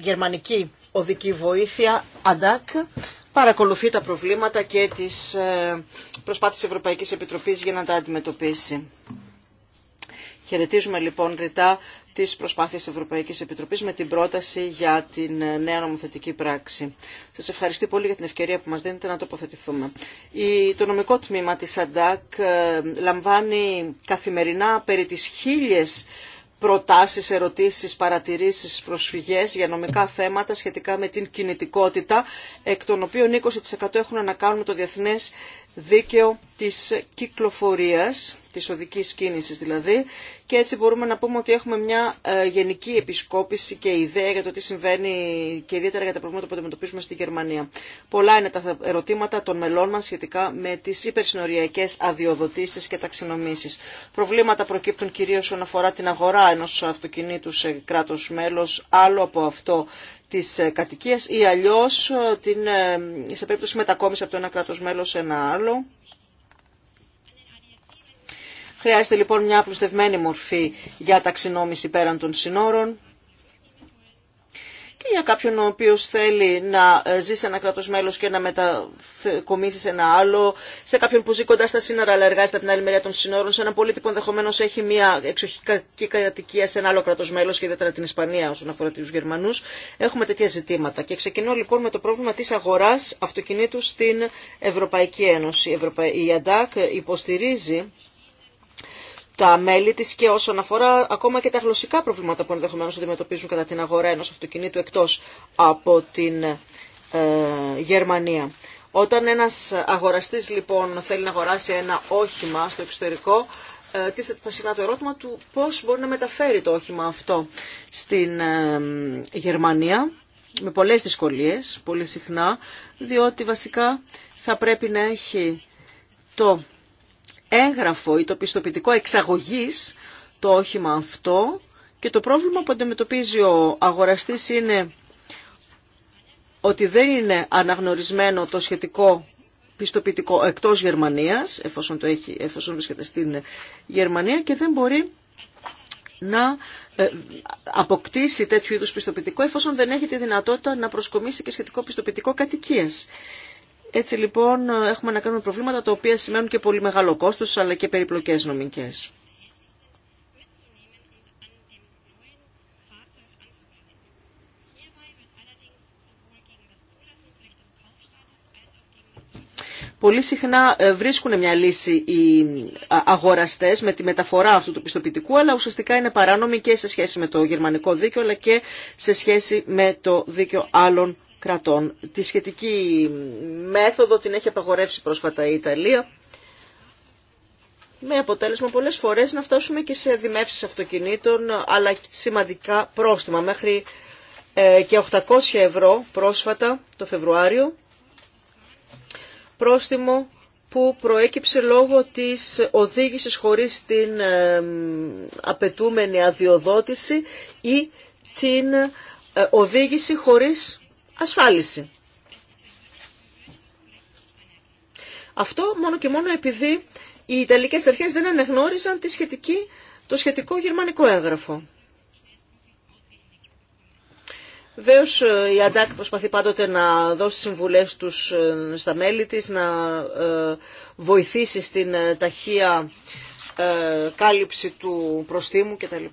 Γερμανική Οδική Βοήθεια, ADAC παρακολουθεί τα προβλήματα και τις ε, προσπάθειες Ευρωπαϊκής Επιτροπής για να τα αντιμετωπίσει. Χαιρετίζουμε λοιπόν ρητά της Προσπάθειας Ευρωπαϊκής Επιτροπής με την πρόταση για την ε, νέα νομοθετική πράξη. Σας ευχαριστώ πολύ για την ευκαιρία που μας δίνετε να τοποθετηθούμε. το νομικό τμήμα της ΑΝΤΑΚ ε, λαμβάνει καθημερινά περί τις χίλιες προτάσεις, ερωτήσεις, παρατηρήσεις, προσφυγές για νομικά θέματα σχετικά με την κινητικότητα, εκ των οποίων 20% έχουν να κάνουν με το διεθνές δίκαιο της κυκλοφορίας της οδικής κίνησης δηλαδή και έτσι μπορούμε να πούμε ότι έχουμε μια ε, γενική επισκόπηση και ιδέα για το τι συμβαίνει και ιδιαίτερα για τα προβλήματα που αντιμετωπίζουμε στην Γερμανία. Πολλά είναι τα ερωτήματα των μελών μας σχετικά με τις υπερσυνοριακές αδειοδοτήσεις και ταξινομήσεις. Προβλήματα προκύπτουν κυρίως όσον αφορά την αγορά ενός αυτοκινήτου σε κράτος μέλος, άλλο από αυτό της ε, κατοικίας ή αλλιώς ε, σε περίπτωση μετακόμιση από το ένα κράτος μέλος σε ένα άλλο. Χρειάζεται λοιπόν μια απλουστευμένη μορφή για ταξινόμηση πέραν των συνόρων και για κάποιον ο οποίος θέλει να ε, ζει σε ένα κράτος μέλος και να μετακομίσει σε ένα άλλο, σε κάποιον που ζει κοντά στα σύνορα αλλά εργάζεται από την άλλη μεριά των σύνορων, σε έναν πολίτη που ενδεχομένω έχει μια εξοχική κατοικία σε ένα άλλο κράτος μέλος και ιδιαίτερα την Ισπανία όσον αφορά τους Γερμανούς, έχουμε τέτοια ζητήματα. Και ξεκινώ λοιπόν με το πρόβλημα της αγοράς αυτοκινήτου στην Ευρωπαϊκή Ένωση. Η ΑΝΤΑΚ υποστηρίζει τα μέλη της και όσον αφορά ακόμα και τα γλωσσικά προβλήματα που ενδεχομένως αντιμετωπίζουν κατά την αγορά ενός αυτοκινήτου εκτός από την ε, Γερμανία. Όταν ένας αγοραστής λοιπόν θέλει να αγοράσει ένα όχημα στο εξωτερικό, ε, τίθεται συχνά το ερώτημα του πώς μπορεί να μεταφέρει το όχημα αυτό στην ε, Γερμανία με πολλές δυσκολίες, πολύ συχνά, διότι βασικά θα πρέπει να έχει το έγγραφο ή το πιστοποιητικό εξαγωγής το όχημα αυτό και το πρόβλημα που αντιμετωπίζει ο αγοραστής είναι ότι δεν είναι αναγνωρισμένο το σχετικό πιστοποιητικό εκτός Γερμανίας, εφόσον, το έχει, εφόσον βρίσκεται στην Γερμανία και δεν μπορεί να ε, αποκτήσει τέτοιου είδους πιστοποιητικό εφόσον δεν έχει τη δυνατότητα να προσκομίσει και σχετικό πιστοποιητικό κατοικίας. Έτσι λοιπόν έχουμε να κάνουμε προβλήματα τα οποία σημαίνουν και πολύ μεγάλο κόστος αλλά και περιπλοκές νομικές. Πολύ συχνά ε, βρίσκουν μια λύση οι αγοραστές με τη μεταφορά αυτού του πιστοποιητικού, αλλά ουσιαστικά είναι παράνομη και σε σχέση με το γερμανικό δίκαιο, αλλά και σε σχέση με το δίκαιο άλλων κρατών. Τη σχετική μέθοδο την έχει απαγορεύσει πρόσφατα η Ιταλία με αποτέλεσμα πολλές φορές να φτάσουμε και σε δημεύσεις αυτοκινήτων αλλά σημαντικά πρόστιμα μέχρι ε, και 800 ευρώ πρόσφατα το Φεβρουάριο πρόστιμο που προέκυψε λόγω της οδήγησης χωρίς την ε, απαιτούμενη αδειοδότηση ή την ε, οδήγηση χωρίς ασφάλιση. Αυτό μόνο και μόνο επειδή οι Ιταλικές αρχές δεν αναγνώριζαν το σχετικό γερμανικό έγγραφο. Βεβαίω ε, η ΑΝΤΑΚ προσπαθεί πάντοτε να δώσει συμβουλές τους ε, στα μέλη της, να ε, βοηθήσει στην ταχεία κάλυψη του προστίμου κτλ.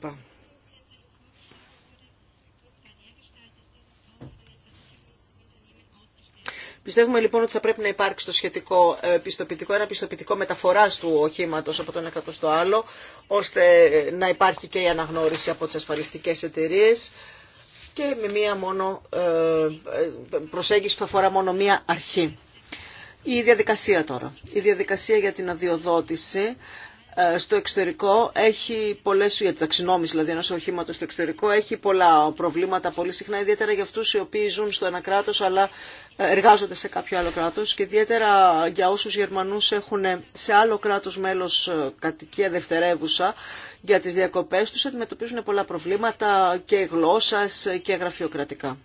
Πιστεύουμε λοιπόν ότι θα πρέπει να υπάρξει το σχετικό ε, πιστοποιητικό, ένα πιστοποιητικό μεταφορά του οχήματο από το ένα κράτο στο άλλο, ώστε ε, να υπάρχει και η αναγνώριση από τι ασφαλιστικέ εταιρείε και με μία μόνο ε, προσέγγιση που θα αφορά μόνο μία αρχή. Η διαδικασία τώρα. Η διαδικασία για την αδειοδότηση στο εξωτερικό έχει πολλέ, για την ταξινόμηση δηλαδή ενό οχήματο στο εξωτερικό, έχει πολλά προβλήματα πολύ συχνά, ιδιαίτερα για αυτού οι οποίοι ζουν στο ένα κράτο αλλά εργάζονται σε κάποιο άλλο κράτος και ιδιαίτερα για όσους Γερμανούς έχουν σε άλλο κράτος μέλος ε, κατοικία δευτερεύουσα για τις διακοπές τους αντιμετωπίζουν πολλά προβλήματα και γλώσσας και γραφειοκρατικά.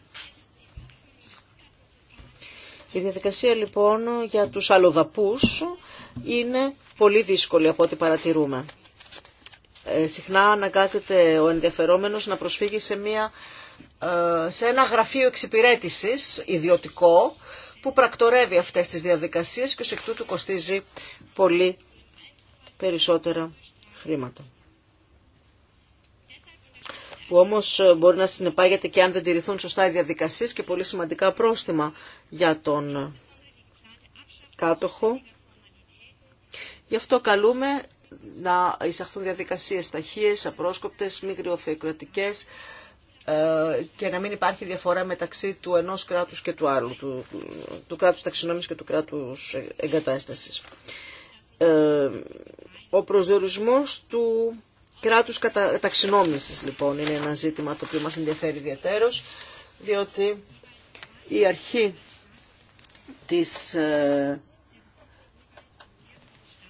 Η διαδικασία λοιπόν για τους αλλοδαπούς είναι πολύ δύσκολη από ό,τι παρατηρούμε. Ε, συχνά αναγκάζεται ο ενδιαφερόμενος να προσφύγει σε μία ε, σε ένα γραφείο εξυπηρέτησης ιδιωτικό που πρακτορεύει αυτές τις διαδικασίες και σε εκ τούτου κοστίζει πολύ περισσότερα χρήματα. Που όμως ε, μπορεί να συνεπάγεται και αν δεν τηρηθούν σωστά οι διαδικασίες και πολύ σημαντικά πρόστιμα για τον κάτοχο. Γι' αυτό καλούμε να εισαχθούν διαδικασίες ταχείες, απρόσκοπτες, μη ε, και να μην υπάρχει διαφορά μεταξύ του ενός κράτους και του άλλου, του, του κράτους ταξινόμησης και του κράτους ε, εγκατάστασης. Ε, ο προσδιορισμός του κράτους κατα... ταξινόμησης λοιπόν είναι ένα ζήτημα το οποίο μας ενδιαφέρει ιδιαίτερος, διότι η αρχή της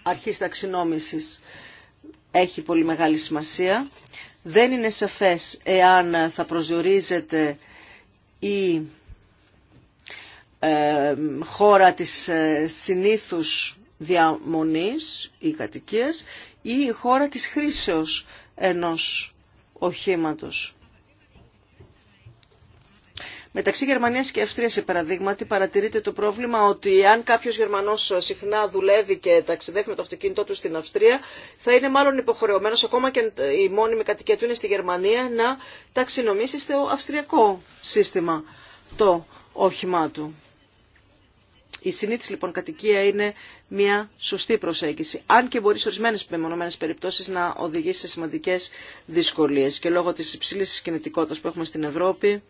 αρχής ταξινόμησης έχει πολύ μεγάλη σημασία δεν είναι σαφές εάν θα προσδιορίζεται η ε, χώρα της ε, συνήθους διαμονής ή κατοικίας ή η χώρα της χρήσεως ενός οχήματος. Μεταξύ Γερμανία και Αυστρία, Αυστρίας, παραδείγματι, παρατηρείται το πρόβλημα ότι αν κάποιο Γερμανό συχνά δουλεύει και ταξιδεύει με το αυτοκίνητό του στην Αυστρία, θα είναι μάλλον υποχρεωμένο, ακόμα και η μόνιμη κατοικία του είναι στη Γερμανία, να ταξινομήσει στο αυστριακό σύστημα το όχημά του. Η συνήθιση λοιπόν κατοικία είναι μια σωστή προσέγγιση. Αν και μπορεί σε ορισμένε μεμονωμένε περιπτώσει να οδηγήσει σε σημαντικέ δυσκολίε. Και λόγω τη υψηλή κινητικότητα που έχουμε στην Ευρώπη,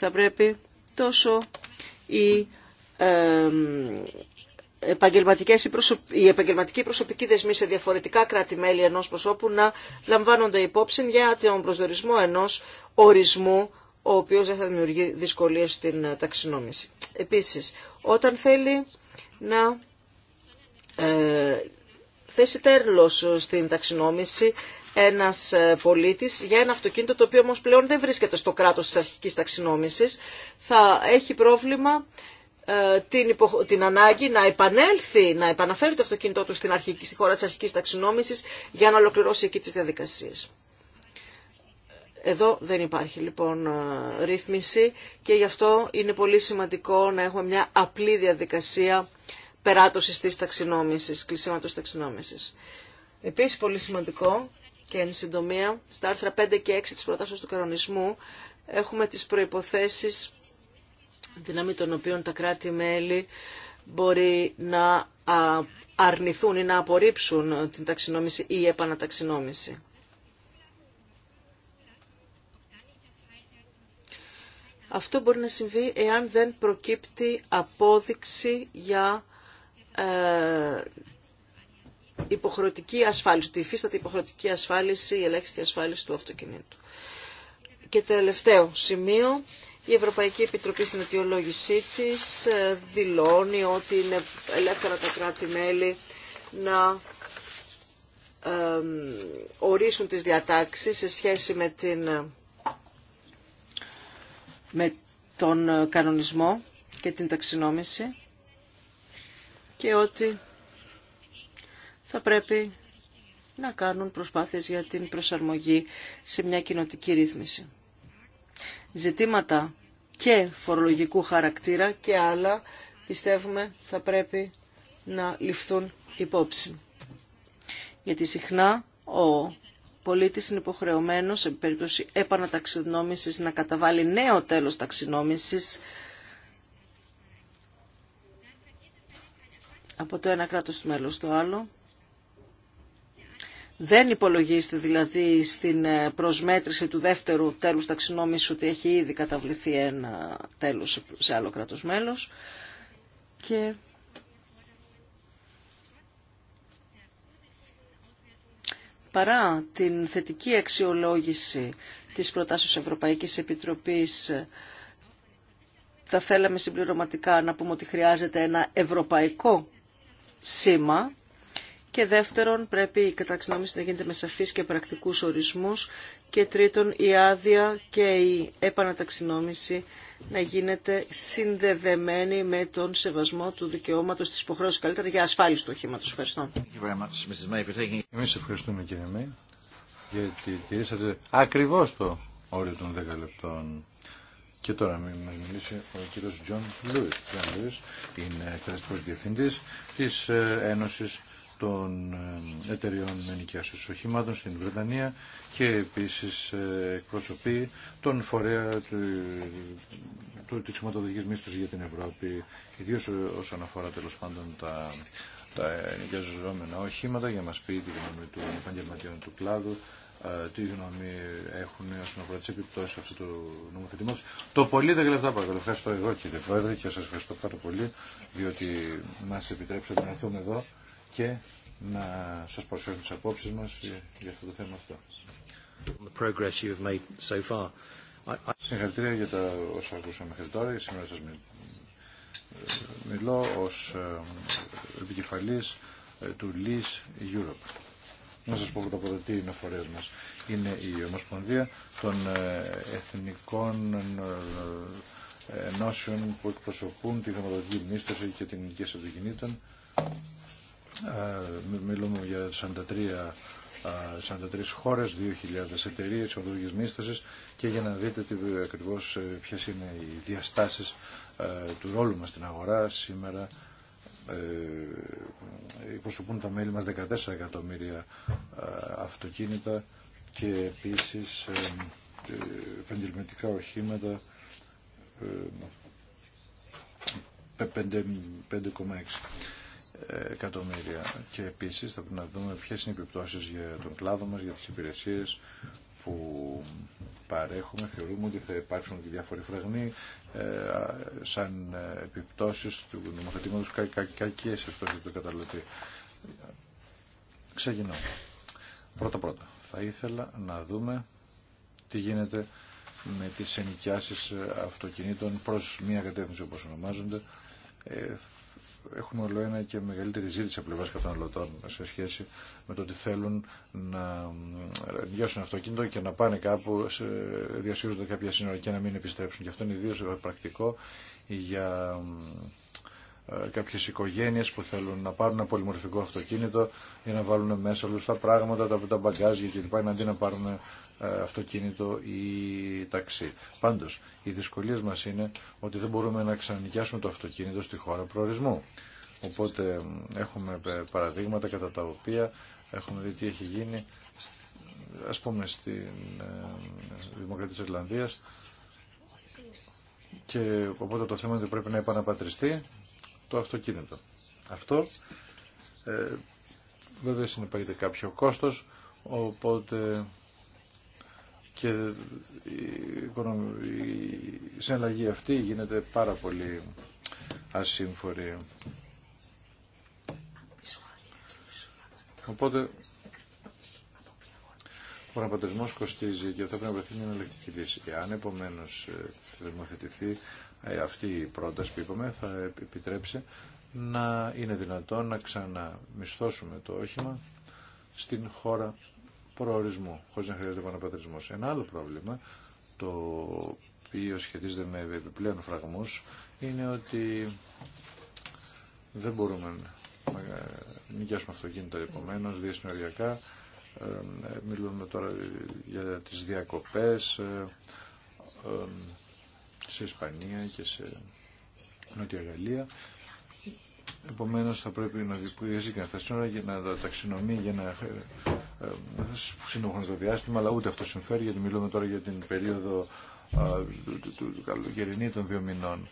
θα πρέπει τόσο οι επαγγελματικές, η επαγγελματική προσωπική δεσμοί σε διαφορετικά κράτη-μέλη ενός προσώπου να λαμβάνονται υπόψη για τον προσδορισμό ενός ορισμού ο οποίος δεν θα δημιουργεί δυσκολίες στην ε, ταξινόμηση. Επίσης, όταν θέλει να ε, θέσει τέλος στην ταξινόμηση ένα ε, πολίτη για ένα αυτοκίνητο το οποίο όμω πλέον δεν βρίσκεται στο κράτο τη αρχική ταξινόμηση, θα έχει πρόβλημα ε, την, την ανάγκη να επανέλθει, να επαναφέρει το αυτοκίνητό του στην, αρχική, στη χώρα τη αρχική ταξινόμηση για να ολοκληρώσει εκεί τις διαδικασίες. Εδώ δεν υπάρχει λοιπόν ε, ρύθμιση και γι' αυτό είναι πολύ σημαντικό να έχουμε μια απλή διαδικασία περάτωσης της ταξινόμησης, κλεισίματος ταξινόμησης. Επίσης πολύ σημαντικό και εν συντομία στα άρθρα 5 και 6 της προτάσεως του κανονισμού έχουμε τις προϋποθέσεις δυναμή των οποίων τα κράτη-μέλη μπορεί να αρνηθούν ή να απορρίψουν την ταξινόμηση ή επαναταξινόμηση. Αυτό μπορεί να συμβεί εάν δεν προκύπτει απόδειξη για ε, υποχρεωτική ασφάλιση, ότι υφίσταται υποχρεωτική ασφάλιση, η ελέγχιστη ασφάλιση του αυτοκινήτου. Και τελευταίο σημείο, η Ευρωπαϊκή Επιτροπή στην αιτιολόγησή της ε, δηλώνει ότι είναι ελεύθερα τα κράτη-μέλη να ορίσουν τις διατάξεις σε σχέση με, την, ε, με τον ε, κανονισμό και την ταξινόμηση και ότι θα πρέπει να κάνουν προσπάθειες για την προσαρμογή σε μια κοινοτική ρύθμιση. Ζητήματα και φορολογικού χαρακτήρα και άλλα πιστεύουμε θα πρέπει να ληφθούν υπόψη. Γιατί συχνά ο πολίτης είναι υποχρεωμένος σε περίπτωση επαναταξινόμησης να καταβάλει νέο τέλος ταξινόμησης από το ένα κράτος μέλος στο άλλο δεν υπολογίστε δηλαδή στην ε, προσμέτρηση του δεύτερου τέλους ταξινόμησης ότι έχει ήδη καταβληθεί ένα τέλος σε άλλο κράτος μέλος. Και... Παρά την θετική αξιολόγηση της προτάσεως Ευρωπαϊκής Επιτροπής ε, θα θέλαμε συμπληρωματικά να πούμε ότι χρειάζεται ένα ευρωπαϊκό σήμα και δεύτερον, πρέπει η καταξινόμηση να γίνεται με σαφεί και πρακτικού ορισμού Και τρίτον, η άδεια και η επαναταξινόμηση να γίνεται συνδεδεμένη με τον σεβασμό του δικαιώματο τη υποχρέωση. καλύτερα για ασφάλιση του οχήματο. Ευχαριστώ. Εμεί ευχαριστούμε κύριε Μέη γιατί τηρήσατε ακριβώ το όριο των 10 λεπτών. Και τώρα μας μιλήσει ο κύριος Τζον Λούις. Τζον Λούις είναι εκπαιδευτικός διευθυντής τη ε, Ένωση των ε, εταιριών ενοικιάσεως οχημάτων στην Βρετανία και επίσης ε, εκπροσωπεί τον φορέα του, του, της για την Ευρώπη, ιδίως ε, όσον αφορά τέλος πάντων τα, τα ενοικιαζόμενα οχήματα, για να μας πει τη γνώμη του επαγγελματιών του κλάδου, τι γνώμη έχουν όσον αφορά τι επιπτώσει αυτού του νομοθετήματο. Το πολύ 10 λεπτά παρακαλώ. Ευχαριστώ εγώ κύριε Πρόεδρε και σα ευχαριστώ πάρα πολύ διότι μα επιτρέψατε να έρθουμε εδώ και να σας παρουσιάσουμε τις απόψεις μας για αυτό το θέμα αυτό. Συγχαρητήρια για τα όσα ακούσαμε μέχρι τώρα. Σήμερα σας μιλώ ως ε, επικεφαλής ε, του Lease Europe. Να σας πω πρώτα πρώτα τι είναι ο φορέας μας. Είναι η Ομοσπονδία των ε, Εθνικών Ενώσεων που εκπροσωπούν τη χρηματοδοτική μίσθωση και την ηλικία αυτοκινήτων μιλούμε για 43 χώρες, 2.000 εταιρείες, οδογικές μίσθωσης και για να δείτε τι, ακριβώς ε, ποιες είναι οι διαστάσεις ε, του ρόλου μας στην αγορά σήμερα ε, τα μέλη μας 14 εκατομμύρια ε, αυτοκίνητα και επίσης επενδυλμετικά οχήματα 5,6 εκατομμύρια. Και επίσης θα πρέπει να δούμε ποιε είναι οι επιπτώσει για τον κλάδο μας, για τις υπηρεσίες που παρέχουμε. Θεωρούμε ότι θα υπάρξουν και διάφοροι φραγμοί ε, σαν ε, επιπτώσει του νομοθετήματος κακές για το καταλωτή. ξεκινω Ξεκινώ. Πρώτα-πρώτα, θα ήθελα να δούμε τι γίνεται με τις ενοικιάσεις αυτοκινήτων προς μια κατεύθυνση όπως ονομάζονται. Ε, έχουμε όλο ένα και μεγαλύτερη ζήτηση από πλευρά καταναλωτών σε σχέση με το ότι θέλουν να διώσουν αυτοκίνητο και να πάνε κάπου, διασύρονται κάποια σύνορα και να μην επιστρέψουν. Και αυτό είναι ιδίω πρακτικό για ε, Κάποιε οικογένειε που θέλουν να πάρουν ένα πολυμορφικό αυτοκίνητο ή να βάλουν μέσα όλους τα πράγματα, τα, τα μπαγκάζια κλπ. αντί να πάρουν ε, αυτοκίνητο ή ταξί. Πάντως, οι δυσκολίε μα είναι ότι δεν μπορούμε να ξανανοικιάσουμε το αυτοκίνητο στη χώρα προορισμού. Οπότε έχουμε ε, παραδείγματα κατά τα οποία έχουμε δει τι έχει γίνει ας πούμε στην Δημοκρατία της Ιρλανδίας και οπότε το θέμα είναι ότι πρέπει να επαναπατριστεί το αυτοκίνητο. Αυτό ε, βέβαια συνεπάγεται κάποιο κόστος, οπότε και η συναλλαγή αυτή γίνεται πάρα πολύ ασύμφορη. Οπότε ο αναπατρισμός κοστίζει και αυτό πρέπει να βρεθεί μια εναλλακτική λύση. Αν επομένω ε, θεσμοθετηθεί ε, αυτή η πρόταση που είπαμε θα επιτρέψει να είναι δυνατόν να ξαναμισθώσουμε το όχημα στην χώρα προορισμού, χωρίς να χρειάζεται επαναπατρισμός. Ένα άλλο πρόβλημα, το οποίο σχετίζεται με επιπλέον φραγμούς, είναι ότι δεν μπορούμε να ε, νοικιάσουμε αυτοκίνητα επομένως διασυνοριακά. Ε, μιλούμε τώρα για τις διακοπές, σε Ισπανία και σε Νότια Γαλλία. Επομένως θα πρέπει να διπουργήσει και αυτά ώρα για να τα ταξινομεί για να ε, ε, σύνοχνο το διάστημα, αλλά ούτε αυτό συμφέρει γιατί μιλούμε τώρα για την περίοδο του καλοκαιρινή των δύο μηνών.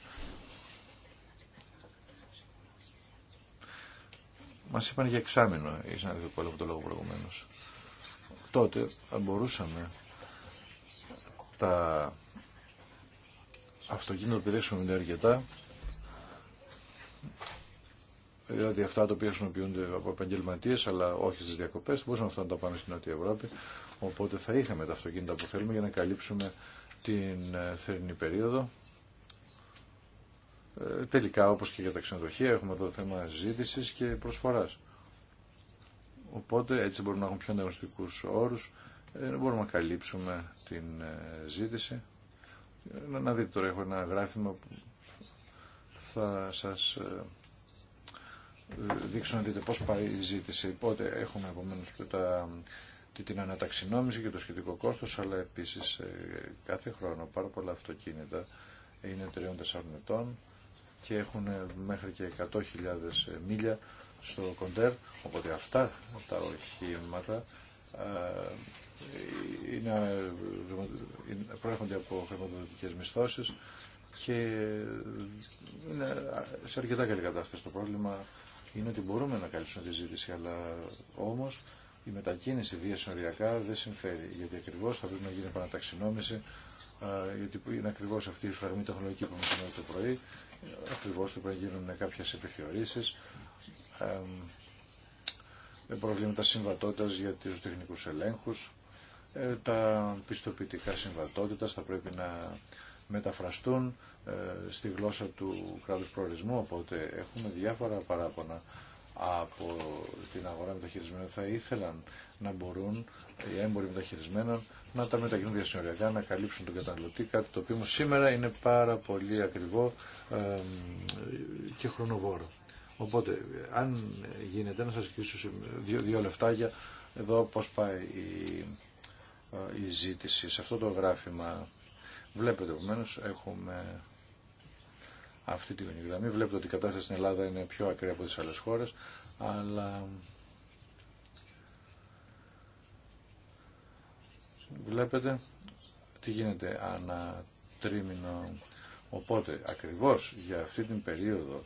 Μας είπαν για εξάμεινο οι συνάδελφοι που το λόγο προηγουμένως. Τότε θα μπορούσαμε τα αυτοκίνητα που χρησιμοποιούνται αρκετά, δηλαδή αυτά τα οποία χρησιμοποιούνται από επαγγελματίε αλλά όχι στι διακοπέ, δεν μπορούσαμε αυτά να τα πάμε στην Νότια Ευρώπη. Οπότε θα είχαμε τα αυτοκίνητα που θέλουμε για να καλύψουμε την ε, θερινή περίοδο. Ε, τελικά, όπω και για τα ξενοδοχεία, έχουμε εδώ θέμα ζήτηση και προσφορά. Οπότε έτσι μπορούμε να έχουμε πιο ανταγωνιστικού όρου, ε, μπορούμε να καλύψουμε την ε, ζήτηση. Να δείτε τώρα έχω ένα γράφημα που θα σας ε, δείξω να δείτε πώς πάει η ζήτηση. Οπότε έχουμε επομένως τα, την αναταξινόμηση και το σχετικό κόστος, αλλά επίσης ε, κάθε χρόνο πάρα πολλά αυτοκίνητα 34 ετών και έχουν μέχρι και 100.000 ε, μίλια στο κοντέρ, οπότε αυτά τα οχήματα ε, είναι, προέρχονται από χρηματοδοτικές μισθώσεις και είναι σε αρκετά καλή κατάσταση το πρόβλημα είναι ότι μπορούμε να καλύψουμε τη ζήτηση αλλά όμως η μετακίνηση διασυνοριακά δεν συμφέρει γιατί ακριβώς θα πρέπει να γίνει επαναταξινόμηση γιατί είναι ακριβώς αυτή η φραγμή τεχνολογική που μας το πρωί ακριβώς το πρέπει να γίνουν κάποιες επιθεωρήσεις ε, προβλήματα συμβατότητας για τους τεχνικούς ελέγχους. Ε, τα πιστοποιητικά συμβατότητας θα πρέπει να μεταφραστούν ε, στη γλώσσα του κράτους προορισμού, οπότε έχουμε διάφορα παράπονα από την αγορά μεταχειρισμένων θα ήθελαν να μπορούν οι έμποροι μεταχειρισμένων να τα μετακινούν διασυνοριακά, να καλύψουν τον καταναλωτή, κάτι το οποίο σήμερα είναι πάρα πολύ ακριβό και χρονοβόρο. Οπότε, αν γίνεται, να σας κλείσω δύο, δύο λεφτάκια εδώ πώς πάει η, ε, η ζήτηση. Σε αυτό το γράφημα βλέπετε επομένω έχουμε αυτή την γραμμή. Βλέπετε ότι η κατάσταση στην Ελλάδα είναι πιο ακραία από τις άλλες χώρες, αλλά βλέπετε τι γίνεται ανά τρίμηνο. Οπότε ακριβώς για αυτή την περίοδο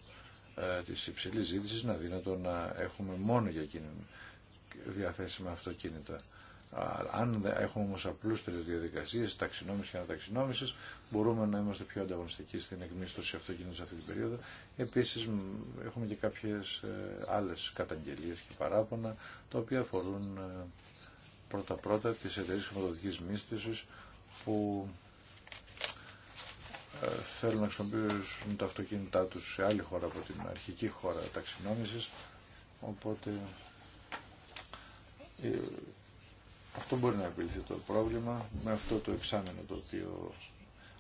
ε, της υψηλής ζήτησης να δίνεται να έχουμε μόνο για εκείνη διαθέσιμα αυτοκίνητα. Αν έχουμε όμω απλούστερε διαδικασίε ταξινόμηση και αναταξινόμηση, μπορούμε να είμαστε πιο ανταγωνιστικοί στην εκμίσθωση αυτοκινήτων σε αυτή την περίοδο. Επίση, έχουμε και κάποιε ε, άλλε καταγγελίε και παράπονα, τα οποία αφορούν ε, πρώτα-πρώτα τι εταιρείε χρηματοδοτική μίσθωση που θέλουν να χρησιμοποιήσουν τα αυτοκίνητά τους σε άλλη χώρα από την αρχική χώρα ταξινόμησης. Οπότε ε, αυτό μπορεί να επιληθεί το πρόβλημα με αυτό το εξάμεινο το οποίο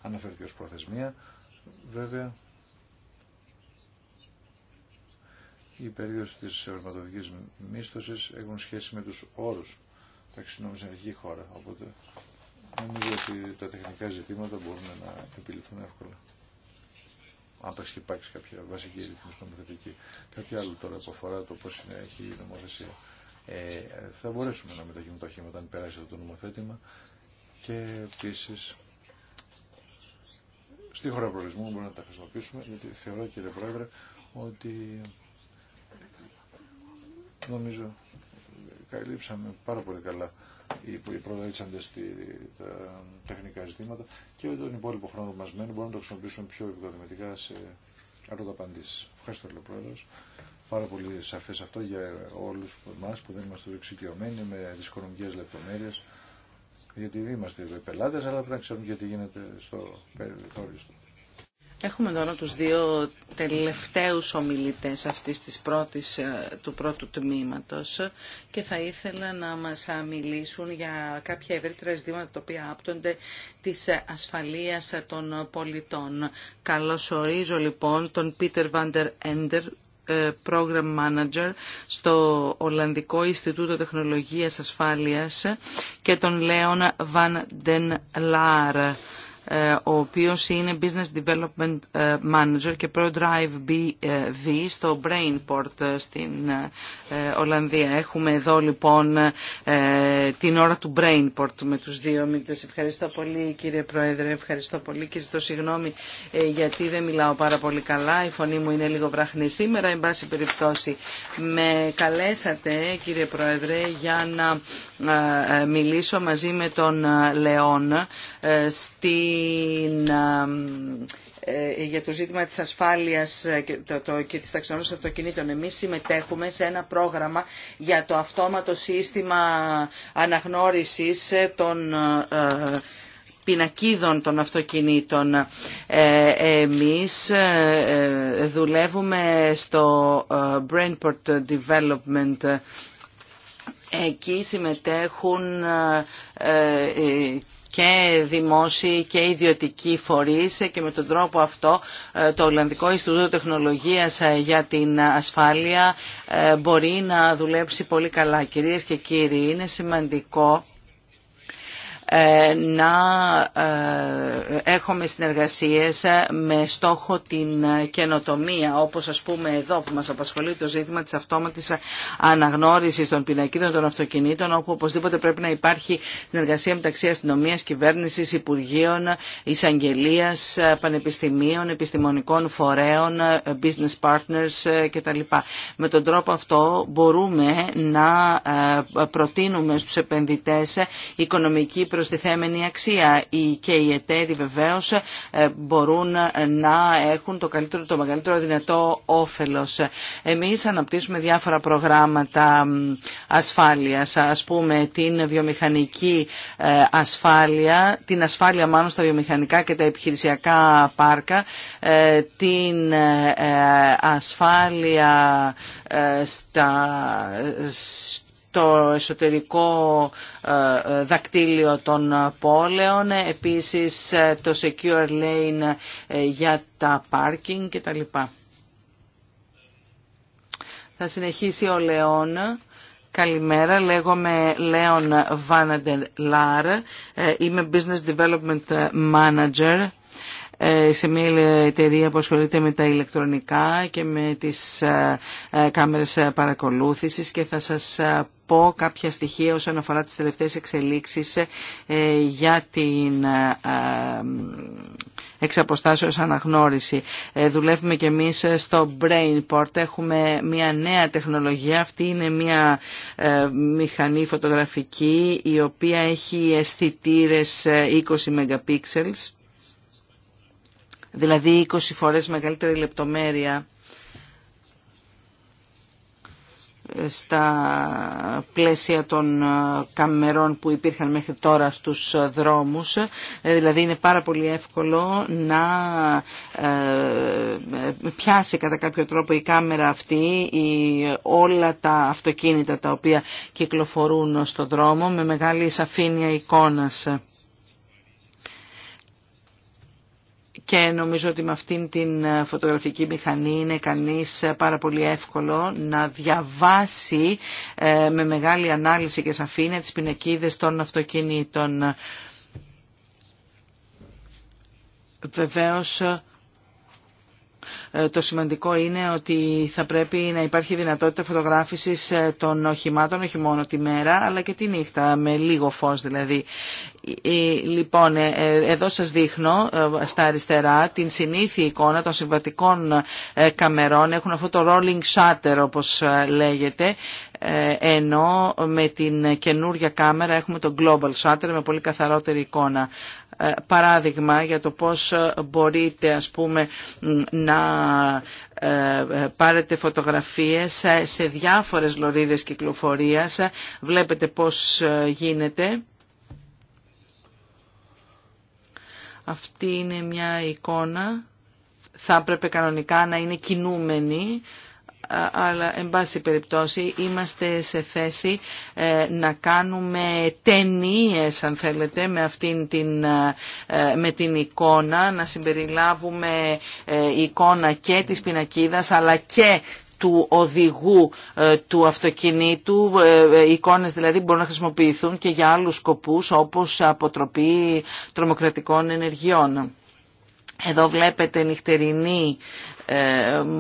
αναφέρθηκε ως προθεσμία. Βέβαια, η περίοδος της ορματοδικής μίσθωσης έχουν σχέση με τους όρους ταξινόμησης στην αρχική χώρα. Οπότε νομίζω ότι τα τεχνικά ζητήματα μπορούν να επιληθούν εύκολα. Αν και υπάρξει κάποια βασική ρυθμίση νομοθετική. Κάτι άλλο τώρα που αφορά το πώ έχει η νομοθεσία. Ε, θα μπορέσουμε να μεταγίνουμε τα χήματα αν περάσει αυτό το νομοθέτημα και επίση στη χώρα προορισμού μπορούμε να τα χρησιμοποιήσουμε γιατί θεωρώ κύριε Πρόεδρε ότι νομίζω καλύψαμε πάρα πολύ καλά που οι προλαλήσαντε τα τεχνικά ζητήματα και τον υπόλοιπο χρόνο που μα μένει μπορούμε να το χρησιμοποιήσουμε πιο επικοδομητικά σε απαντήσεις. Ευχαριστώ, Πρόεδρο. Πάρα πολύ σαφέ αυτό για όλου εμά που δεν είμαστε εξοικειωμένοι με τι οικονομικέ λεπτομέρειε. Γιατί είμαστε εδώ πελάτε, αλλά πρέπει να ξέρουμε γιατί γίνεται στο περιθώριο. Έχουμε τώρα τους δύο τελευταίους ομιλητές αυτής της πρώτης, ε, του πρώτου τμήματος και θα ήθελα να μας ε, μιλήσουν για κάποια ευρύτερα ζητήματα τα οποία άπτονται της ε, ασφαλείας των πολιτών. ορίζω λοιπόν τον Πίτερ Βάντερ Έντερ, Program Manager στο Ολλανδικό Ινστιτούτο Τεχνολογίας Ασφάλειας και τον λέων Βαν Ντεν Λάρ ε, ο οποίος είναι Business Development ε, Manager και ProDrive BV ε, στο Brainport στην Ολλανδία. Έχουμε εδώ λοιπόν την ώρα του Brainport με τους δύο μήνες. Ευχαριστώ πολύ κύριε Πρόεδρε, ευχαριστώ πολύ και ζητώ συγγνώμη γιατί δεν μιλάω πάρα πολύ καλά. Η φωνή μου είναι λίγο βραχνή σήμερα, εν πάση περιπτώσει. Με καλέσατε κύριε Πρόεδρε για να μιλήσω μαζί με τον Λεόν στη ε, για το ζήτημα της ασφάλειας και, το, το, και της αυτοκινήτων. Εμείς συμμετέχουμε σε ένα πρόγραμμα για το αυτόματο σύστημα αναγνώρισης των ε, πινακίδων των αυτοκινήτων. Ε, εμείς δουλεύουμε στο Brainport Development Εκεί συμμετέχουν και δημόσιοι και ιδιωτικοί φορείς και με τον τρόπο αυτό ε, το Ολλανδικό Ινστιτούτο Τεχνολογίας ε, για την Ασφάλεια ε, μπορεί να δουλέψει πολύ καλά. Κυρίες και κύριοι, είναι σημαντικό ε, να ε, έχουμε συνεργασίες ε, με στόχο την καινοτομία, όπως ας πούμε εδώ που μας απασχολεί το ζήτημα της αυτόματης αναγνώρισης των πινακίδων των αυτοκινήτων, όπου οπωσδήποτε πρέπει να υπάρχει συνεργασία μεταξύ αστυνομία, κυβέρνησης, υπουργείων, εισαγγελία, πανεπιστημίων, επιστημονικών φορέων, business partners κτλ. Με τον τρόπο αυτό μπορούμε να προτείνουμε στους επενδυτές οικονομική προσέγγιση θέμενη αξία. και οι εταίροι βεβαίω ε, μπορούν ε, να έχουν το, καλύτερο, το μεγαλύτερο δυνατό όφελος. Εμείς αναπτύσσουμε διάφορα προγράμματα ασφάλειας, ας πούμε την βιομηχανική ε, ασφάλεια, την ασφάλεια μάλλον στα βιομηχανικά και τα επιχειρησιακά πάρκα, την ασφάλεια στα το εσωτερικό ε, ε, δακτύλιο των πόλεων, επίσης ε, το secure lane για τα parking κτλ. Θα συνεχίσει ο Λεόν. Καλημέρα, λέγομαι Λέον Βάναντερ Λάρ, είμαι Business Development Manager ε, σε μια εταιρεία που ασχολείται με τα ηλεκτρονικά και με τις ε, ε, κάμερες παρακολούθησης και θα σας πω κάποια στοιχεία όσον αφορά τις τελευταίες εξελίξεις για την εξ αναγνώριση. δουλεύουμε και εμείς στο Brainport, έχουμε μια νέα τεχνολογία, αυτή είναι μια μηχανή φωτογραφική η οποία έχει αισθητήρε 20 megapixels δηλαδή 20 φορές μεγαλύτερη λεπτομέρεια ε, στα πλαίσια των ε, καμερών που υπήρχαν μέχρι τώρα στους ε, δρόμους. Δηλαδή είναι πάρα πολύ εύκολο να πιάσει κατά κάποιο τρόπο η κάμερα αυτή ή όλα τα αυτοκίνητα τα οποία κυκλοφορούν στο δρόμο με μεγάλη σαφήνεια εικόνας. και νομίζω ότι με αυτήν την ε, φωτογραφική μηχανή είναι κανείς ε, πάρα πολύ εύκολο να διαβάσει ε, με μεγάλη ανάλυση και σαφήνεια τις πινεκίδες των αυτοκινήτων. Βεβαίως... Το σημαντικό είναι ότι θα πρέπει να υπάρχει δυνατότητα φωτογράφησης των οχημάτων όχι μόνο τη μέρα αλλά και τη νύχτα, με λίγο φως δηλαδή. Ε, λοιπόν, ε, ε, εδώ σας δείχνω στα αριστερά την συνήθεια εικόνα των συμβατικών καμερών. Έχουν αυτό το rolling shutter όπως λέγεται, ενώ με την καινούρια κάμερα έχουμε το global shutter με πολύ καθαρότερη εικόνα παράδειγμα για το πώς μπορείτε ας πούμε να πάρετε φωτογραφίες σε διάφορες λωρίδες κυκλοφορίας. Βλέπετε πώς γίνεται Αυτή είναι μια εικόνα, θα έπρεπε κανονικά να είναι κινούμενη, αλλά εν πάση περιπτώσει είμαστε σε θέση ε, να κάνουμε ταινίε, αν θέλετε με αυτήν την, ε, ε, με την εικόνα να συμπεριλάβουμε εικόνα και της πινακίδας αλλά και του οδηγού ε, του αυτοκινήτου, ε, ε, εικόνες δηλαδή μπορούν να χρησιμοποιηθούν και για άλλους σκοπούς όπως αποτροπή τρομοκρατικών ενεργειών. Εδώ βλέπετε νυχτερινή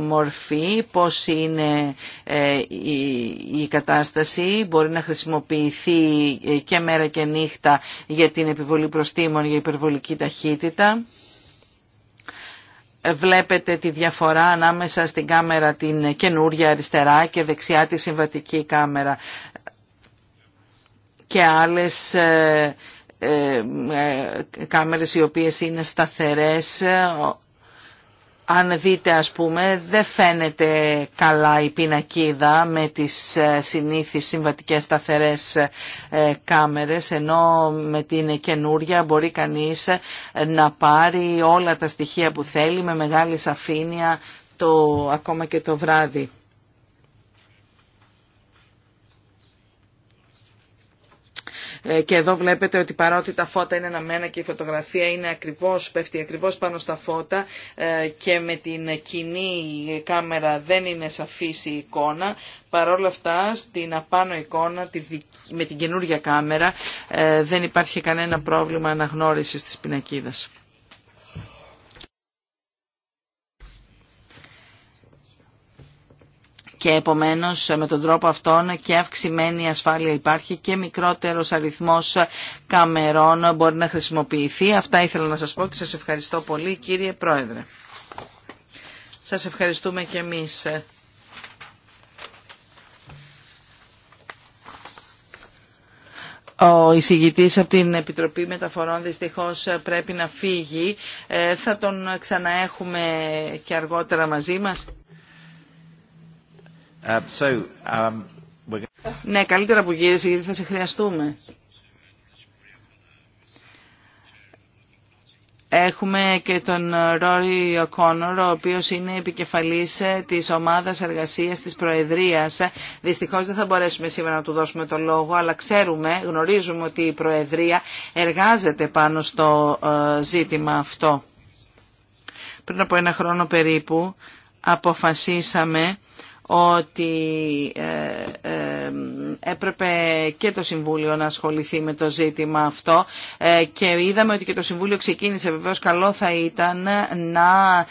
μορφή, πώς είναι η κατάσταση. Μπορεί να χρησιμοποιηθεί και μέρα και νύχτα για την επιβολή προστήμων για υπερβολική ταχύτητα βλέπετε τη διαφορά ανάμεσα στην κάμερα την καινούρια αριστερά και δεξιά τη συμβατική κάμερα και άλλες ε, ε, ε, κάμερες οι οποίες είναι σταθερές αν δείτε ας πούμε δεν φαίνεται καλά η πινακίδα με τις ε, συνήθεις συμβατικές σταθερές ε, κάμερες ενώ με την καινούρια μπορεί κανείς ε, να πάρει όλα τα στοιχεία που θέλει με μεγάλη σαφήνεια το, ακόμα και το βράδυ. Ε, και εδώ βλέπετε ότι παρότι τα φώτα είναι αναμένα και η φωτογραφία είναι ακριβώς, πέφτει ακριβώς πάνω στα φώτα ε, και με την κοινή κάμερα δεν είναι σαφής η εικόνα, παρόλα αυτά στην απάνω εικόνα με την καινούργια κάμερα ε, δεν υπάρχει κανένα πρόβλημα αναγνώρισης της πινακίδας. και επομένως με τον τρόπο αυτόν και αυξημένη ασφάλεια υπάρχει και μικρότερος αριθμός καμερών μπορεί να χρησιμοποιηθεί. Αυτά ήθελα να σας πω και σας ευχαριστώ πολύ κύριε Πρόεδρε. Σας ευχαριστούμε και εμείς. Ο εισηγητής από την Επιτροπή Μεταφορών δυστυχώς πρέπει να φύγει. Ε, θα τον ξαναέχουμε και αργότερα μαζί μας. Uh, um, ναι, καλύτερα που γύρισε γιατί θα σε χρειαστούμε. Έχουμε και τον Ρόρι Οκόνορ, ο οποίος είναι επικεφαλής ε, της ομάδας εργασίας της Προεδρίας. Δυστυχώς δεν θα μπορέσουμε σήμερα να του δώσουμε το λόγο, αλλά ξέρουμε, γνωρίζουμε ότι η Προεδρία εργάζεται πάνω στο ε, ζήτημα αυτό. Πριν από ένα χρόνο περίπου αποφασίσαμε ότι ε, ε, έπρεπε και το Συμβούλιο να ασχοληθεί με το ζήτημα αυτό ε, και είδαμε ότι και το Συμβούλιο ξεκίνησε. Βεβαίως καλό θα ήταν να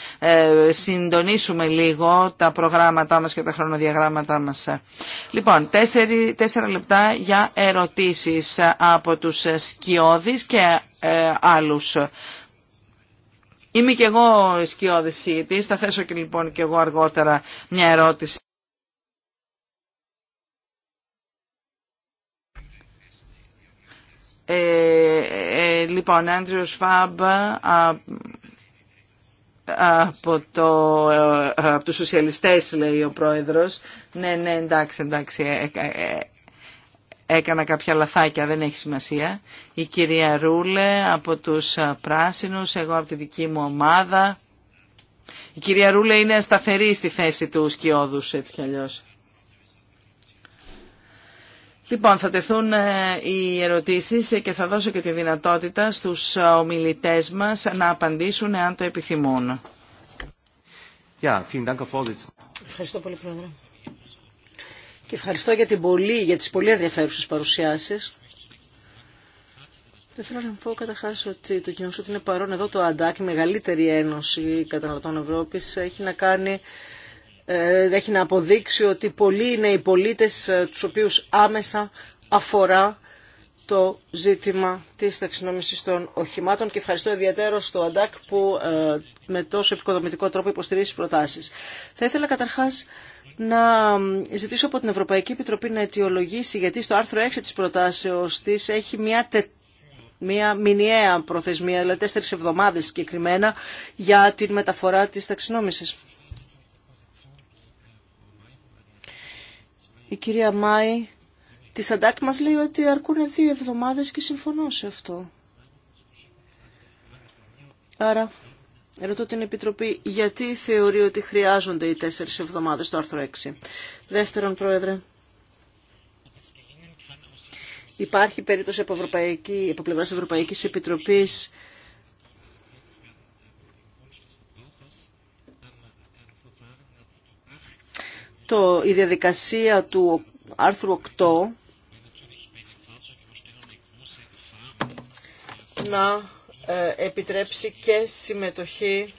συντονίσουμε λίγο τα προγράμματά μας και τα χρονοδιαγράμματά μας. Λοιπόν, τέσσερι, τέσσερα λεπτά για ερωτήσεις από τους Σκιόδης και άλλους. Είμαι και εγώ σκιώδηση τη. θα θέσω και λοιπόν και εγώ αργότερα μια ερώτηση. Ε, ε, ε λοιπόν, Άντριο Φάμπ από, το, ε, από τους σοσιαλιστές λέει ο πρόεδρος ναι ναι εντάξει εντάξει έκανα κάποια λαθάκια, δεν έχει σημασία. Η κυρία Ρούλε από τους Πράσινους, εγώ από τη δική μου ομάδα. Η κυρία Ρούλε είναι σταθερή στη θέση του σκιώδους, έτσι κι αλλιώς. Λοιπόν, θα τεθούν ε, οι ερωτήσεις και θα δώσω και τη δυνατότητα στους ομιλητές μας να απαντήσουν αν το επιθυμούν. Ευχαριστώ πολύ, Πρόεδρε και ευχαριστώ για, την πολύ, για τις πολύ ενδιαφέρουσες παρουσιάσεις. Θα θέλω να πω καταρχά ότι το σου ότι είναι παρόν εδώ το ΑΝΤΑΚ, η μεγαλύτερη ένωση καταναλωτών Ευρώπη, έχει να κάνει. Ε, έχει να αποδείξει ότι πολλοί είναι οι πολίτες ε, του οποίου άμεσα αφορά το ζήτημα τη ταξινόμηση των οχημάτων και ευχαριστώ ιδιαίτερο στο ΑΝΤΑΚ που ε, με τόσο επικοδομητικό τρόπο υποστηρίζει τι προτάσεις. Θα ήθελα καταρχάς να ζητήσω από την Ευρωπαϊκή Επιτροπή να αιτιολογήσει, γιατί στο άρθρο 6 της προτάσεως της έχει μια μια μηνιαία προθεσμία, δηλαδή τέσσερι εβδομάδε συγκεκριμένα, για την μεταφορά τη ταξινόμηση. Η κυρία Μάη τη Αντάκ μας λέει ότι αρκούν δύο εβδομάδες και συμφωνώ σε αυτό. Άρα Ρωτώ την Επιτροπή γιατί θεωρεί ότι χρειάζονται οι τέσσερις εβδομάδες στο άρθρο 6. Δεύτερον, Πρόεδρε, υπάρχει περίπτωση από, Ευρωπαϊκή, από πλευράς Ευρωπαϊκής Επιτροπής το, η διαδικασία του άρθρου 8 να ε, επιτρέψει και συμμετοχή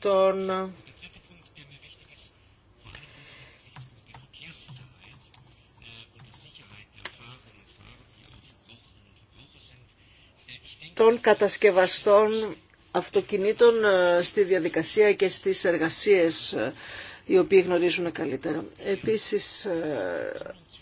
των των κατασκευαστών αυτοκινήτων ε, στη διαδικασία και στις εργασίες ε, οι οποίοι γνωρίζουν καλύτερα. Επίσης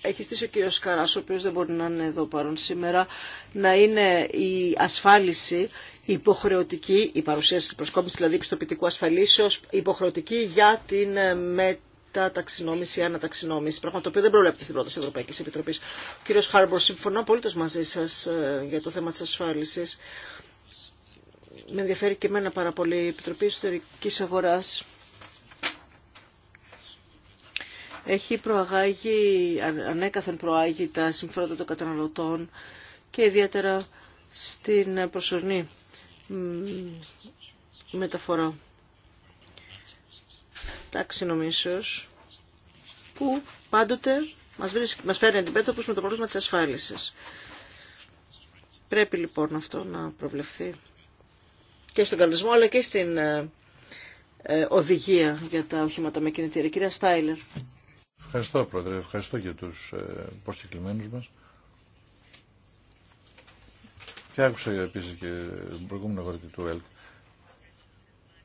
έχει στήσει ο κύριος Καράς, ο οποίος δεν μπορεί να είναι εδώ παρόν σήμερα, να είναι η ασφάλιση υποχρεωτική, η παρουσίαση της προσκόπηση δηλαδή πιστοποιητικού ασφαλίσεως, υποχρεωτική για την ε, μεταταξινόμηση ή αναταξινόμηση, πράγμα το οποίο δεν προβλέπεται στην πρόταση Ευρωπαϊκής Επιτροπής. Ο κύριος Χάρμπορ, συμφωνώ απολύτως μαζί σας ε, για το θέμα της ασφάλισης. Με ενδιαφέρει και εμένα πάρα πολύ η Επιτροπή Ιστορικής Αγοράς έχει προαγάγει, ανέκαθεν προάγει τα συμφέροντα των καταναλωτών και ιδιαίτερα στην προσωρινή μεταφορά ταξινομήσεως που πάντοτε μας, βρίσκει, μας φέρνει αντιμέτωπους με το πρόβλημα της ασφάλισης. Πρέπει λοιπόν αυτό να προβλεφθεί και στον κανονισμό αλλά και στην ε, ε, οδηγία για τα οχήματα με κινητήρια. Κυρία Στάιλερ. Ευχαριστώ, Πρόεδρε. Ευχαριστώ και τους ε, προσκεκλημένους μας. Και άκουσα επίσης και τον προηγούμενο αγορητή του ΕΛΚ.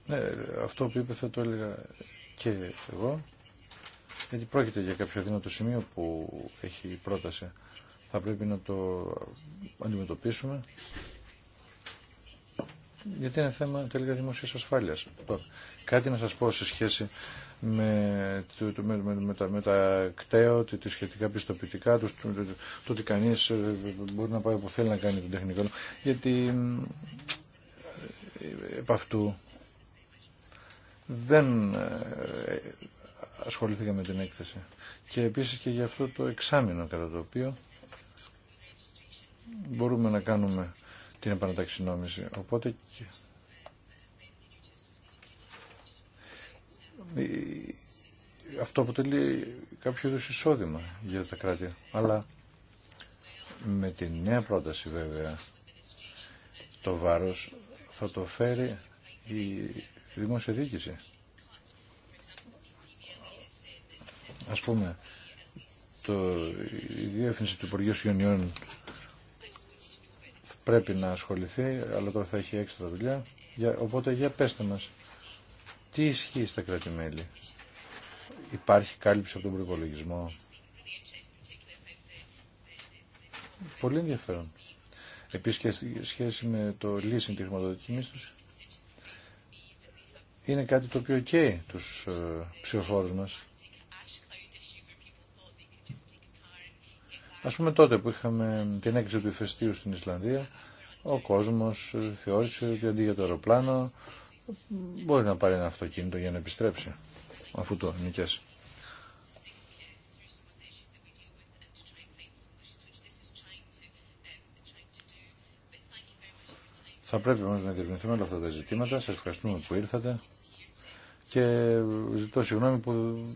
Ναι, αυτό που είπε θα το έλεγα και εγώ, γιατί πρόκειται για κάποιο δύνατο σημείο που έχει η πρόταση. Θα πρέπει να το αντιμετωπίσουμε, γιατί είναι θέμα τελικά δημοσίας ασφάλειας. κάτι να σας πω σε σχέση με, με, με, τα, με τα κταίω, τη, σχετικά πιστοποιητικά τους, το, το, ότι κανείς ε, μπορεί να πάει όπου θέλει να κάνει τον τεχνικό. Γιατί ε, επ' αυτού δεν ε, ασχολήθηκα με την έκθεση. Και επίσης και για αυτό το εξάμεινο κατά το οποίο μπορούμε να κάνουμε την επαναταξινόμηση. Οπότε Ε, αυτό αποτελεί κάποιο είδου εισόδημα για τα κράτη. Αλλά με τη νέα πρόταση βέβαια το βάρος θα το φέρει η δημόσια διοίκηση. Ας πούμε, το, η διεύθυνση του Υπουργείου Σιωνιών πρέπει να ασχοληθεί, αλλά τώρα θα έχει έξτρα δουλειά. Για, οπότε για πέστε μας. Τι ισχύει στα κράτη-μέλη. Υπάρχει κάλυψη από τον προπολογισμό. Πολύ ενδιαφέρον. Επίσης και σχέση με το leasing τη χρηματοδοτική μίσθωση. Είναι κάτι το οποίο καίει τους ε, ψηφοφόρους μας. Ας πούμε τότε που είχαμε την έκρηξη του ηφαιστείου στην Ισλανδία, ο κόσμος ε, θεώρησε ότι αντί για το αεροπλάνο μπορεί να πάρει ένα αυτοκίνητο για να επιστρέψει αφού το νοικιάσει. Θα πρέπει όμως να διευνηθούμε όλα αυτά τα ζητήματα. Σας ευχαριστούμε που ήρθατε και ζητώ συγγνώμη που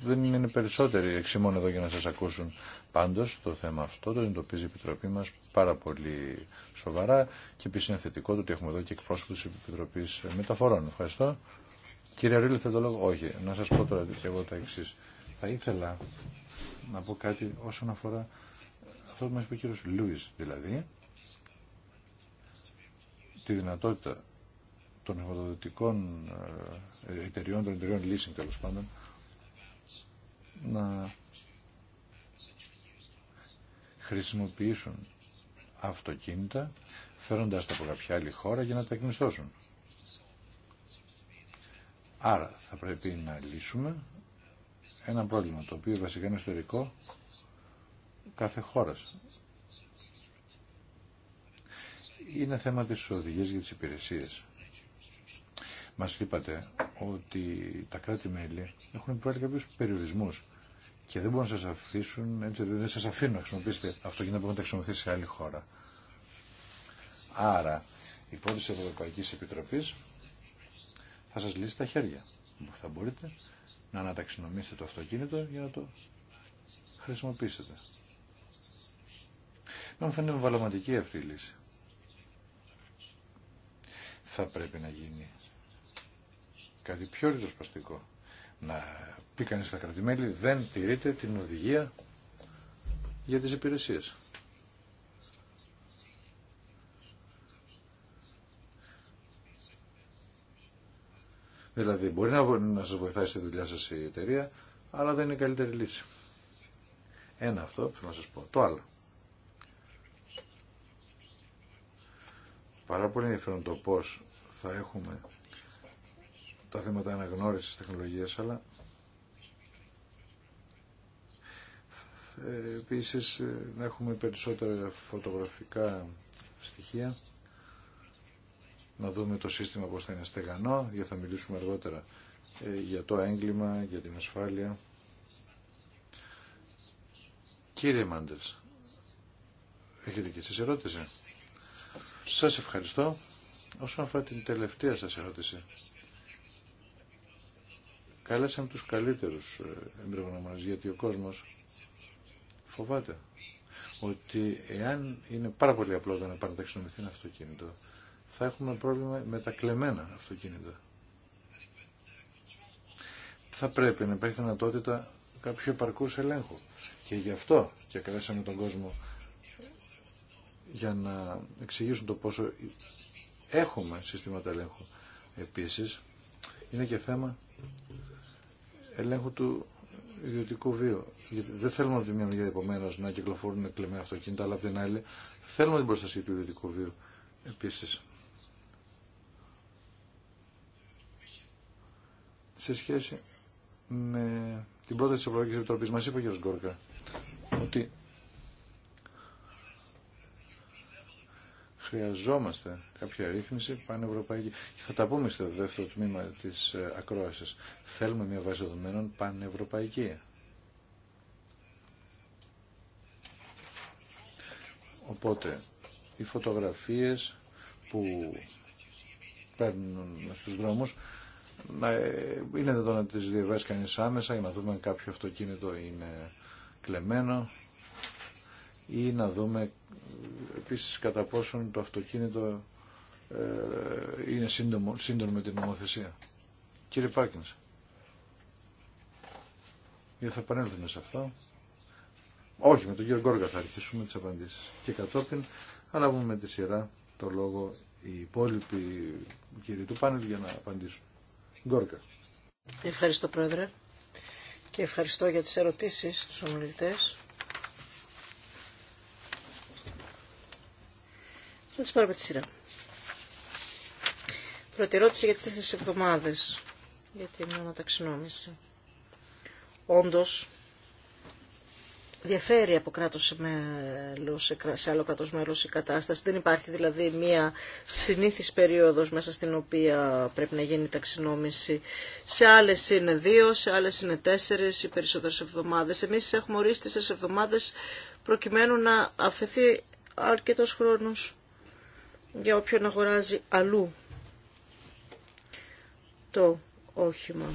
δεν είναι περισσότεροι εξημών εδώ για να σας ακούσουν. Πάντως το θέμα αυτό το εντοπίζει η Επιτροπή μας πάρα πολύ σοβαρά και επίσης είναι θετικό το ότι έχουμε εδώ και εκπρόσωπο της Επιτροπής Μεταφορών. Ευχαριστώ. Κύριε Ρίλη, θέλω το λόγο. Όχι, να σας πω τώρα και εγώ τα εξή. Θα ήθελα να πω κάτι όσον αφορά αυτό που μας είπε ο κύριος Λούις, δηλαδή τη δυνατότητα των χρηματοδοτικών ε, εταιριών, των εταιριών leasing τέλο πάντων, να χρησιμοποιήσουν αυτοκίνητα φέροντας τα από κάποια άλλη χώρα για να τα εκμισθώσουν. Άρα θα πρέπει να λύσουμε ένα πρόβλημα το οποίο βασικά είναι ιστορικό κάθε χώρας. Είναι θέμα της οδηγίας για τις υπηρεσίες. Μας είπατε ότι τα κράτη-μέλη έχουν πάρει κάποιους περιορισμούς και δεν μπορούν να σας αφήσουν, έτσι, δεν σας αφήνουν να χρησιμοποιήσετε αυτοκίνητα που έχουν ταξινομηθεί σε άλλη χώρα. Άρα, η πρώτη Ευρωπαϊκή Επιτροπής θα σας λύσει τα χέρια. Θα μπορείτε να αναταξινομήσετε το αυτοκίνητο για να το χρησιμοποιήσετε. Να μου φαίνεται βαλωματική αυτή η λύση. Θα πρέπει να γίνει κάτι πιο ριζοσπαστικό να πει κανεί στα κρατημέλη δεν τηρείται την οδηγία για τις υπηρεσίες. Δηλαδή μπορεί να, να σας βοηθάει στη δουλειά σας η εταιρεία, αλλά δεν είναι η καλύτερη λύση. Ένα αυτό που να σας πω. Το άλλο. Πάρα πολύ ενδιαφέρον το πώς θα έχουμε τα θέματα αναγνώρισης τεχνολογίας, αλλά επίσης ε, να έχουμε περισσότερα φωτογραφικά στοιχεία να δούμε το σύστημα πώς θα είναι στεγανό για θα μιλήσουμε αργότερα ε, για το έγκλημα, για την ασφάλεια Κύριε Μάντες έχετε και εσείς ερώτηση Σας ευχαριστώ όσον αφορά την τελευταία σας ερώτηση Κάλεσαν τους καλύτερους ε, εμπειρογνώμονες, γιατί ο κόσμος φοβάται ότι εάν είναι πάρα πολύ απλό να παραταξινομηθεί ένα αυτοκίνητο, θα έχουμε πρόβλημα με τα κλεμμένα αυτοκίνητα. Θα πρέπει να υπάρχει δυνατότητα κάποιου επαρκούς ελέγχου. Και γι' αυτό και καλέσαμε τον κόσμο για να εξηγήσουν το πόσο έχουμε συστήματα ελέγχου. Επίσης, είναι και θέμα ελέγχου του ιδιωτικού βίου. δεν θέλουμε από τη μία μεριά επομένω να κυκλοφορούν κλεμμένα αυτοκίνητα, αλλά από την άλλη θέλουμε την προστασία του ιδιωτικού βίου επίση. Σε σχέση με την πρόταση τη Ευρωπαϊκή Επιτροπή, μα είπε ο κ. Γκόρκα ότι χρειαζόμαστε κάποια ρύθμιση πανευρωπαϊκή. Και θα τα πούμε στο δεύτερο τμήμα της ε, ακρόασης. Θέλουμε μια βάση δεδομένων πανευρωπαϊκή. Οπότε, οι φωτογραφίες που παίρνουν στους δρόμους ε, είναι δεδομένο να τις διαβάσει κανείς άμεσα για να δούμε αν κάποιο αυτοκίνητο είναι κλεμμένο ή να δούμε επίσης κατά πόσον το αυτοκίνητο ε, είναι σύντομο, σύντομο με την νομοθεσία. Κύριε Πάρκινς, γιατί θα επανέλθουμε σε αυτό. Όχι, με τον κύριο Γκόργα θα αρχίσουμε τις απαντήσεις. Και κατόπιν ανάβουμε με τη σειρά το λόγο οι υπόλοιποι κύριοι του πάνελ για να απαντήσουν. Γκόργα. Ευχαριστώ Πρόεδρε και ευχαριστώ για τις ερωτήσεις στους ομιλητές. Θα τις με τη σειρά. Πρώτη ερώτηση για τις τέσσερις εβδομάδες για την ταξινόμηση. Όντως, διαφέρει από κράτος σε, μέλος, σε άλλο κράτος μέλος η κατάσταση. Δεν υπάρχει δηλαδή μία συνήθις περίοδος μέσα στην οποία πρέπει να γίνει η ταξινόμηση. Σε άλλες είναι δύο, σε άλλες είναι τέσσερις ή περισσότερες εβδομάδες. Εμείς έχουμε ορίσει τις εβδομάδες προκειμένου να αφαιθεί αρκετός χρόνος για όποιον αγοράζει αλλού το όχημα.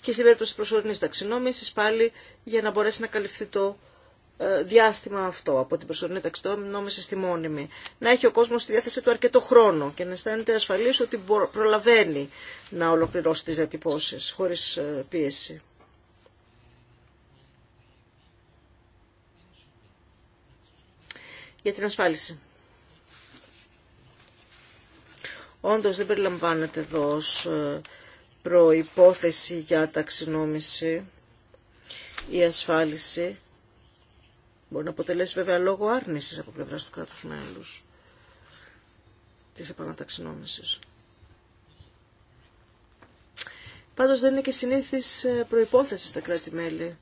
Και στην περίπτωση προσωρινής ταξινόμησης πάλι για να μπορέσει να καλυφθεί το ε, διάστημα αυτό από την προσωρινή ταξινόμηση στη μόνιμη. Να έχει ο κόσμος στη διάθεση του αρκετό χρόνο και να αισθάνεται ασφαλής ότι προλαβαίνει να ολοκληρώσει τις διατυπώσεις χωρίς ε, πίεση. Για την ασφάλιση. όντως δεν περιλαμβάνεται εδώ ως ε, προϋπόθεση για ταξινόμηση ή ασφάλιση. Μπορεί να αποτελέσει βέβαια λόγο άρνησης από πλευράς του κράτους μέλους της επαναταξινόμησης. Πάντως δεν είναι και συνήθις ε, προϋπόθεση στα κράτη-μέλη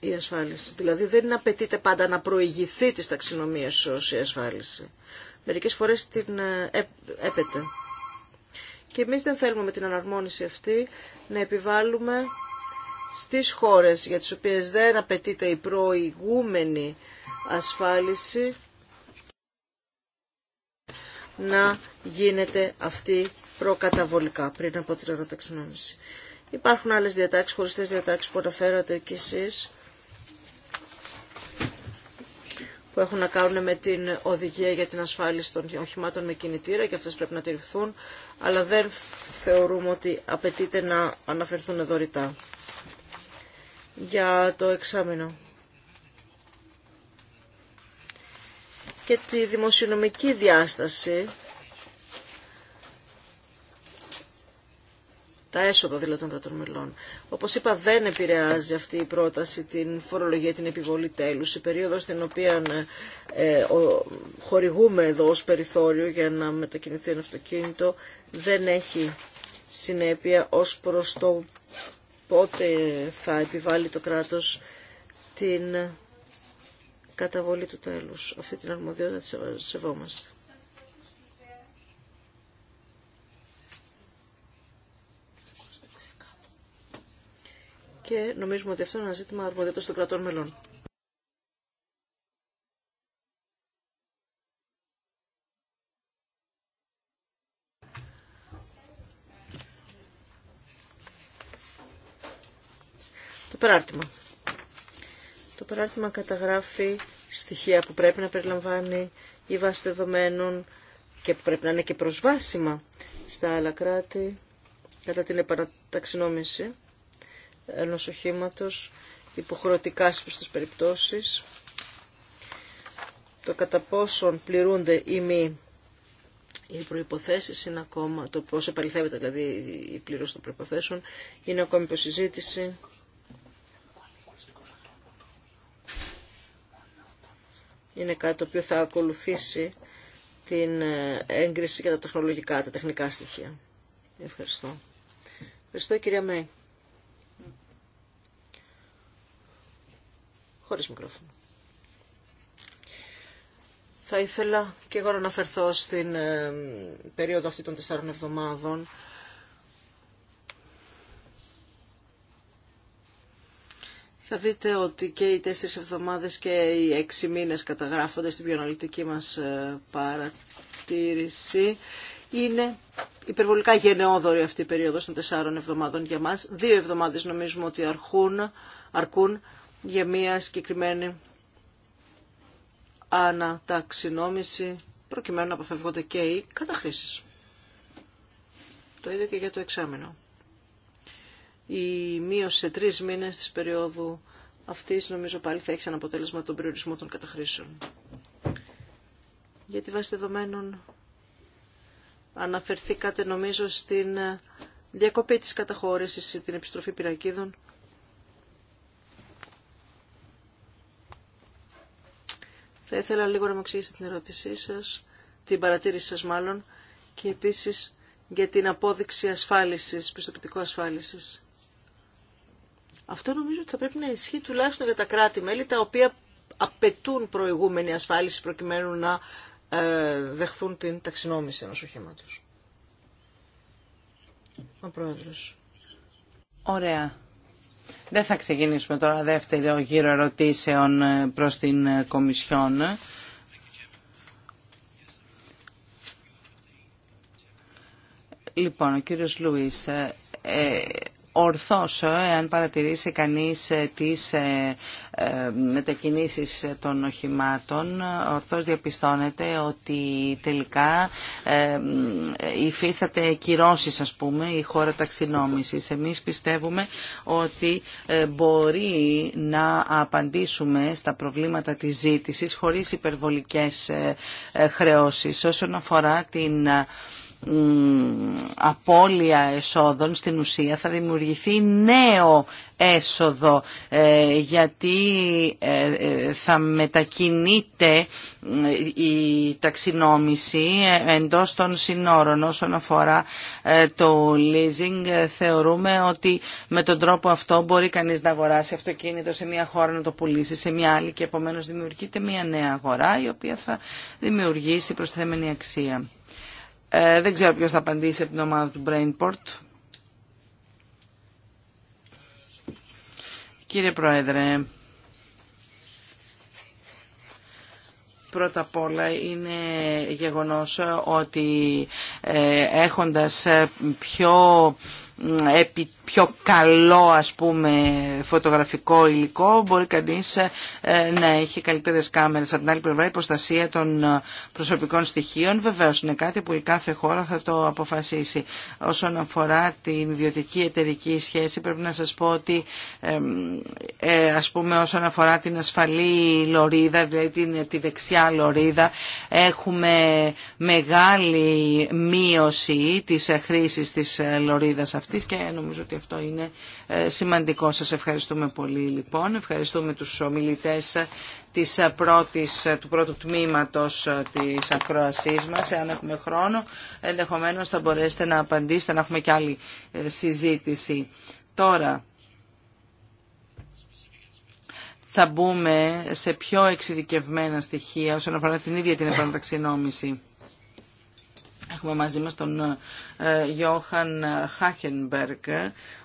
η ασφάλιση. Δηλαδή δεν απαιτείται πάντα να προηγηθεί της ταξινομίας ως η ασφάλιση μερικές φορές την ε, ε, έπεται. Και εμείς δεν θέλουμε με την αναρμόνιση αυτή να επιβάλλουμε στις χώρες για τις οποίες δεν απαιτείται η προηγούμενη ασφάλιση να γίνεται αυτή προκαταβολικά πριν από την αναταξινόμηση. Υπάρχουν άλλες διατάξεις, χωριστές διατάξεις που αναφέρατε κι εσείς που έχουν να κάνουν με την οδηγία για την ασφάλιση των οχημάτων με κινητήρα και αυτές πρέπει να τηρηθούν, αλλά δεν θεωρούμε ότι απαιτείται να αναφερθούν δωρητά. Για το εξάμεινο. Και τη δημοσιονομική διάσταση τα έσοδα δηλαδή των κρατών μελών. Όπω είπα, δεν επηρεάζει αυτή η πρόταση την φορολογία, την επιβολή τέλου. Η περίοδο την οποία ε, χορηγούμε εδώ ω περιθώριο για να μετακινηθεί ένα αυτοκίνητο δεν έχει συνέπεια ω προ το πότε θα επιβάλλει το κράτο την καταβολή του τέλους. Αυτή την αρμοδιότητα τη σεβόμαστε. και νομίζουμε ότι αυτό είναι ένα ζήτημα αρμοδιότητας των κρατών μελών. Το περάρτημα. Το περάρτημα καταγράφει στοιχεία που πρέπει να περιλαμβάνει η βάση δεδομένων και που πρέπει να είναι και προσβάσιμα στα άλλα κράτη κατά την επαναταξινόμηση ενός οχήματος υποχρεωτικά στις τις περιπτώσεις το κατά πόσον πληρούνται ή μη οι προϋποθέσεις είναι ακόμα, το πώς επαληθεύεται δηλαδή η πληρώση των προϋποθέσεων είναι ακόμη υποσυζήτηση. Είναι κάτι το οποίο θα ακολουθήσει την ε, έγκριση και τα τεχνολογικά, τα τεχνικά στοιχεία. Ευχαριστώ. Ευχαριστώ κυρία Μέη. Χωρίς μικρόφωνο. Θα ήθελα και εγώ να αναφερθώ στην ε, περίοδο αυτή των τεσσάρων εβδομάδων. Θα δείτε ότι και οι τέσσερις εβδομάδες και οι έξι μήνες καταγράφονται στην πιο αναλυτική μας ε, παρατήρηση. Είναι υπερβολικά γενναιόδορη αυτή η περίοδος των τεσσάρων εβδομάδων για μας. Δύο εβδομάδες νομίζουμε ότι αρχούν, αρκούν για μια συγκεκριμένη αναταξινόμηση προκειμένου να αποφευγόνται και οι καταχρήσεις. Το ίδιο και για το εξάμεινο. Η μείωση σε τρεις μήνες της περίοδου αυτής νομίζω πάλι θα έχει σαν αποτέλεσμα τον περιορισμό των καταχρήσεων. Γιατί βάσει δεδομένων αναφερθήκατε νομίζω στην διακοπή της καταχώρησης ή την επιστροφή πυρακίδων Θα ήθελα λίγο να μου εξηγήσετε την ερώτησή σας, την παρατήρηση σας μάλλον, και επίσης για την απόδειξη ασφάλισης, πιστοποιητικό ασφάλισης. Αυτό νομίζω ότι θα πρέπει να ισχύει τουλάχιστον για τα κράτη-μέλη τα οποία απαιτούν προηγούμενη ασφάλιση προκειμένου να ε, δεχθούν την ταξινόμηση ενός οχήματος. Ο Πρόεδρος. Ωραία. Δεν θα ξεκινήσουμε τώρα δεύτερο γύρο ερωτήσεων ε, προς την ε, Κομισιόν. Λοιπόν, ο κύριος Λούις, ε, ορθώς ε, εάν παρατηρήσει κανείς ε, τις ε, μετακινήσεις των οχημάτων ορθώς διαπιστώνεται ότι τελικά υφίσταται κυρώσεις ας πούμε η χώρα ταξινόμησης. Εμείς πιστεύουμε ότι μπορεί να απαντήσουμε στα προβλήματα της ζήτησης χωρίς υπερβολικές χρεώσεις. Όσον αφορά την απώλεια εσόδων στην ουσία θα δημιουργηθεί νέο έσοδο ε, γιατί ε, ε, θα μετακινείται η ταξινόμηση εντός των συνόρων όσον αφορά το leasing θεωρούμε ότι με τον τρόπο αυτό μπορεί κανείς να αγοράσει αυτοκίνητο σε μια χώρα να το πουλήσει σε μια άλλη και επομένως δημιουργείται μια νέα αγορά η οποία θα δημιουργήσει προσθέμενη αξία. Ε, δεν ξέρω ποιος θα απαντήσει από την ομάδα του Brainport. Κύριε Πρόεδρε, πρώτα απ' όλα είναι γεγονός ότι ε, έχοντας πιο πιο καλό ας πούμε φωτογραφικό υλικό μπορεί κανείς ε, να έχει καλύτερες κάμερες. Από την άλλη πλευρά η προστασία των ε, προσωπικών στοιχείων βεβαίως είναι κάτι που η κάθε χώρα θα το αποφασίσει. Όσον αφορά την ιδιωτική εταιρική σχέση πρέπει να σας πω ότι ε, ας πούμε όσον αφορά την ασφαλή λωρίδα, δηλαδή την, τη δεξιά λωρίδα έχουμε μεγάλη μείωση της χρήσης της λωρίδας αυτής και νομίζω ότι αυτό είναι ε, σημαντικό. Σας ευχαριστούμε πολύ λοιπόν. Ευχαριστούμε τους ομιλητές της ε, πρώτης, ε, του πρώτου τμήματος της ακροασίας μας. Εάν έχουμε χρόνο, ενδεχομένως θα μπορέσετε να απαντήσετε, να έχουμε και άλλη συζήτηση. Τώρα, θα μπούμε σε πιο εξειδικευμένα στοιχεία όσον αφορά την ίδια την επαναταξινόμηση. Έχουμε μαζί μας τον Γιώχαν ε, Χάχενμπεργκ,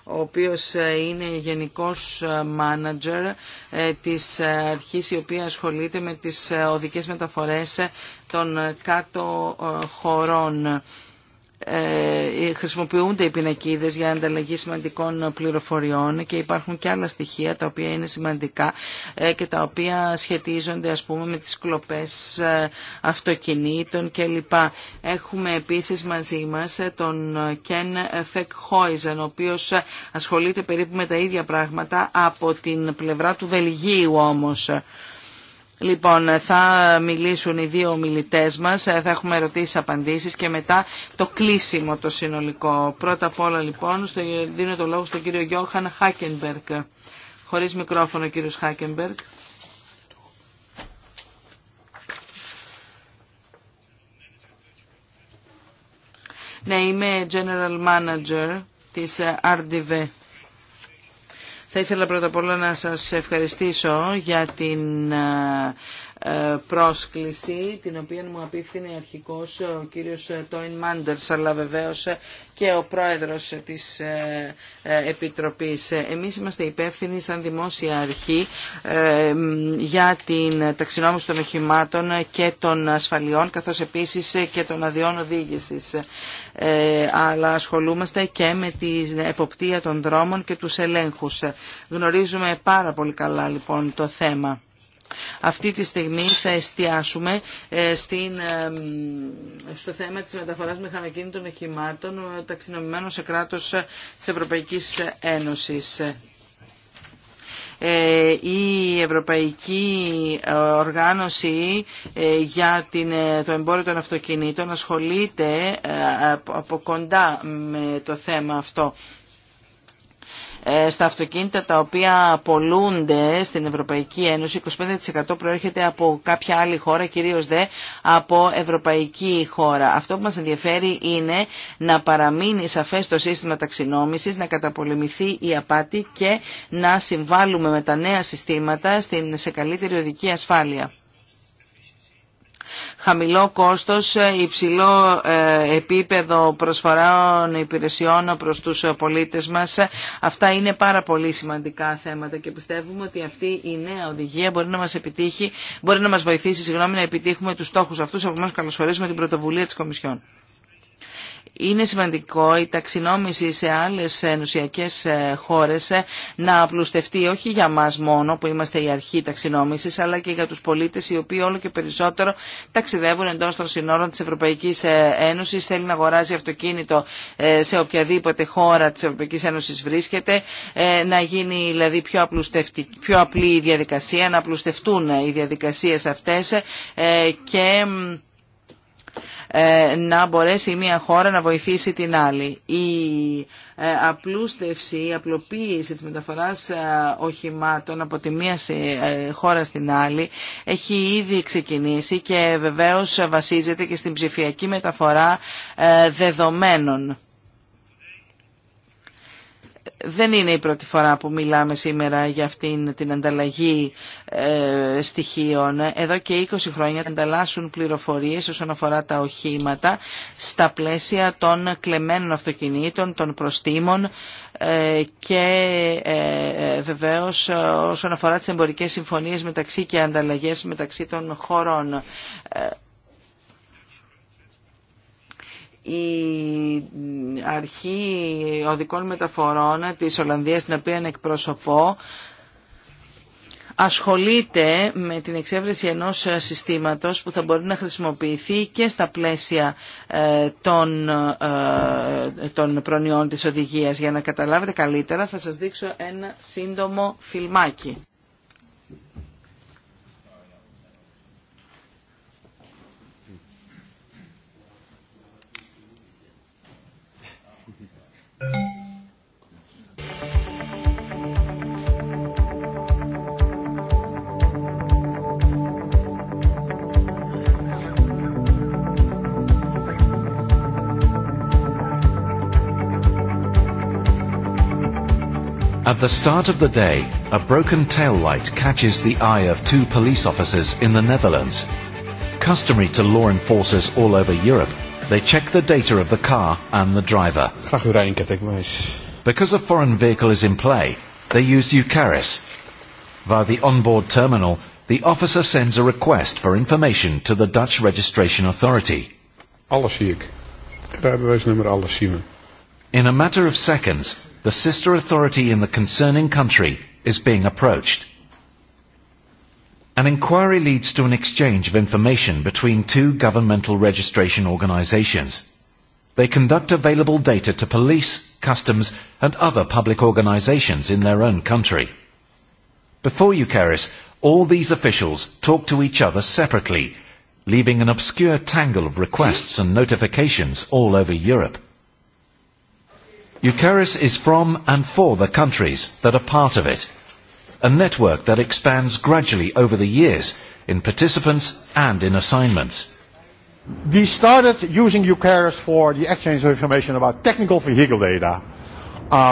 ο οποίος ε, είναι γενικός ε, μάνατζερ της αρχής η οποία ασχολείται με τις οδικές μεταφορές των κάτω χωρών. Ε, ε, χρησιμοποιούνται οι πινακίδες για ανταλλαγή σημαντικών πληροφοριών και υπάρχουν και άλλα στοιχεία τα οποία είναι σημαντικά ε, και τα οποία σχετίζονται ας πούμε με τις κλοπές αυτοκινήτων κλπ. Έχουμε επίσης μαζί μας τον Ken Fekhoizen ο οποίος ασχολείται περίπου με τα ίδια πράγματα από την πλευρά του Βελγίου όμως. Λοιπόν, θα μιλήσουν οι δύο ομιλητές μας, θα έχουμε ερωτήσεις, απαντήσεις και μετά το κλείσιμο το συνολικό. Πρώτα απ' όλα λοιπόν στο, δίνω το λόγο στον κύριο Γιώχαν Χάκενμπεργκ. Χωρίς μικρόφωνο κύριος Χάκενμπεργκ. Ναι, είμαι General Manager της RDV. Θα ήθελα πρώτα απ' όλα να σας ευχαριστήσω για την ε, ε, πρόσκληση την οποία μου απίφθηνε αρχικός ο κύριος Τόιν Μάντερς αλλά βεβαίως και ο πρόεδρος της ε, Επιτροπής. Εμείς είμαστε υπεύθυνοι σαν δημόσια αρχή για την ταξινόμηση των οχημάτων και των ασφαλιών καθώς επίσης και των αδειών οδήγησης. Ε, αλλά ασχολούμαστε και με την εποπτεία των δρόμων και τους ελέγχους. Γνωρίζουμε πάρα πολύ καλά λοιπόν το θέμα. Αυτή τη στιγμή θα εστιάσουμε ε, στην, στο θέμα της μεταφοράς μηχανοκίνητων οχημάτων ε, ταξινομημένων σε κράτος της Ευρωπαϊκής Ένωσης. Ε, η Ευρωπαϊκή ε, Οργάνωση ε, για το εμπόριο των αυτοκινήτων ασχολείται από κοντά με το θέμα αυτό. Ε, στα αυτοκίνητα τα οποία πολλούνται στην Ευρωπαϊκή Ένωση, 25% προέρχεται από κάποια άλλη χώρα, κυρίως δε από ευρωπαϊκή χώρα. Αυτό που μας ενδιαφέρει είναι να παραμείνει σαφές το σύστημα ταξινόμησης, να καταπολεμηθεί η απάτη και να συμβάλλουμε με τα νέα συστήματα σε καλύτερη οδική ασφάλεια χαμηλό κόστος, ε, υψηλό ε, επίπεδο προσφοράων υπηρεσιών προς τους ε, πολίτες μας. Αυτά είναι πάρα πολύ σημαντικά θέματα και πιστεύουμε ότι αυτή η νέα οδηγία μπορεί να μας, επιτύχει, μπορεί να μας βοηθήσει συγγνώμη, να επιτύχουμε τους στόχους αυτούς. Επομένως καλωσορίζουμε την πρωτοβουλία της Κομισιόν. Είναι σημαντικό η ταξινόμηση σε άλλες ενουσιακές ε, χώρες ε, να απλουστευτεί όχι για μας μόνο που είμαστε η αρχή ταξινόμησης αλλά και για τους πολίτες οι οποίοι όλο και περισσότερο ταξιδεύουν εντός των συνόρων της Ευρωπαϊκής ε, Ένωσης, θέλει να αγοράζει αυτοκίνητο σε οποιαδήποτε χώρα της Ευρωπαϊκής Ένωσης βρίσκεται, να γίνει δηλαδή πιο, πιο απλή η διαδικασία, να απλουστευτούν οι διαδικασίες αυτές και ε, να μπορέσει η μια χώρα να βοηθήσει την άλλη. Η ε, απλούστευση, η απλοποίηση της μεταφοράς ε, οχημάτων από τη μία χώρα στην άλλη έχει ήδη ξεκινήσει και βεβαίως βασίζεται και στην ψηφιακή μεταφορά δεδομένων. Δεν είναι η πρώτη φορά που μιλάμε σήμερα για αυτήν την ανταλλαγή ε, στοιχείων. Εδώ και 20 χρόνια ανταλλάσσουν πληροφορίες όσον αφορά τα οχήματα στα πλαίσια των κλεμμένων αυτοκινήτων, των προστήμων ε, και ε, ε βεβαίως όσον αφορά τις εμπορικές συμφωνίες μεταξύ και ανταλλαγές μεταξύ των χωρών η αρχή οδικών μεταφορών της Ολλανδίας την οποία εκπροσωπώ ασχολείται με την εξέβρεση ενός συστήματος που θα μπορεί να χρησιμοποιηθεί και στα πλαίσια ε, των, ε, των προνοιών της οδηγίας. Για να καταλάβετε καλύτερα θα σας δείξω ένα σύντομο φιλμάκι. At the start of the day, a broken tail light catches the eye of two police officers in the Netherlands. Customary to law enforcers all over Europe, They check the data of the car and the driver. Because a foreign vehicle is in play, they use EuCaris. Via the onboard terminal, the officer sends a request for information to the Dutch Registration Authority. In a matter of seconds, the sister authority in the concerning country is being approached. An inquiry leads to an exchange of information between two governmental registration organisations. They conduct available data to police, customs and other public organisations in their own country. Before Eucharis, all these officials talk to each other separately, leaving an obscure tangle of requests and notifications all over Europe. Eucharis is from and for the countries that are part of it a network that expands gradually over the years in participants and in assignments. We started using UCARES for the exchange of information about technical vehicle data.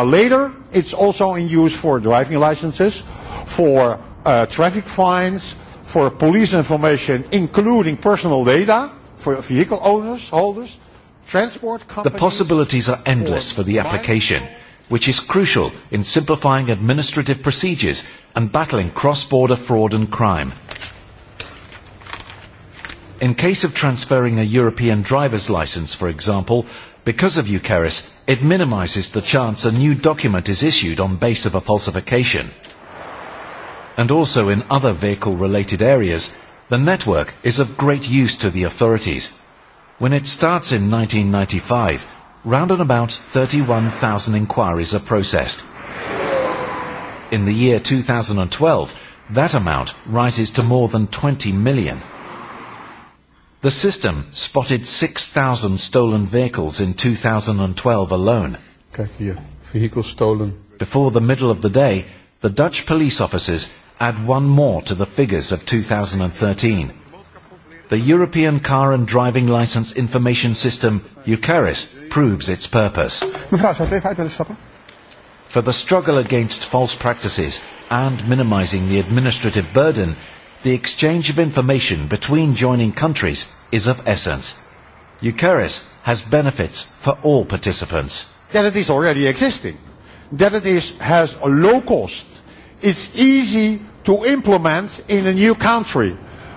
Later, it's also in use for driving licenses, for traffic fines, for police information, including personal data for vehicle owners, holders, transport companies. The possibilities are endless for the application which is crucial in simplifying administrative procedures and battling cross-border fraud and crime. In case of transferring a European driver's license, for example, because of Eucharis, it minimizes the chance a new document is issued on base of a falsification. And also in other vehicle-related areas, the network is of great use to the authorities. When it starts in 1995, round and about 31,000 inquiries are processed. In the year 2012, that amount rises to more than 20 million. The system spotted 6,000 stolen vehicles in 2012 alone. Vehicles stolen. Before the middle of the day, the Dutch police officers add one more to the figures of 2013. The European Car and Driving Licence Information System, Eucaris, proves its purpose. For the struggle against false practices and minimising the administrative burden, the exchange of information between joining countries is of essence. Eucharis has benefits for all participants. That it is already existing. That it is, has a low cost. It's easy to implement in a new country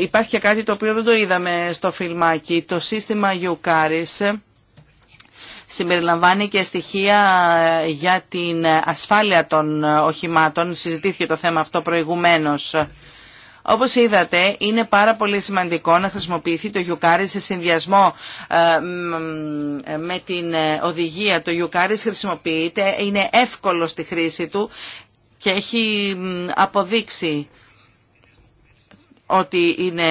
Υπάρχει και κάτι το οποίο δεν το είδαμε στο φιλμάκι. Το σύστημα Ιουκάρις ε, συμπεριλαμβάνει και στοιχεία ε, για την ε, ασφάλεια των οχημάτων. Συζητήθηκε το θέμα αυτό προηγουμένως. Όπως είδατε, είναι πάρα πολύ σημαντικό να χρησιμοποιηθεί το γιουκάρι σε συνδυασμό με την οδηγία. Το γιουκάρι χρησιμοποιείται, είναι εύκολο στη χρήση του και έχει αποδείξει ότι είναι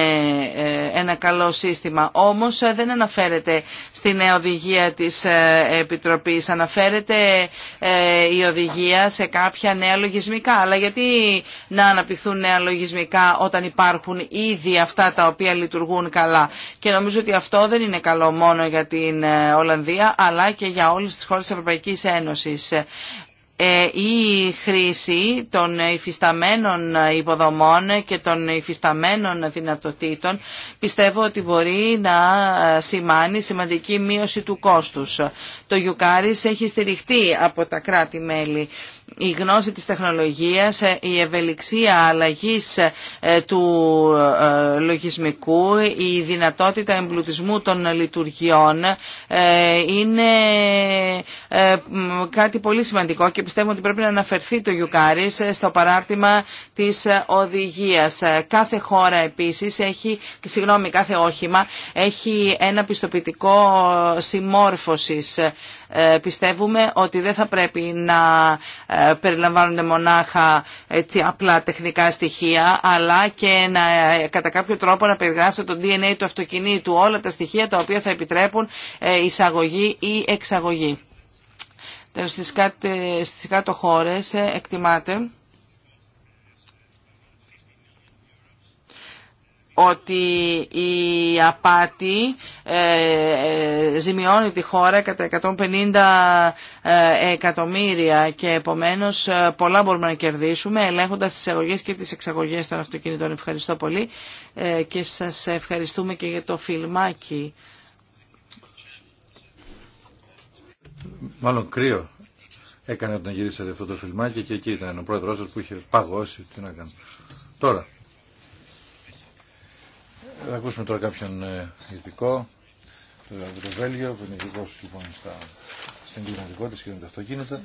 ε, ένα καλό σύστημα. Όμως ε, δεν αναφέρεται στη νέα οδηγία της ε, Επιτροπής. Αναφέρεται η οδηγία σε κάποια νέα λογισμικά. Αλλά γιατί να αναπτυχθούν νέα λογισμικά όταν υπάρχουν ήδη αυτά τα οποία λειτουργούν καλά. Και νομίζω ότι αυτό δεν είναι καλό μόνο για την Ολλανδία αλλά και για όλες τις χώρες της Ευρωπαϊκής Ένωσης. Ε, η χρήση των υφισταμένων υποδομών και των υφισταμένων δυνατοτήτων πιστεύω ότι μπορεί να σημάνει σημαντική μείωση του κόστους. Το Ιουκάρις έχει στηριχτεί από τα κράτη-μέλη η γνώση της τεχνολογίας, ε, η ευελιξία αλλαγής ε, του ε, λογισμικού, η δυνατότητα εμπλουτισμού των λειτουργιών είναι κάτι πολύ σημαντικό και πιστεύω ότι πρέπει να αναφερθεί το Γιουκάρης στο παράρτημα της οδηγίας. Κάθε χώρα επίσης έχει, συγγνώμη, κάθε όχημα έχει ένα πιστοποιητικό συμμόρφωσης ε, πιστεύουμε ότι δεν θα πρέπει να ε, περιλαμβάνονται μονάχα απλά τεχνικά στοιχεία, αλλά και να, ε, κατά κάποιο τρόπο να περιγράψετε το DNA του αυτοκινήτου, όλα τα στοιχεία τα οποία θα επιτρέπουν εισαγωγή ή εξαγωγή. Τέλος, στις κάτω χώρες εκτιμάται ότι η απάτη ε, ε, ζημιώνει τη χώρα κατά 150 ε, εκατομμύρια και επομένως πολλά μπορούμε να κερδίσουμε ελέγχοντας τις εισαγωγές και τις εξαγωγές των αυτοκινητών. Ευχαριστώ πολύ και σας ευχαριστούμε και για το φιλμάκι. Μάλλον κρύο έκανε όταν γυρίσατε αυτό το φιλμάκι και εκεί ήταν ο πρόεδρός σας που είχε παγώσει. Τι να κάνω. Τώρα. Θα ακούσουμε τώρα κάποιον ε, ειδικό, από το Βέλγιο, που είναι ειδικό λοιπόν στα, στην κλιματικότητα και με τα αυτοκίνητα.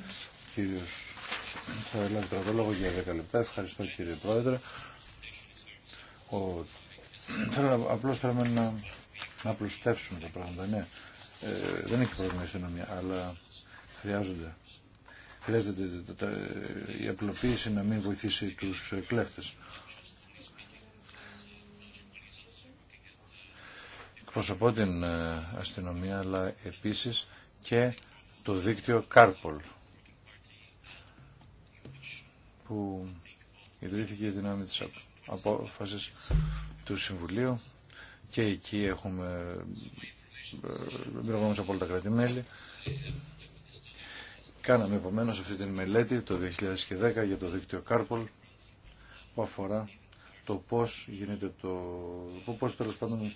Κύριο θα λάβει τώρα το λόγο για 10 λεπτά. Ευχαριστώ κύριε Πρόεδρε. Ο... Θέλω, απλώς θέλουμε να, να απλουστεύσουμε τα πράγματα. Ναι, ε, δεν έχει πρόβλημα η αστυνομία, αλλά χρειάζονται. Χρειάζεται η απλοποίηση να μην βοηθήσει του ε, κλέφτε. Εκπροσωπώ την ε, αστυνομία αλλά επίσης και το δίκτυο Κάρπολ που ιδρύθηκε η δυνάμη της απόφασης του Συμβουλίου και εκεί έχουμε ε, μπροχόμενος από όλα τα κρατημέλη Κάναμε επομένως αυτή την μελέτη το 2010 για το δίκτυο Κάρπολ που αφορά το πώς γίνεται το, πώς τέλος πάντων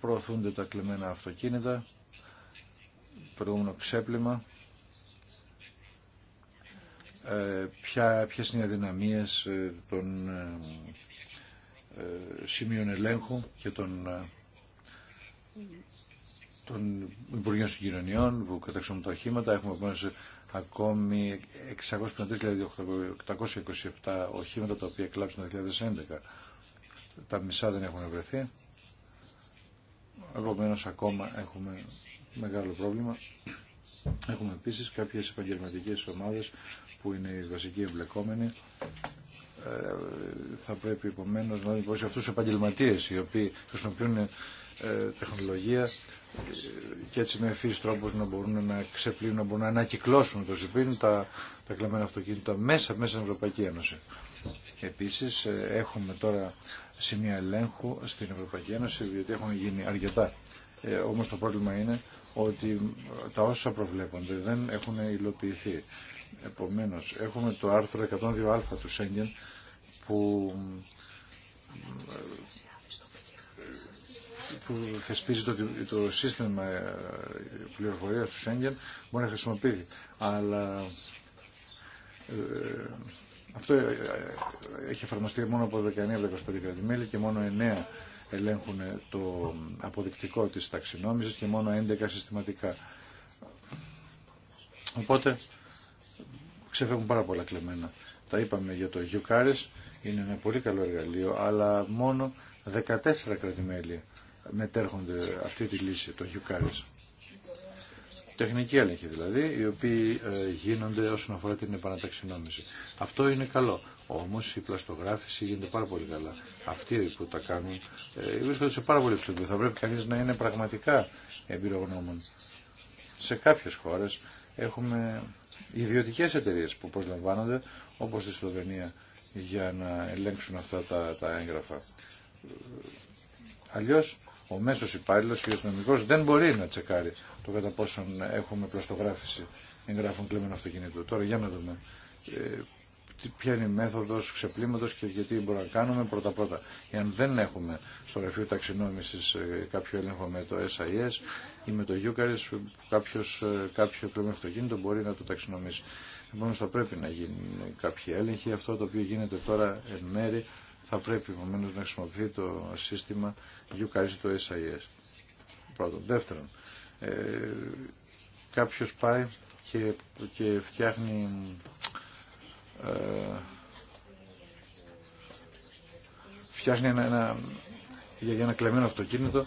προωθούνται τα κλεμμένα αυτοκίνητα, προηγούμενο ξέπλυμα, ε, ποια, ποιες είναι οι αδυναμίες ε, των ε, σημείων ελέγχου και των, των Υπουργείων Συγκοινωνιών που καταξιώνουν τα οχήματα. Έχουμε ακόμη 653.827 οχήματα τα οποία κλάψουν το 2011. Τα μισά δεν έχουν βρεθεί. Επομένως ακόμα έχουμε μεγάλο πρόβλημα. Έχουμε επίσης κάποιες επαγγελματικές ομάδες που είναι οι βασικοί εμπλεκόμενοι. Ε, θα πρέπει επομένως να δούμε αυτούς τους επαγγελματίες οι οποίοι χρησιμοποιούν ε, τεχνολογία ε, και έτσι με ευφύς τρόπους να μπορούν να ξεπλύνουν, να μπορούν να ανακυκλώσουν το συμπίν τα, τα κλεμμένα αυτοκίνητα μέσα, μέσα στην Ευρωπαϊκή Ένωση. Επίσης ε, έχουμε τώρα σημεία ελέγχου στην Ευρωπαϊκή Ένωση, διότι έχουν γίνει αρκετά. Ε, όμως το πρόβλημα είναι ότι ε, τα όσα προβλέπονται δεν έχουν υλοποιηθεί. Επομένως, έχουμε το άρθρο 102α του Σέγγεν που ε, που θεσπίζει το, το σύστημα πληροφορία του Σέγγεν μπορεί να χρησιμοποιηθεί. Αλλά αυτό ε, ε, έχει εφαρμοστεί μόνο από 19 από 25 κρατημέλη και μόνο 9 ελέγχουν το αποδεικτικό της ταξινόμησης και μόνο 11 συστηματικά. Οπότε ξεφεύγουν πάρα πολλά κλεμμένα. Τα είπαμε για το Γιουκάρες, είναι ένα πολύ καλό εργαλείο, αλλά μόνο 14 κρατημέλη μετέρχονται αυτή τη λύση, το Γιουκάρες. Τεχνική έλεγχη δηλαδή, οι οποίοι ε, γίνονται όσον αφορά την επαναταξινόμηση. Αυτό είναι καλό. Όμω η πλαστογράφηση γίνεται πάρα πολύ καλά. Αυτοί που τα κάνουν ε, βρίσκονται σε πάρα πολύ ψηλό. Θα πρέπει κανεί να είναι πραγματικά εμπειρογνώμων. Σε κάποιε χώρε έχουμε ιδιωτικέ εταιρείε που προσλαμβάνονται, όπω στη Σλοβενία, για να ελέγξουν αυτά τα, τα έγγραφα. Αλλιώ ο μέσο υπάλληλο και ο αστυνομικό δεν μπορεί να τσεκάρει το κατά πόσον έχουμε πλαστογράφηση εγγράφων κλείμενο αυτοκινήτου. Τώρα για να δούμε ε, ποια είναι η μέθοδος ξεπλήματο και γιατί μπορούμε να κάνουμε πρώτα πρώτα. Εάν δεν έχουμε στο γραφείο ταξινόμησης ε, κάποιο έλεγχο με το SIS ή με το UCARIS ε, κάποιο κλείμενο αυτοκίνητο μπορεί να το ταξινομήσει. Επομένω θα πρέπει να γίνει κάποια έλεγχη. Αυτό το οποίο γίνεται τώρα εν μέρη θα πρέπει επομένω να χρησιμοποιηθεί το σύστημα UCARIS το SIS. Πρώτον. Δεύτερον, ε, κάποιος πάει και, και φτιάχνει ε, φτιάχνει ένα, για ένα κλεμμένο αυτοκίνητο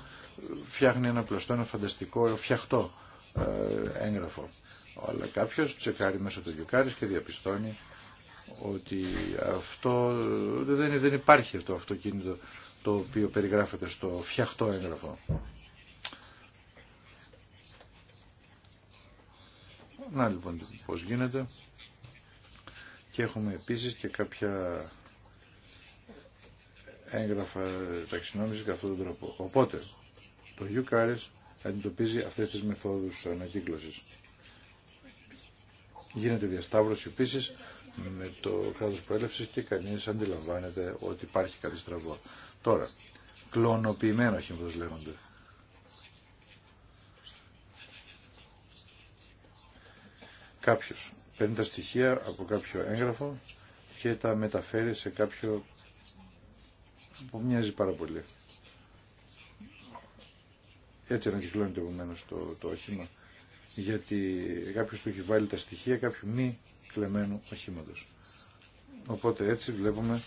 φτιάχνει ένα πλωστό, ένα φανταστικό, φτιαχτό ε, έγγραφο. Αλλά κάποιος τσεκάρει μέσα το γιουκάρις και διαπιστώνει ότι αυτό δεν, δεν υπάρχει το αυτοκίνητο το οποίο περιγράφεται στο φτιαχτό έγγραφο. Να λοιπόν πώς γίνεται. Και έχουμε επίσης και κάποια έγγραφα ταξινόμηση κατά αυτόν τον τρόπο. Οπότε, το Ιουκάρις αντιμετωπίζει αυτές τις μεθόδους ανακύκλωσης. Γίνεται διασταύρωση επίσης με το κράτος προέλευσης και κανείς αντιλαμβάνεται ότι υπάρχει κάτι στραβό. Τώρα, κλωνοποιημένο χυμβός λέγονται. κάποιος παίρνει τα στοιχεία από κάποιο έγγραφο και τα μεταφέρει σε κάποιο που μοιάζει πάρα πολύ. Έτσι ανακυκλώνεται επομένω το, το όχημα. Γιατί κάποιο του έχει βάλει τα στοιχεία κάποιου μη κλεμμένου οχήματο. Οπότε έτσι βλέπουμε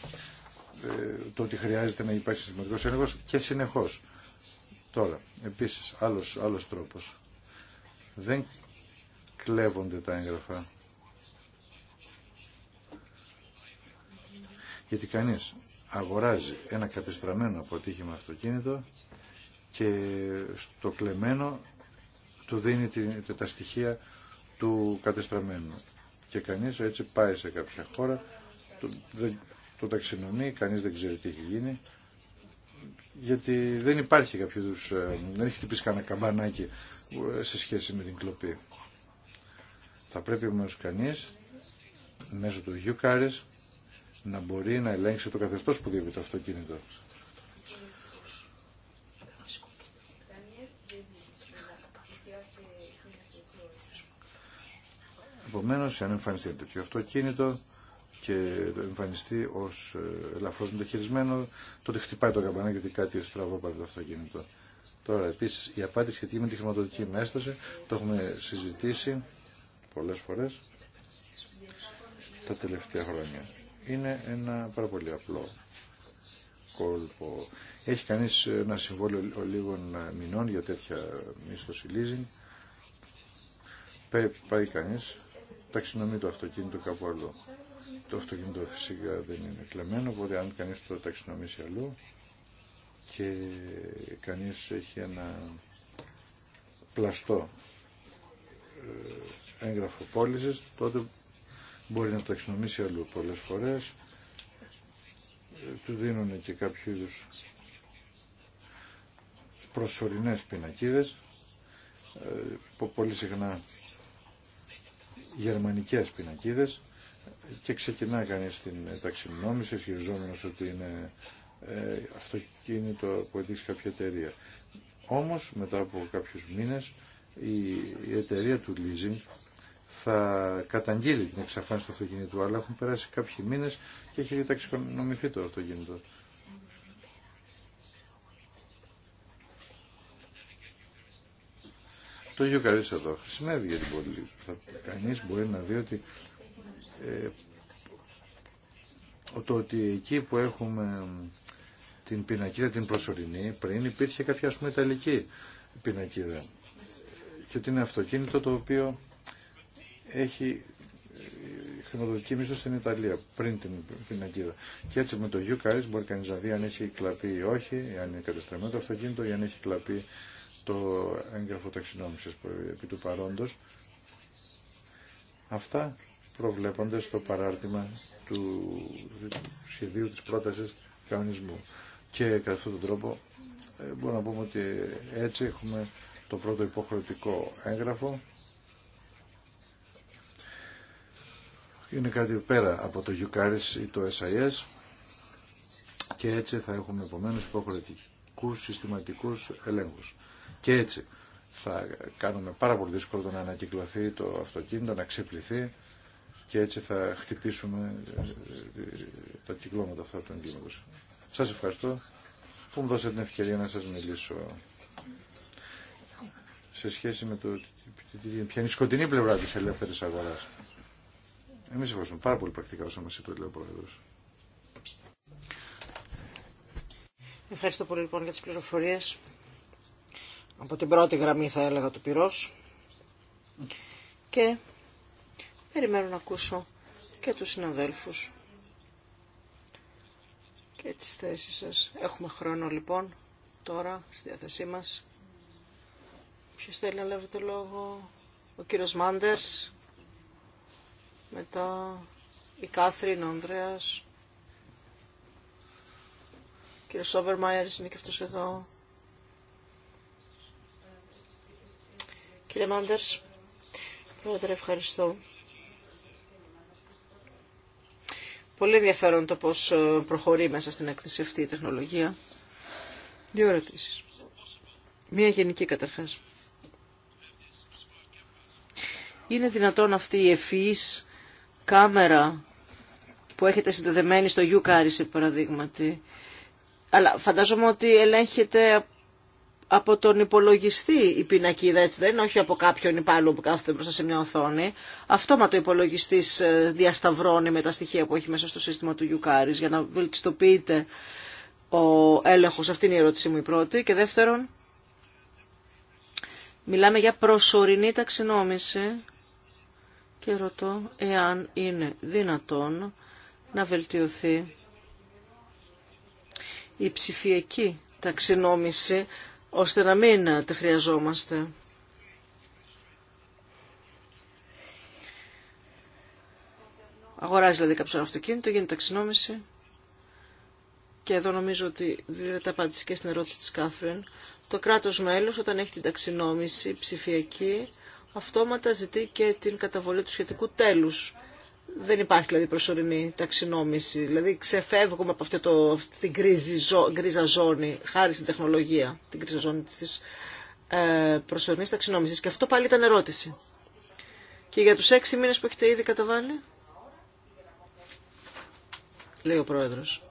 ε, το ότι χρειάζεται να υπάρχει σημαντικό έλεγχο και συνεχώ. Τώρα, επίση, άλλο άλλος τρόπο. Δεν κλέβονται τα έγγραφα. Γιατί κανείς αγοράζει ένα κατεστραμμένο αποτύχημα αυτοκίνητο και στο κλεμμένο του δίνει τα στοιχεία του κατεστραμμένου. Και κανείς έτσι πάει σε κάποια χώρα, το, το ταξινομεί, κανείς δεν ξέρει τι έχει γίνει, γιατί δεν υπάρχει κάποιο ε, δεν έχει τυπήσει κανένα καμπανάκι ε, σε σχέση με την κλοπή. Θα πρέπει όμως κανείς μέσω του γιουκάρης να μπορεί να ελέγξει το καθεστώς που διέπει το αυτοκίνητο. Επομένω, αν εμφανιστεί ένα τέτοιο αυτοκίνητο και εμφανιστεί ω ε, ελαφρώ μεταχειρισμένο, τότε χτυπάει το καμπανάκι ότι κάτι στραβό πάει το αυτοκίνητο. Τώρα, επίση, η απάντηση σχετική με τη χρηματοδοτική μέσταση το έχουμε συζητήσει πολλές φορές τα τελευταία χρόνια. Είναι ένα πάρα πολύ απλό κόλπο. Έχει κανείς ένα συμβόλαιο λίγων μηνών για τέτοια μίσθωση leasing. Πάει κανείς, ταξινομεί το αυτοκίνητο κάπου αλλού. Το αυτοκίνητο φυσικά δεν είναι κλεμμένο, οπότε αν κανείς το ταξινομήσει αλλού και κανείς έχει ένα πλαστό ε, έγγραφο πώλησης, τότε μπορεί να το αλλού πολλές φορές. Του δίνουν και κάποιο είδου προσωρινές πινακίδες, ε, πολύ συχνά γερμανικές πινακίδες και ξεκινάει κανείς την ταξινόμηση ισχυριζόμενος ότι είναι ε, αυτοκίνητο που έχει κάποια εταιρεία. Όμως μετά από κάποιους μήνες η εταιρεία του leasing θα καταγγείλει την εξαφάνιση του αυτοκινήτου, αλλά έχουν περάσει κάποιοι μήνε και έχει διταξικονομηθεί το αυτοκίνητο. Το ίδιο εδώ χρησιμεύει για την πόλη. Κανείς μπορεί να δει ότι ε, το εκεί που έχουμε την πινακίδα την προσωρινή, πριν υπήρχε κάποια ας πούμε ιταλική πινακίδα. Και ότι είναι αυτοκίνητο το οποίο έχει ε, χρηματοδοτική μίσθωση στην Ιταλία πριν την πινακίδα. Και έτσι με το u μπορεί κανεί να δει αν έχει κλαπεί ή όχι, αν είναι κατεστραμμένο το αυτοκίνητο ή αν έχει κλαπεί το έγγραφο ταξινόμησης επί του παρόντο. Αυτά προβλέπονται στο παράρτημα του σχεδίου της πρότασης κανονισμού. Και κατά αυτόν τον τρόπο ε, μπορούμε να πούμε ότι έτσι έχουμε το πρώτο υποχρεωτικό έγγραφο είναι κάτι πέρα από το UCARIS ή το SIS και έτσι θα έχουμε επομένως υποχρεωτικούς συστηματικούς ελέγχους. Και έτσι θα κάνουμε πάρα πολύ δύσκολο να ανακυκλωθεί το αυτοκίνητο, να ξεπληθεί και έτσι θα χτυπήσουμε ε, τα κυκλώματα αυτά των εγκλήματος. Σας ευχαριστώ που μου δώσατε την ευκαιρία να σας μιλήσω σε σχέση με το ποια σκοτεινή πλευρά της ελεύθερης αγοράς. Εμείς ευχαριστούμε πάρα πολύ πρακτικά όσο μα είπε ο Πρόεδρος. Ευχαριστώ πολύ λοιπόν για τις πληροφορίες. Από την πρώτη γραμμή θα έλεγα του πυρός. Και περιμένω να ακούσω και τους συναδέλφους και τις θέσεις σας. Έχουμε χρόνο λοιπόν τώρα στη διάθεσή μας. Ποιος θέλει να λάβει το λόγο. Ο κύριος Μάντερς. Μετά η Κάθριν, ο Ανδρέας. Ο κύριος Σόβερ είναι και αυτός εδώ. Κύριε Μάντερς, πρόεδρε ευχαριστώ. Πολύ ενδιαφέρον το πώς ε, προχωρεί μέσα στην έκθεση αυτή η τεχνολογία. Δύο ερωτήσεις. Μία γενική καταρχάς. Είναι δυνατόν αυτή η ευφυής κάμερα που έχετε συνδεδεμένη στο σε παραδείγματι, αλλά φαντάζομαι ότι ελέγχεται από τον υπολογιστή η πινακίδα, έτσι δεν είναι, όχι από κάποιον υπάλληλο που κάθεται μπροστά σε μια οθόνη. Αυτόματο υπολογιστή ε, διασταυρώνει με τα στοιχεία που έχει μέσα στο σύστημα του YouCares για να βελτιστοποιείται ο έλεγχος. Αυτή είναι η ερώτησή μου η πρώτη. Και δεύτερον, μιλάμε για προσωρινή ταξινόμηση και ρωτώ εάν είναι δυνατόν να βελτιωθεί η ψηφιακή ταξινόμηση ώστε να μην τα χρειαζόμαστε. Αγοράζει δηλαδή κάποιο ένα αυτοκίνητο, γίνεται ταξινόμηση. Και εδώ νομίζω ότι δίδεται απάντηση και στην ερώτηση της Κάθριν. Το κράτος μέλος όταν έχει την ταξινόμηση ψηφιακή αυτόματα ζητεί και την καταβολή του σχετικού τέλους. Δεν υπάρχει δηλαδή προσωρινή ταξινόμηση, δηλαδή ξεφεύγουμε από αυτή, το, αυτή την κρίζα ζώνη χάρη στην τεχνολογία, την κρίζα ζώνη της ε, προσωρινής ταξινόμησης. Και αυτό πάλι ήταν ερώτηση. Και για τους έξι μήνες που έχετε ήδη καταβάλει, λέει ο Πρόεδρος.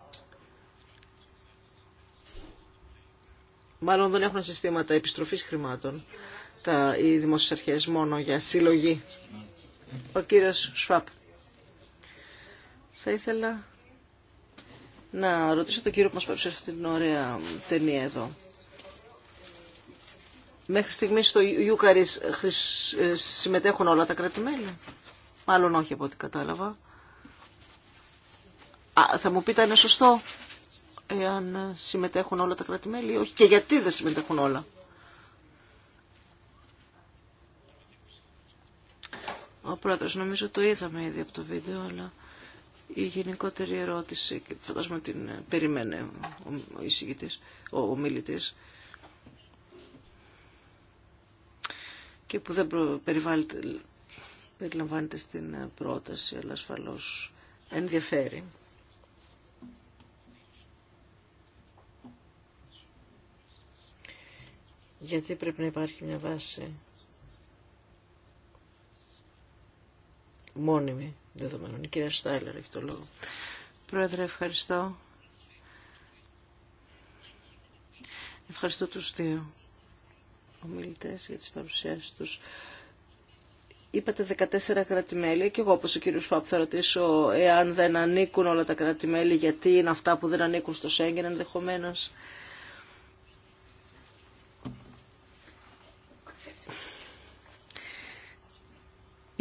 Μάλλον δεν έχουν συστήματα επιστροφής χρημάτων τα, οι δημόσιες αρχές μόνο για συλλογή. Ο κύριος Σφάπ. Θα ήθελα να ρωτήσω τον κύριο που μας παρουσίασε αυτή την ωραία ταινία εδώ. Μέχρι στιγμής στο Ιούκαρις ε, συμμετέχουν όλα τα κρατη Μάλλον όχι από ό,τι κατάλαβα. Α, θα μου πείτε αν είναι σωστό εάν συμμετέχουν όλα τα κρατη όχι και γιατί δεν συμμετέχουν όλα. Ο πρόεδρος, νομίζω το είδαμε ήδη από το βίντεο, αλλά η γενικότερη ερώτηση, και φαντάζομαι την ε, περιμένε ο εισηγητής, ο ομιλητής, και που δεν περιλαμβάνεται στην ε, πρόταση, αλλά ασφαλώς ενδιαφέρει. Γιατί πρέπει να υπάρχει μια βάση μόνιμη δεδομένων. Η κυρία Στάιλερ έχει το λόγο. Πρόεδρε, ευχαριστώ. Ευχαριστώ τους δύο ομιλητές για τις παρουσιάσεις τους. Είπατε 14 κράτη-μέλη και εγώ όπως ο κύριος Φαπ θα ρωτήσω εάν δεν ανήκουν όλα τα κράτη-μέλη γιατί είναι αυτά που δεν ανήκουν στο Σέγγεν ενδεχομένως.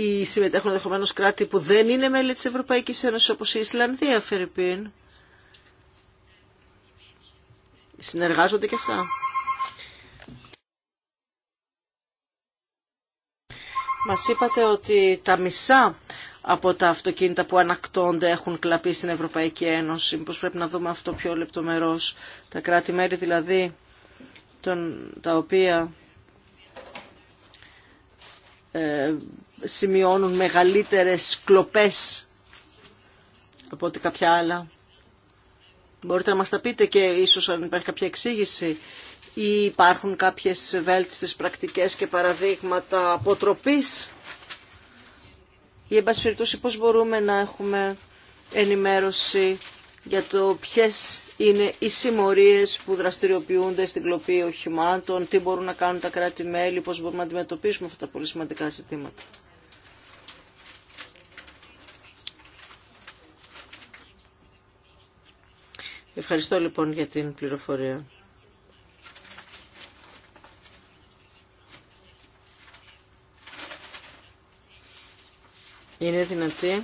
Οι συμμετέχουν ενδεχομένω κράτη που δεν είναι μέλη της Ευρωπαϊκής Ένωσης όπως η Ισλανδία, Φερρυπίν. Συνεργάζονται και αυτά. Μας είπατε ότι τα μισά από τα αυτοκίνητα που ανακτώνται έχουν κλαπεί στην Ευρωπαϊκή Ένωση. Πώς πρέπει να δούμε αυτό πιο λεπτομερώς. Τα κράτη-μέρη δηλαδή τον τα οποία ε, σημειώνουν μεγαλύτερες κλοπές από ό,τι κάποια άλλα. Μπορείτε να μας τα πείτε και ίσως αν υπάρχει κάποια εξήγηση ή υπάρχουν κάποιες βέλτιστες πρακτικές και παραδείγματα αποτροπής ή εν πάση περιπτώσει πώς μπορούμε να έχουμε ενημέρωση για το ποιες είναι οι συμμορίες που δραστηριοποιούνται στην κλοπή οχημάτων, τι μπορούν να κάνουν τα κράτη-μέλη, πώς μπορούμε να αντιμετωπίσουμε αυτά τα πολύ σημαντικά ζητήματα. Ευχαριστώ λοιπόν για την πληροφορία. Είναι δυνατή.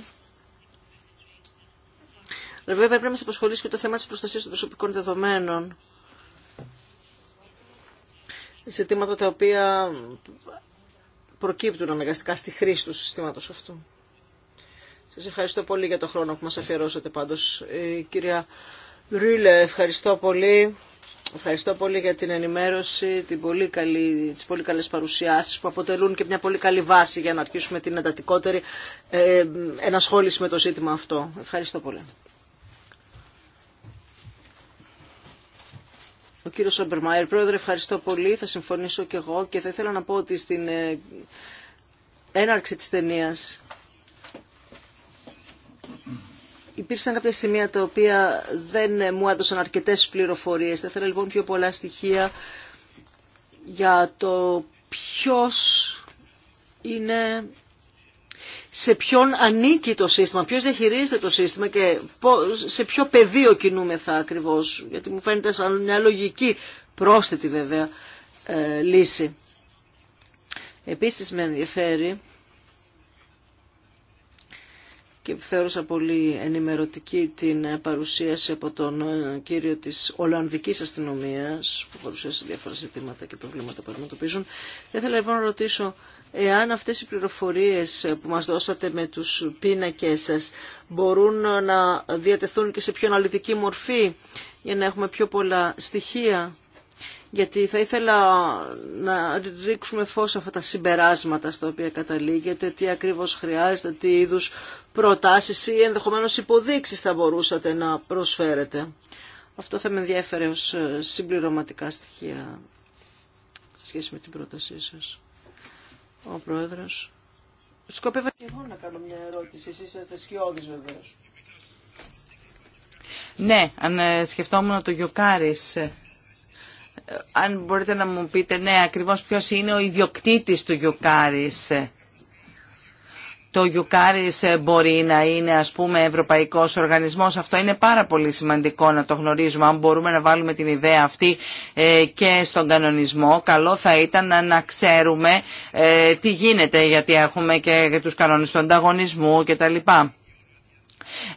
Βέβαια πρέπει να μας απασχολήσει και το θέμα της προστασίας των προσωπικών δεδομένων. Ζητήματα τα οποία προκύπτουν αναγκαστικά στη χρήση του συστήματος αυτού. Σας ευχαριστώ πολύ για το χρόνο που μας αφιερώσατε πάντως, ε, κυρία Ρίλε, ευχαριστώ πολύ. Ευχαριστώ πολύ για την ενημέρωση, την πολύ καλή, τις πολύ καλές παρουσιάσεις που αποτελούν και μια πολύ καλή βάση για να αρχίσουμε την εντατικότερη ε, ενασχόληση με το ζήτημα αυτό. Ευχαριστώ πολύ. Ο κύριο Σόμπερμαϊρ, πρόεδρε, ευχαριστώ πολύ. Θα συμφωνήσω και εγώ και θα ήθελα να πω ότι στην ε, έναρξη της ταινία υπήρξαν κάποια σημεία τα οποία δεν μου έδωσαν αρκετές πληροφορίες. Θα ήθελα λοιπόν πιο πολλά στοιχεία για το ποιος είναι σε ποιον ανήκει το σύστημα, ποιος διαχειρίζεται το σύστημα και σε ποιο πεδίο κινούμεθα ακριβώς, γιατί μου φαίνεται σαν μια λογική, πρόσθετη βέβαια, ε, λύση. Επίσης με ενδιαφέρει και θεώρησα πολύ ενημερωτική την παρουσίαση από τον ε, κύριο της Ολλανδικής Αστυνομίας που παρουσίασε διάφορα ζητήματα και προβλήματα που αντιμετωπίζουν. Θα ήθελα λοιπόν να ρωτήσω εάν αυτές οι πληροφορίες που μας δώσατε με τους πίνακες σας μπορούν να διατεθούν και σε πιο αναλυτική μορφή για να έχουμε πιο πολλά στοιχεία γιατί θα ήθελα να ρίξουμε φως αυτά τα συμπεράσματα στα οποία καταλήγετε, τι ακριβώς χρειάζεται, τι είδους προτάσεις ή ενδεχομένως υποδείξεις θα μπορούσατε να προσφέρετε. Αυτό θα με ενδιαφέρε ως ε, συμπληρωματικά στοιχεία σε σχέση με την πρότασή σας. Ο Πρόεδρος. Σκοπεύω και εγώ να κάνω μια ερώτηση. Εσείς είστε σκιώδης βεβαίως. Ναι, αν ε, σκεφτόμουν το Γιωκάρης ε, αν μπορείτε να μου πείτε, ναι, ακριβώς ποιος είναι ο ιδιοκτήτης του Γιουκάρης. Το Γιουκάρης μπορεί να είναι, ας πούμε, ευρωπαϊκός οργανισμός. Αυτό είναι πάρα πολύ σημαντικό να το γνωρίζουμε. Αν μπορούμε να βάλουμε την ιδέα αυτή ε, και στον κανονισμό, καλό θα ήταν να ξέρουμε ε, τι γίνεται, γιατί έχουμε και τους κανόνες του ανταγωνισμού κτλ.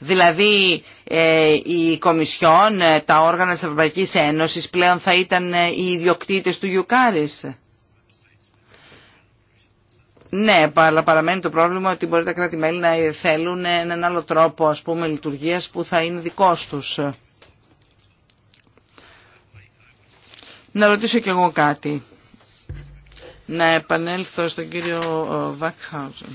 Δηλαδή ε, η Κομισιόν, ε, τα όργανα της Ευρωπαϊκής Ένωσης πλέον θα ήταν ε, οι ιδιοκτήτες του Ιουκάρης. Ναι, αλλά παραμένει το πρόβλημα ότι μπορεί τα κράτη-μέλη να θέλουν έναν άλλο τρόπο ας πούμε, λειτουργίας που θα είναι δικός τους. Να ρωτήσω κι εγώ κάτι. Να επανέλθω στον κύριο Βακχάουζεν.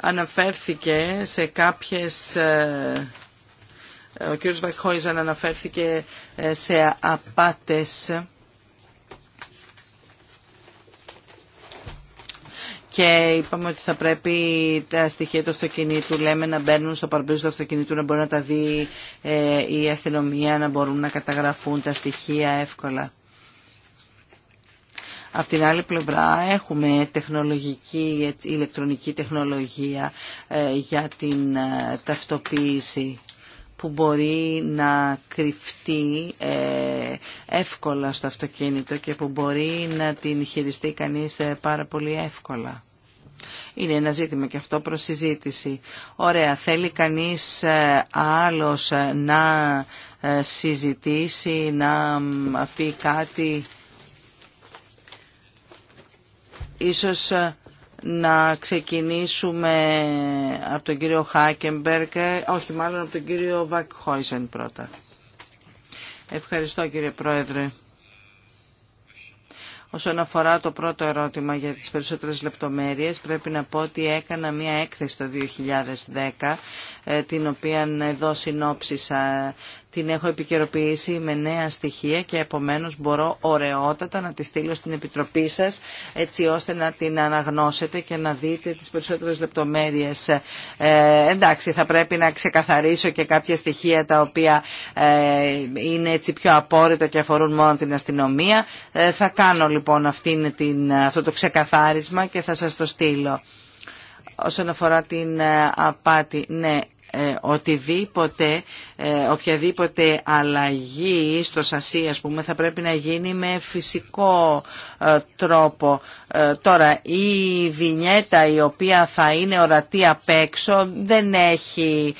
αναφέρθηκε σε κάποιες... Ε, ο κ. Βακχόιζαν αναφέρθηκε ε, σε απάτες και είπαμε ότι θα πρέπει τα στοιχεία του αυτοκινήτου λέμε να μπαίνουν στο παρμπίζο του αυτοκινήτου να μπορεί να τα δει ε, η αστυνομία να μπορούν να καταγραφούν τα στοιχεία εύκολα. Απ' την άλλη πλευρά έχουμε τεχνολογική, ηλεκτρονική τεχνολογία ε, για την ε, ταυτοποίηση που μπορεί να κρυφτεί ε, εύκολα στο αυτοκίνητο και που μπορεί να την χειριστεί κανείς πάρα πολύ εύκολα. Είναι ένα ζήτημα και αυτό προς συζήτηση. Ωραία, θέλει κανείς άλλος να συζητήσει, να πει κάτι Ίσως ε, να ξεκινήσουμε από τον κύριο Χάκεμπερκ, ε, όχι μάλλον από τον κύριο Βακχόισεν πρώτα. Ευχαριστώ κύριε Πρόεδρε. Όσον αφορά το πρώτο ερώτημα για τις περισσότερες λεπτομέρειες, πρέπει να πω ότι έκανα μία έκθεση το 2010, ε, την οποία εδώ συνόψισα την έχω επικαιροποιήσει με νέα στοιχεία και επομένως μπορώ ωραιότατα να τη στείλω στην Επιτροπή σας έτσι ώστε να την αναγνώσετε και να δείτε τις περισσότερες λεπτομέρειες. Ε, εντάξει, θα πρέπει να ξεκαθαρίσω και κάποια στοιχεία τα οποία ε, είναι έτσι πιο απόρριτα και αφορούν μόνο την αστυνομία. Ε, θα κάνω λοιπόν αυτήν αυτό το ξεκαθάρισμα και θα σας το στείλω. Όσον αφορά την απάτη, ναι, ε, οτιδήποτε, ε, οποιαδήποτε αλλαγή στο σασί ας πούμε θα πρέπει να γίνει με φυσικό ε, τρόπο. Τώρα η βινιέτα η οποία θα είναι ορατή απ' έξω δεν έχει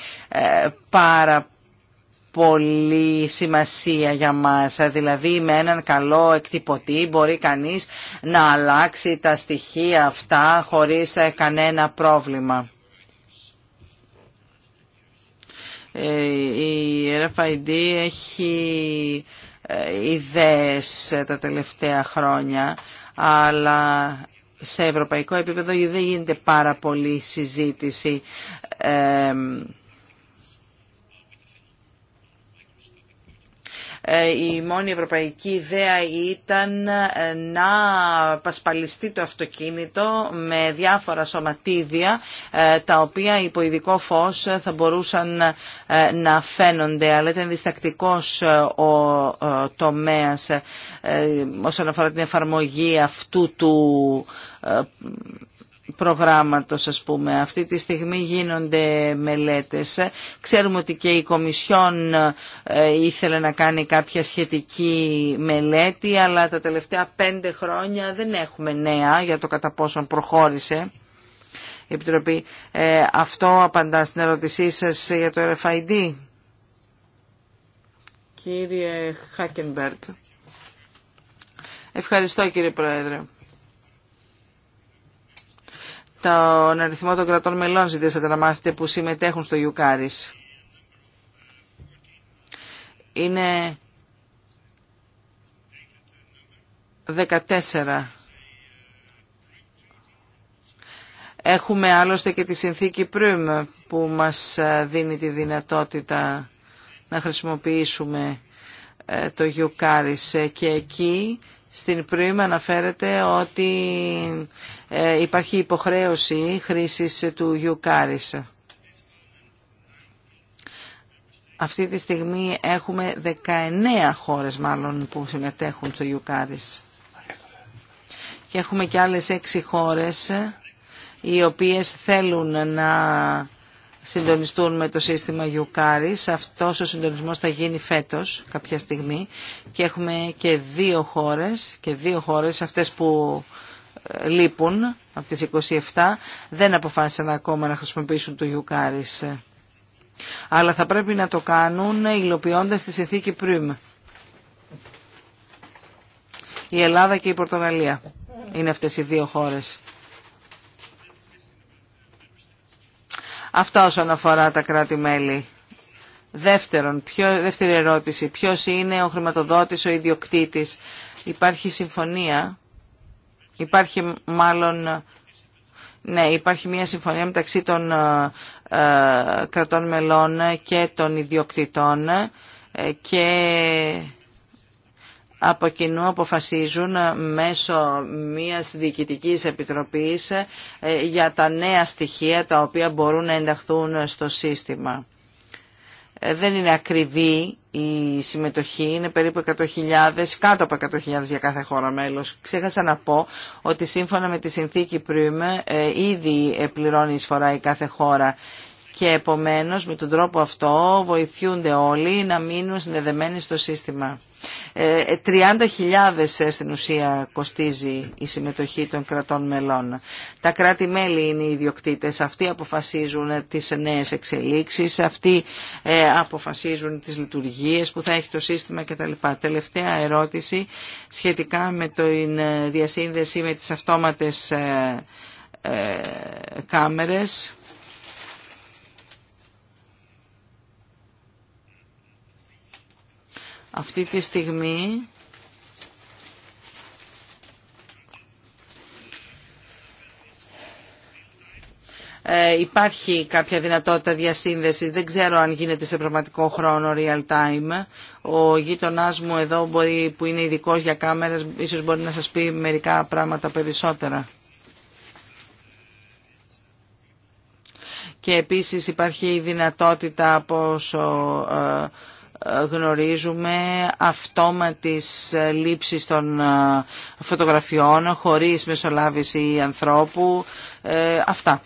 πάρα πολύ σημασία για μας. Δηλαδή με έναν καλό εκτυπωτή μπορεί κανείς να αλλάξει τα στοιχεία αυτά χωρίς κανένα πρόβλημα. Ε, η RFID έχει ε, ιδέες ε, τα τελευταία χρόνια, αλλά σε ευρωπαϊκό επίπεδο δεν γίνεται πάρα πολύ συζήτηση Ε, η μόνη ευρωπαϊκή ιδέα ήταν ε, να πασπαλιστεί το αυτοκίνητο με διάφορα σωματίδια ε, τα οποία υπό ειδικό φως θα μπορούσαν να φαίνονται. Αλλά ήταν διστακτικός ο τομέας όσον αφορά την εφαρμογή αυτού του προγράμματος ας πούμε. Αυτή τη στιγμή γίνονται μελέτες. Ξέρουμε ότι και η Κομισιόν ε, ήθελε να κάνει κάποια σχετική μελέτη αλλά τα τελευταία πέντε χρόνια δεν έχουμε νέα για το κατά πόσον προχώρησε. Επιτροπή ε, αυτό απαντά στην ερώτησή σας για το RFID. Κύριε Χάκενμπεργκ. Ευχαριστώ κύριε Πρόεδρε τον αριθμό των κρατών μελών ζητήσατε να μάθετε που συμμετέχουν στο Ιουκάρις. Είναι 14. Έχουμε άλλωστε και τη συνθήκη Πρύμ που μας δίνει τη δυνατότητα να χρησιμοποιήσουμε ε, το Ιουκάρις ε, και εκεί στην με αναφέρεται ότι ε, υπάρχει υποχρέωση χρήσης του γιουκάρις. Αυτή τη στιγμή έχουμε 19 χώρες μάλλον που συμμετέχουν στο Ιουκάρις. Και έχουμε και άλλες 6 χώρες οι οποίες θέλουν να συντονιστούν με το σύστημα Ιουκάρης. Αυτός ο συντονισμός θα γίνει φέτος κάποια στιγμή και έχουμε και δύο χώρες, και δύο χώρες αυτές που ε, λείπουν από τις 27 δεν αποφάσισαν ακόμα να χρησιμοποιήσουν το Ιουκάρης. Αλλά θα πρέπει να το κάνουν υλοποιώντα τη συνθήκη πρίμ Η Ελλάδα και η Πορτογαλία είναι αυτές οι δύο χώρες. Αυτά όσον αφορά τα κράτη-μέλη. Δεύτερον, ποιο, δεύτερη ερώτηση. Ποιος είναι ο χρηματοδότης, ο ιδιοκτήτης. Υπάρχει συμφωνία. Υπάρχει μάλλον... Ναι, υπάρχει μια συμφωνία μεταξύ των ε, ε, κρατών μελών και των ιδιοκτητών ε, και από κοινού αποφασίζουν ε, μέσω μιας διοικητικής επιτροπής ε, για τα νέα στοιχεία τα οποία μπορούν να ενταχθούν στο σύστημα. Ε, δεν είναι ακριβή η συμμετοχή, είναι περίπου 100.000, κάτω από 100.000 για κάθε χώρα μέλος. Ξέχασα να πω ότι σύμφωνα με τη συνθήκη πριν ήδη πληρώνει εισφορά η κάθε χώρα και επομένως με τον τρόπο αυτό βοηθούνται όλοι να μείνουν συνδεδεμένοι στο σύστημα. 30.000 ε, ε, στην ουσία κοστίζει η συμμετοχή των κρατών μελών. Τα κράτη-μέλη είναι οι ιδιοκτήτες, αυτοί αποφασίζουν ε, τις νέες εξελίξεις, αυτοί αποφασίζουν τις λειτουργίες που θα έχει το σύστημα κτλ. Τελευταία ερώτηση σχετικά με την διασύνδεση με τις αυτόματες κάμερες Αυτή τη στιγμή ε, υπάρχει κάποια δυνατότητα διασύνδεσης, δεν ξέρω αν γίνεται σε πραγματικό χρόνο real time. Ο γείτονά μου εδώ μπορεί, που είναι ειδικό για κάμερες ίσως μπορεί να σας πει μερικά πράγματα περισσότερα. Και επίσης υπάρχει η δυνατότητα από όσο, ε, γνωρίζουμε αυτόματης λήψης των ε, φωτογραφιών χωρίς μεσολάβηση ανθρώπου. αυτά.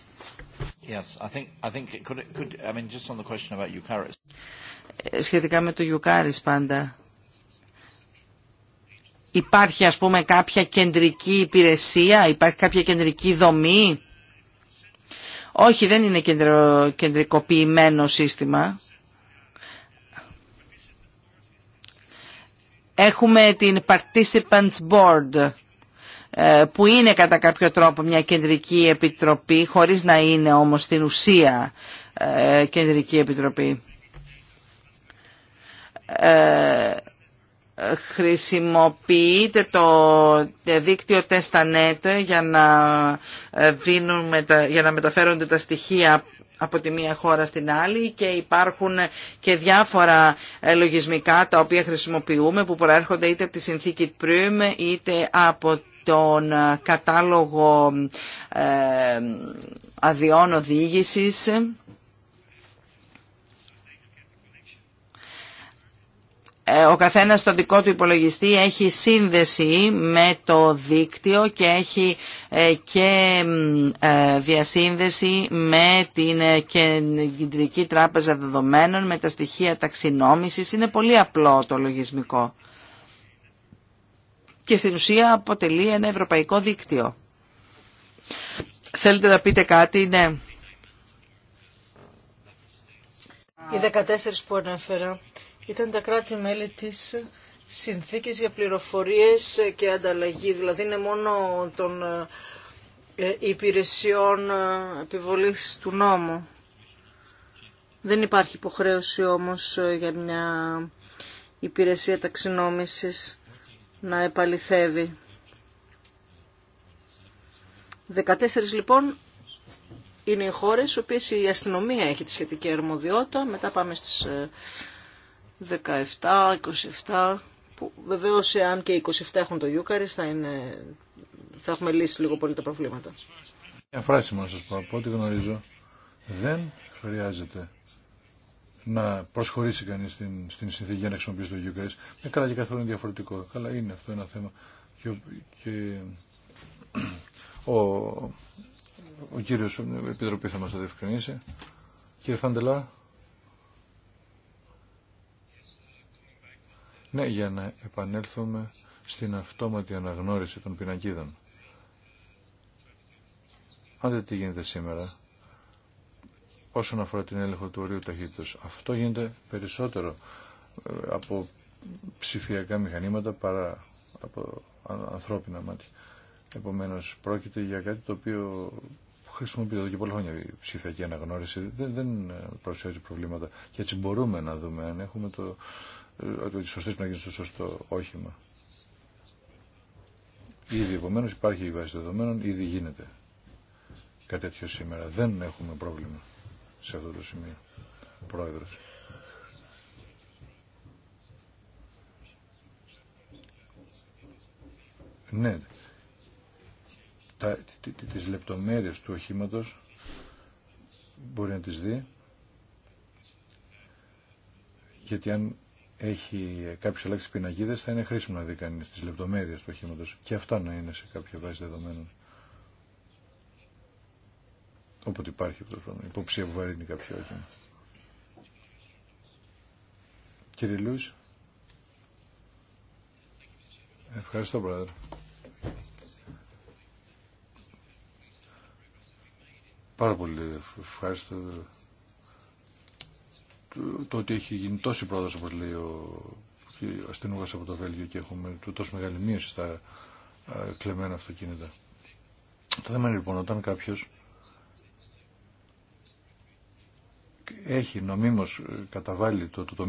Σχετικά με το Ιουκάρις πάντα. Υπάρχει ας πούμε κάποια κεντρική υπηρεσία, υπάρχει κάποια κεντρική δομή. Όχι, δεν είναι κεντρικοποιημένο σύστημα. Έχουμε την Participants Board ε, που είναι κατά κάποιο τρόπο μια κεντρική επιτροπή χωρίς να είναι όμως στην ουσία ε, κεντρική επιτροπή. Ε, χρησιμοποιείται το δίκτυο Testanet για να, για να μεταφέρονται τα στοιχεία από τη μία χώρα στην άλλη και υπάρχουν και διάφορα ε, λογισμικά τα οποία χρησιμοποιούμε που προέρχονται είτε από τη συνθήκη ΠΡΟΥΜ είτε από τον ε, κατάλογο ε, αδειών οδήγησης Ε, ο καθένας στο δικό του υπολογιστή έχει σύνδεση με το δίκτυο και έχει ε, και ε, διασύνδεση με την Κεντρική Τράπεζα Δεδομένων, με τα στοιχεία ταξινόμησης. Είναι πολύ απλό το λογισμικό. Και στην ουσία αποτελεί ένα ευρωπαϊκό δίκτυο. Θέλετε να πείτε κάτι, ναι. Οι 14 που ανέφερα ήταν τα κράτη-μέλη της συνθήκης για πληροφορίες και ανταλλαγή. Δηλαδή είναι μόνο των ε, ε, υπηρεσιών ε, επιβολής του νόμου. Δεν υπάρχει υποχρέωση όμως για μια υπηρεσία ταξινόμησης να επαληθεύει. 14 λοιπόν είναι οι χώρες, οι οποίες η αστυνομία έχει τη σχετική αρμοδιότητα. Μετά πάμε στις 17, 27, που βεβαίως εάν και 27 έχουν το Ιούκαρις θα, είναι, θα έχουμε λύσει λίγο πολύ τα προβλήματα. Μια φράση να σας πω, από ό,τι γνωρίζω, δεν χρειάζεται να προσχωρήσει κανεί στην, στην συνθήκη για να χρησιμοποιήσει το Ιούκαρις. Είναι καλά και καθόλου διαφορετικό. Καλά είναι αυτό ένα θέμα. Και, ο, ο κύριος Επιτροπή θα μας το διευκρινίσει. Κύριε Φαντελά. Ναι, για να επανέλθουμε στην αυτόματη αναγνώριση των πινακίδων. Αν δεν τι γίνεται σήμερα, όσον αφορά την έλεγχο του ορίου ταχύτητος, αυτό γίνεται περισσότερο ε, από ψηφιακά μηχανήματα παρά από ανθρώπινα μάτια. Επομένως, πρόκειται για κάτι το οποίο χρησιμοποιείται εδώ και πολλά χρόνια η ψηφιακή αναγνώριση. Δεν, δεν ε, προβλήματα. Και έτσι μπορούμε να δούμε αν έχουμε το, ε, ότι σωστές να γίνει στο σωστό όχημα. Ήδη επομένω υπάρχει η βάση δεδομένων, ήδη γίνεται κάτι τέτοιο σήμερα. Δεν έχουμε πρόβλημα σε αυτό το σημείο. Πρόεδρος. Ναι, τα, τις λεπτομέρειες του οχήματο μπορεί να τις δει γιατί αν έχει κάποιες αλλάξει πιναγίδες θα είναι χρήσιμο να δει κανείς τις λεπτομέρειες του οχήματο και αυτά να είναι σε κάποια βάση δεδομένων. Όποτε υπάρχει υποψία που βαρύνει κάποιο όχημα. Κύριε Λούς. Ευχαριστώ πρόεδρε. Πάρα πολύ ευχαριστώ το ότι έχει γίνει τόση πρόοδος όπως λέει ο αστυνούγας από το Βέλγιο και έχουμε τόσο μεγάλη μείωση στα ε, κλεμμένα αυτοκίνητα. Το θέμα είναι λοιπόν όταν κάποιος έχει νομίμως ε, καταβάλει το, το,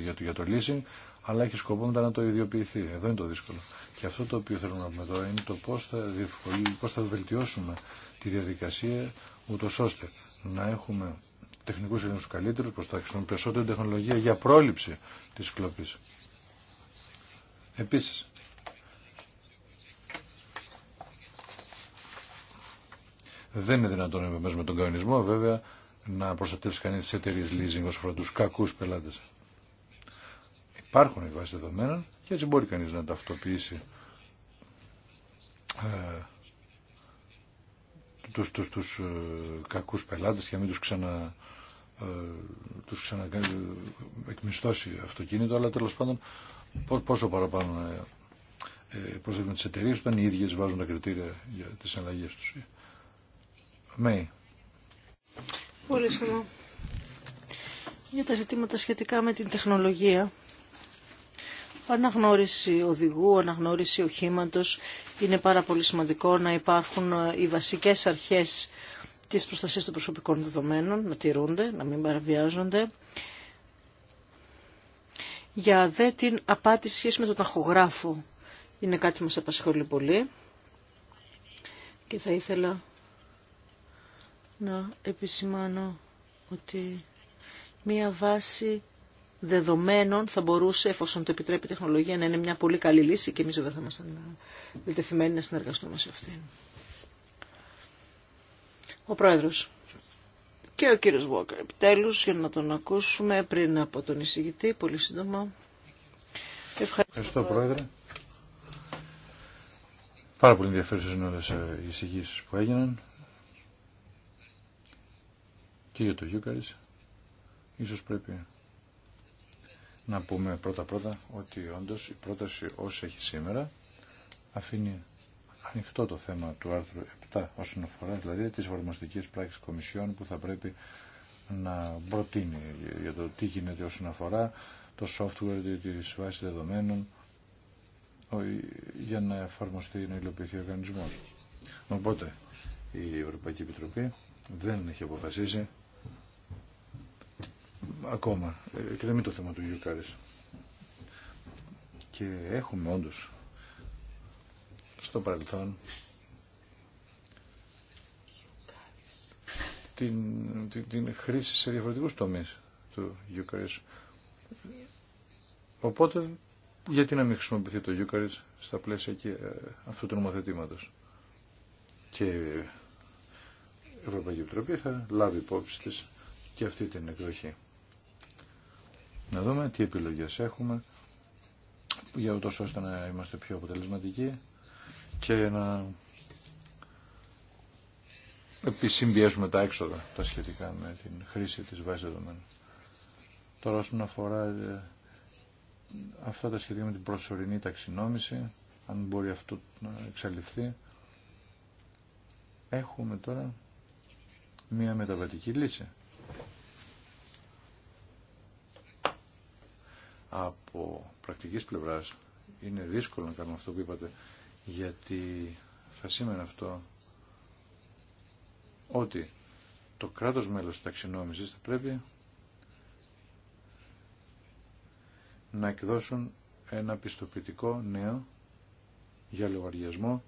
για το, για το leasing, αλλά έχει σκοπό μετά να το ιδιοποιηθεί. Εδώ είναι το δύσκολο. Και αυτό το οποίο θέλουμε να πούμε εδώ είναι το πώς θα, θα βελτιώσουμε τη διαδικασία, ούτω ώστε να έχουμε τεχνικούς τους καλύτερους, πως θα χρησιμοποιούν περισσότερη τεχνολογία για πρόληψη της κλοπής. Επίσης, δεν είναι δυνατόν μέσα με τον κανονισμό βέβαια να προστατεύσει κανείς τις εταιρείες leasing ως αφορά τους κακούς πελάτες. Υπάρχουν οι βάσεις δεδομένων και έτσι μπορεί κανείς να ταυτοποιήσει ε, τους, τους, ε, κακούς πελάτες και να μην τους ξανα ε, τους ξαναεκμισθώσει ε, αυτοκίνητο, αλλά τέλος πάντων πόσο παραπάνω ε, προσέχουμε τις εταιρείες όταν οι ίδιες βάζουν τα κριτήρια για τις αλλαγές τους. Μέι. Πολύ σημαντικό. Για τα ζητήματα σχετικά με την τεχνολογία, αναγνώριση οδηγού, αναγνώριση οχήματος, είναι πάρα πολύ σημαντικό να υπάρχουν οι βασικές αρχές τις προστασίες των προσωπικών δεδομένων να τηρούνται, να μην παραβιάζονται. Για δε την απάτηση σχέση με τον ταχογράφο είναι κάτι που μας απασχολεί πολύ και θα ήθελα να επισημάνω ότι μία βάση δεδομένων θα μπορούσε, εφόσον το επιτρέπει η τεχνολογία, να είναι μια πολύ καλή λύση και εμείς βέβαια θα ήμασταν διτεθειμένοι να ειναι μια πολυ καλη λυση και εμεις δεν θα ημασταν διτεθειμενοι να συνεργαστουμε σε αυτήν. Ο Πρόεδρος και ο κύριος Βόκερ. Επιτέλους, για να τον ακούσουμε πριν από τον εισηγητή, πολύ σύντομα. Ευχαριστώ, Ευχαριστώ Πρόεδρε. Πάρα πολύ ενδιαφέρουσες είναι όλες ε, οι εισηγήσεις που έγιναν. Και για το Γιούκαρις, ίσως πρέπει να πούμε πρώτα-πρώτα ότι όντως η πρόταση όσο έχει σήμερα αφήνει ανοιχτό το θέμα του άρθρου 7 όσον αφορά δηλαδή τις εφαρμοστικές πράξεις κομισιών που θα πρέπει να προτείνει για το τι γίνεται όσον αφορά το software της βάσης δεδομένων για να εφαρμοστεί να υλοποιηθεί ο οργανισμός. Οπότε η Ευρωπαϊκή Επιτροπή δεν έχει αποφασίσει ακόμα ε, και δεν είναι το θέμα του Ιουκάρης και έχουμε όντως στο παρελθόν την, την, την χρήση σε διαφορετικούς τομείς του Eucharist. Οπότε, γιατί να μην χρησιμοποιηθεί το Eucharist στα πλαίσια ε, αυτού του νομοθετήματος. Και η Ευρωπαϊκή Επιτροπή θα λάβει υπόψη της και αυτή την εκδοχή. Να δούμε τι επιλογές έχουμε για ούτως ώστε να είμαστε πιο αποτελεσματικοί και να επισυμπιέσουμε τα έξοδα τα σχετικά με την χρήση της βάσης δεδομένων. Τώρα όσον αφορά ε, αυτά τα σχετικά με την προσωρινή ταξινόμηση, αν μπορεί αυτό να εξαλειφθεί, έχουμε τώρα μία μεταβατική λύση. Από πρακτικής πλευράς είναι δύσκολο να κάνουμε αυτό που είπατε γιατί θα σήμαινε αυτό ότι το κράτος μέλος ταξινόμησης θα πρέπει να εκδώσουν ένα πιστοποιητικό νέο για λογαριασμό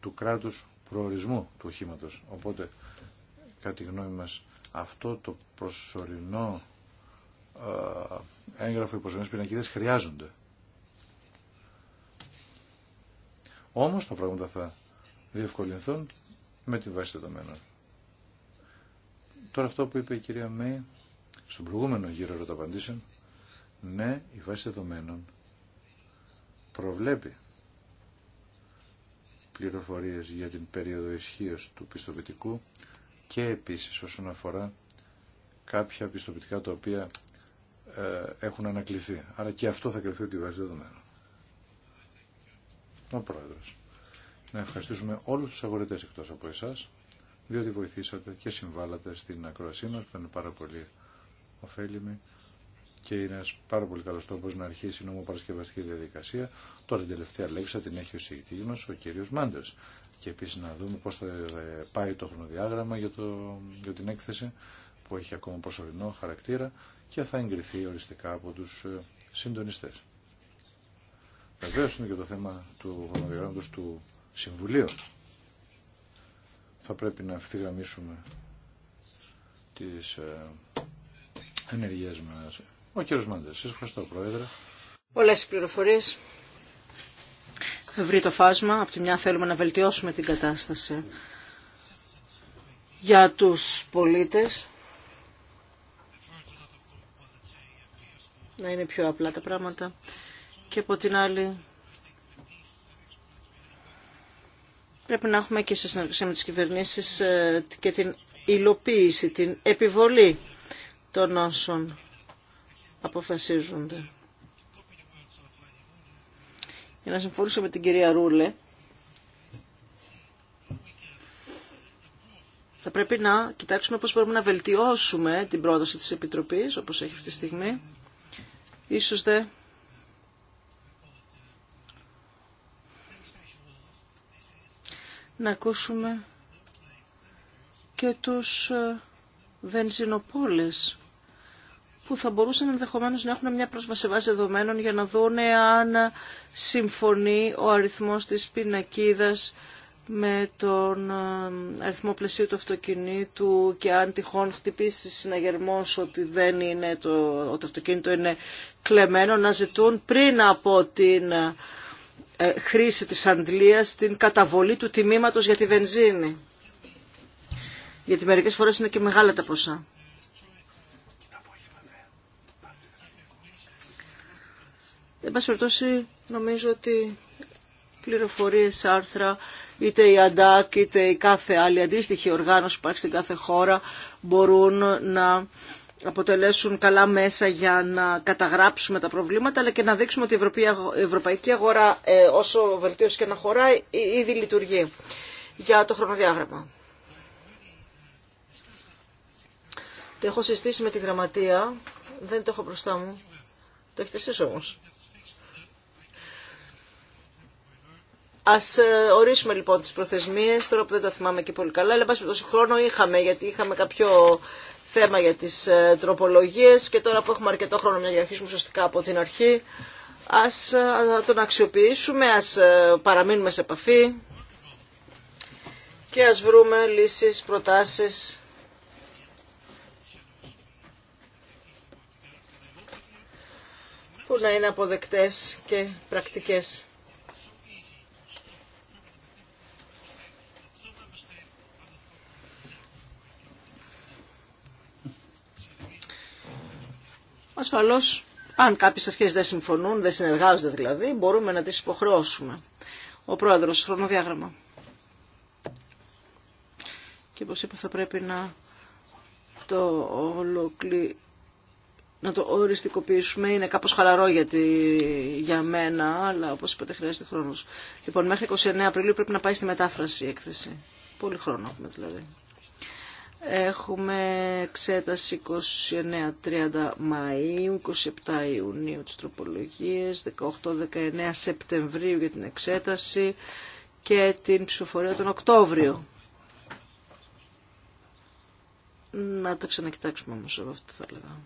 του κράτους προορισμού του οχήματο. Οπότε, κατά γνώμη μας, αυτό το προσωρινό ε, έγγραφο υποζωνές πινακίδες χρειάζονται. Όμως τα πράγματα θα διευκολυνθούν με τη βάση δεδομένων. Τώρα αυτό που είπε η κυρία Μέη στον προηγούμενο γύρο ερωταπαντήσεων, ναι, η βάση δεδομένων προβλέπει πληροφορίες για την περίοδο ισχύω του πιστοποιητικού και επίσης όσον αφορά κάποια πιστοποιητικά τα οποία ε, έχουν ανακληθεί. Άρα και αυτό θα κρυφθεί ότι βάση δεδομένων. Ο Πρόεδρος. Να ευχαριστήσουμε όλους τους αγορετές εκτός από εσάς, διότι βοηθήσατε και συμβάλλατε στην ακροασή μας, που είναι πάρα πολύ ωφέλιμη και είναι ένας πάρα πολύ καλός τρόπο να αρχίσει η νομοπαρασκευαστική διαδικασία. Τώρα την τελευταία λέξη την έχει ο συγητής ο κύριος Μάντες. Και επίσης να δούμε πώς θα πάει το χρονοδιάγραμμα για, το, για την έκθεση που έχει ακόμα προσωρινό χαρακτήρα και θα εγκριθεί οριστικά από τους ε, συντονιστέ. Βεβαίω είναι και το θέμα του χρονοδιαγράμματο του Συμβουλίου. Θα πρέπει να ευθυγραμμίσουμε τι ε, ενεργέ μα. Ο κύριο Μαντέρ. σα ευχαριστώ, Πρόεδρε. Πολλέ πληροφορίε. Θα βρει το φάσμα. Από τη μια θέλουμε να βελτιώσουμε την κατάσταση για τους πολίτες. Να είναι πιο απλά τα πράγματα και από την άλλη πρέπει να έχουμε και σε συνεργασία με τις κυβερνήσεις ε, και την υλοποίηση, την επιβολή των όσων αποφασίζονται. Για να συμφωνήσω με την κυρία Ρούλε, θα πρέπει να κοιτάξουμε πώς μπορούμε να βελτιώσουμε την πρόταση της Επιτροπής, όπως έχει αυτή τη στιγμή. Ίσως δεν να ακούσουμε και τους ε, βενζινοπόλες που θα μπορούσαν ενδεχομένως να έχουν μια πρόσβαση βάση δεδομένων για να δούνε αν συμφωνεί ο αριθμός της πινακίδας με τον ε, αριθμό πλαισίου του αυτοκινήτου και αν τυχόν χτυπήσει συναγερμός ότι δεν είναι το, ότι το αυτοκίνητο είναι κλεμμένο να ζητούν πριν από την ε, χρήση της αντλίας στην καταβολή του τιμήματος για τη βενζίνη. Γιατί μερικές φορές είναι και μεγάλα τα ποσά. Εν πάση περιπτώσει, νομίζω ότι πληροφορίες, άρθρα, είτε η ΑΝΤΑΚ, είτε η κάθε άλλη αντίστοιχη οργάνωση που υπάρχει στην κάθε χώρα μπορούν να αποτελέσουν καλά μέσα για να καταγράψουμε τα προβλήματα αλλά και να δείξουμε ότι η ευρωπαϊκή αγορά ε, όσο βελτίωση και να χωράει ήδη λειτουργεί για το χρονοδιάγραμμα. Το έχω συστήσει με τη γραμματεία, δεν το έχω μπροστά μου. Το έχετε εσείς όμως. Ας ε, ορίσουμε λοιπόν τις προθεσμίες, τώρα που δεν τα θυμάμαι και πολύ καλά, αλλά πάση χρόνο είχαμε, γιατί είχαμε κάποιο θέμα για τις ε, τροπολογίες και τώρα που έχουμε αρκετό χρόνο να διαρχίσουμε σωστικά από την αρχή ας ε, τον αξιοποιήσουμε, ας ε, παραμείνουμε σε επαφή και ας βρούμε λύσεις, προτάσεις. που να είναι αποδεκτές και πρακτικές. Ασφαλώς, αν κάποιε αρχές δεν συμφωνούν, δεν συνεργάζονται δηλαδή, μπορούμε να τις υποχρεώσουμε. Ο πρόεδρος, χρονοδιάγραμμα. Και όπως είπα θα πρέπει να το ολοκλη... να το οριστικοποιήσουμε. Είναι κάπως χαλαρό γιατί, για μένα, αλλά όπως είπατε χρειάζεται χρόνος. Λοιπόν, μέχρι 29 Απριλίου πρέπει να πάει στη μετάφραση η έκθεση. Πολύ χρόνο έχουμε δηλαδή. Έχουμε εξέταση 29-30 Μαΐου, 27 Ιουνίου τις τροπολογίες, 18-19 Σεπτεμβρίου για την εξέταση και την ψηφοφορία τον Οκτώβριο. Να το ξανακοιτάξουμε όμως εγώ αυτό θα έλεγα.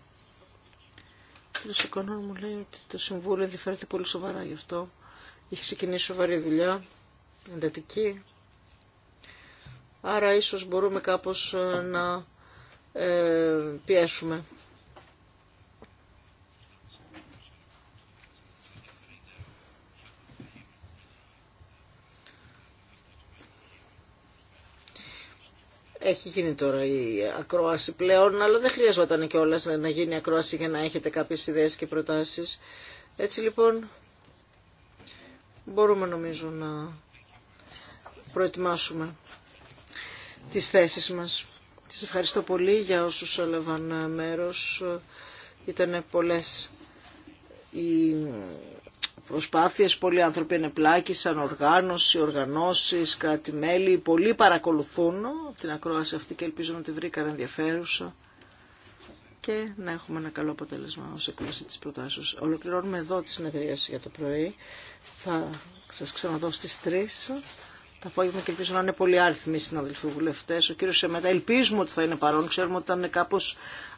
Ο κ. μου λέει ότι το Συμβούλιο ενδιαφέρεται πολύ σοβαρά γι' αυτό. Έχει ξεκινήσει σοβαρή δουλειά, εντατική, άρα ίσως μπορούμε κάπως ε, να ε, πιέσουμε. Έχει γίνει τώρα η ακρόαση πλέον, αλλά δεν χρειαζόταν και όλα να γίνει ακρόαση για να έχετε κάποιες ιδέες και προτάσεις. Έτσι λοιπόν μπορούμε νομίζω να προετοιμάσουμε τις θέσεις μας. Σας ευχαριστώ πολύ για όσους έλαβαν μέρος. Ήταν πολλές οι προσπάθειες, πολλοί άνθρωποι ενεπλάκησαν, οργάνωση, οργανώσεις, κάτι μέλη. Πολλοί παρακολουθούν την ακρόαση αυτή και ελπίζω να τη βρήκαν ενδιαφέρουσα και να έχουμε ένα καλό αποτέλεσμα ως εκπλήση της προτάσεως. Ολοκληρώνουμε εδώ τη συνεδρίαση για το πρωί. Θα σας ξαναδώ στις 3 το απόγευμα και ελπίζω να είναι πολύ άριθμοι οι συναδελφοί βουλευτέ. Ο κύριο Σεμέτα, ελπίζουμε ότι θα είναι παρόν. Ξέρουμε ότι ήταν κάπω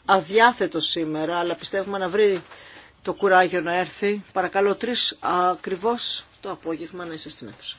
αδιάθετο σήμερα, αλλά πιστεύουμε να βρει το κουράγιο να έρθει. Παρακαλώ, τρει ακριβώ το απόγευμα να είσαι στην αίθουσα.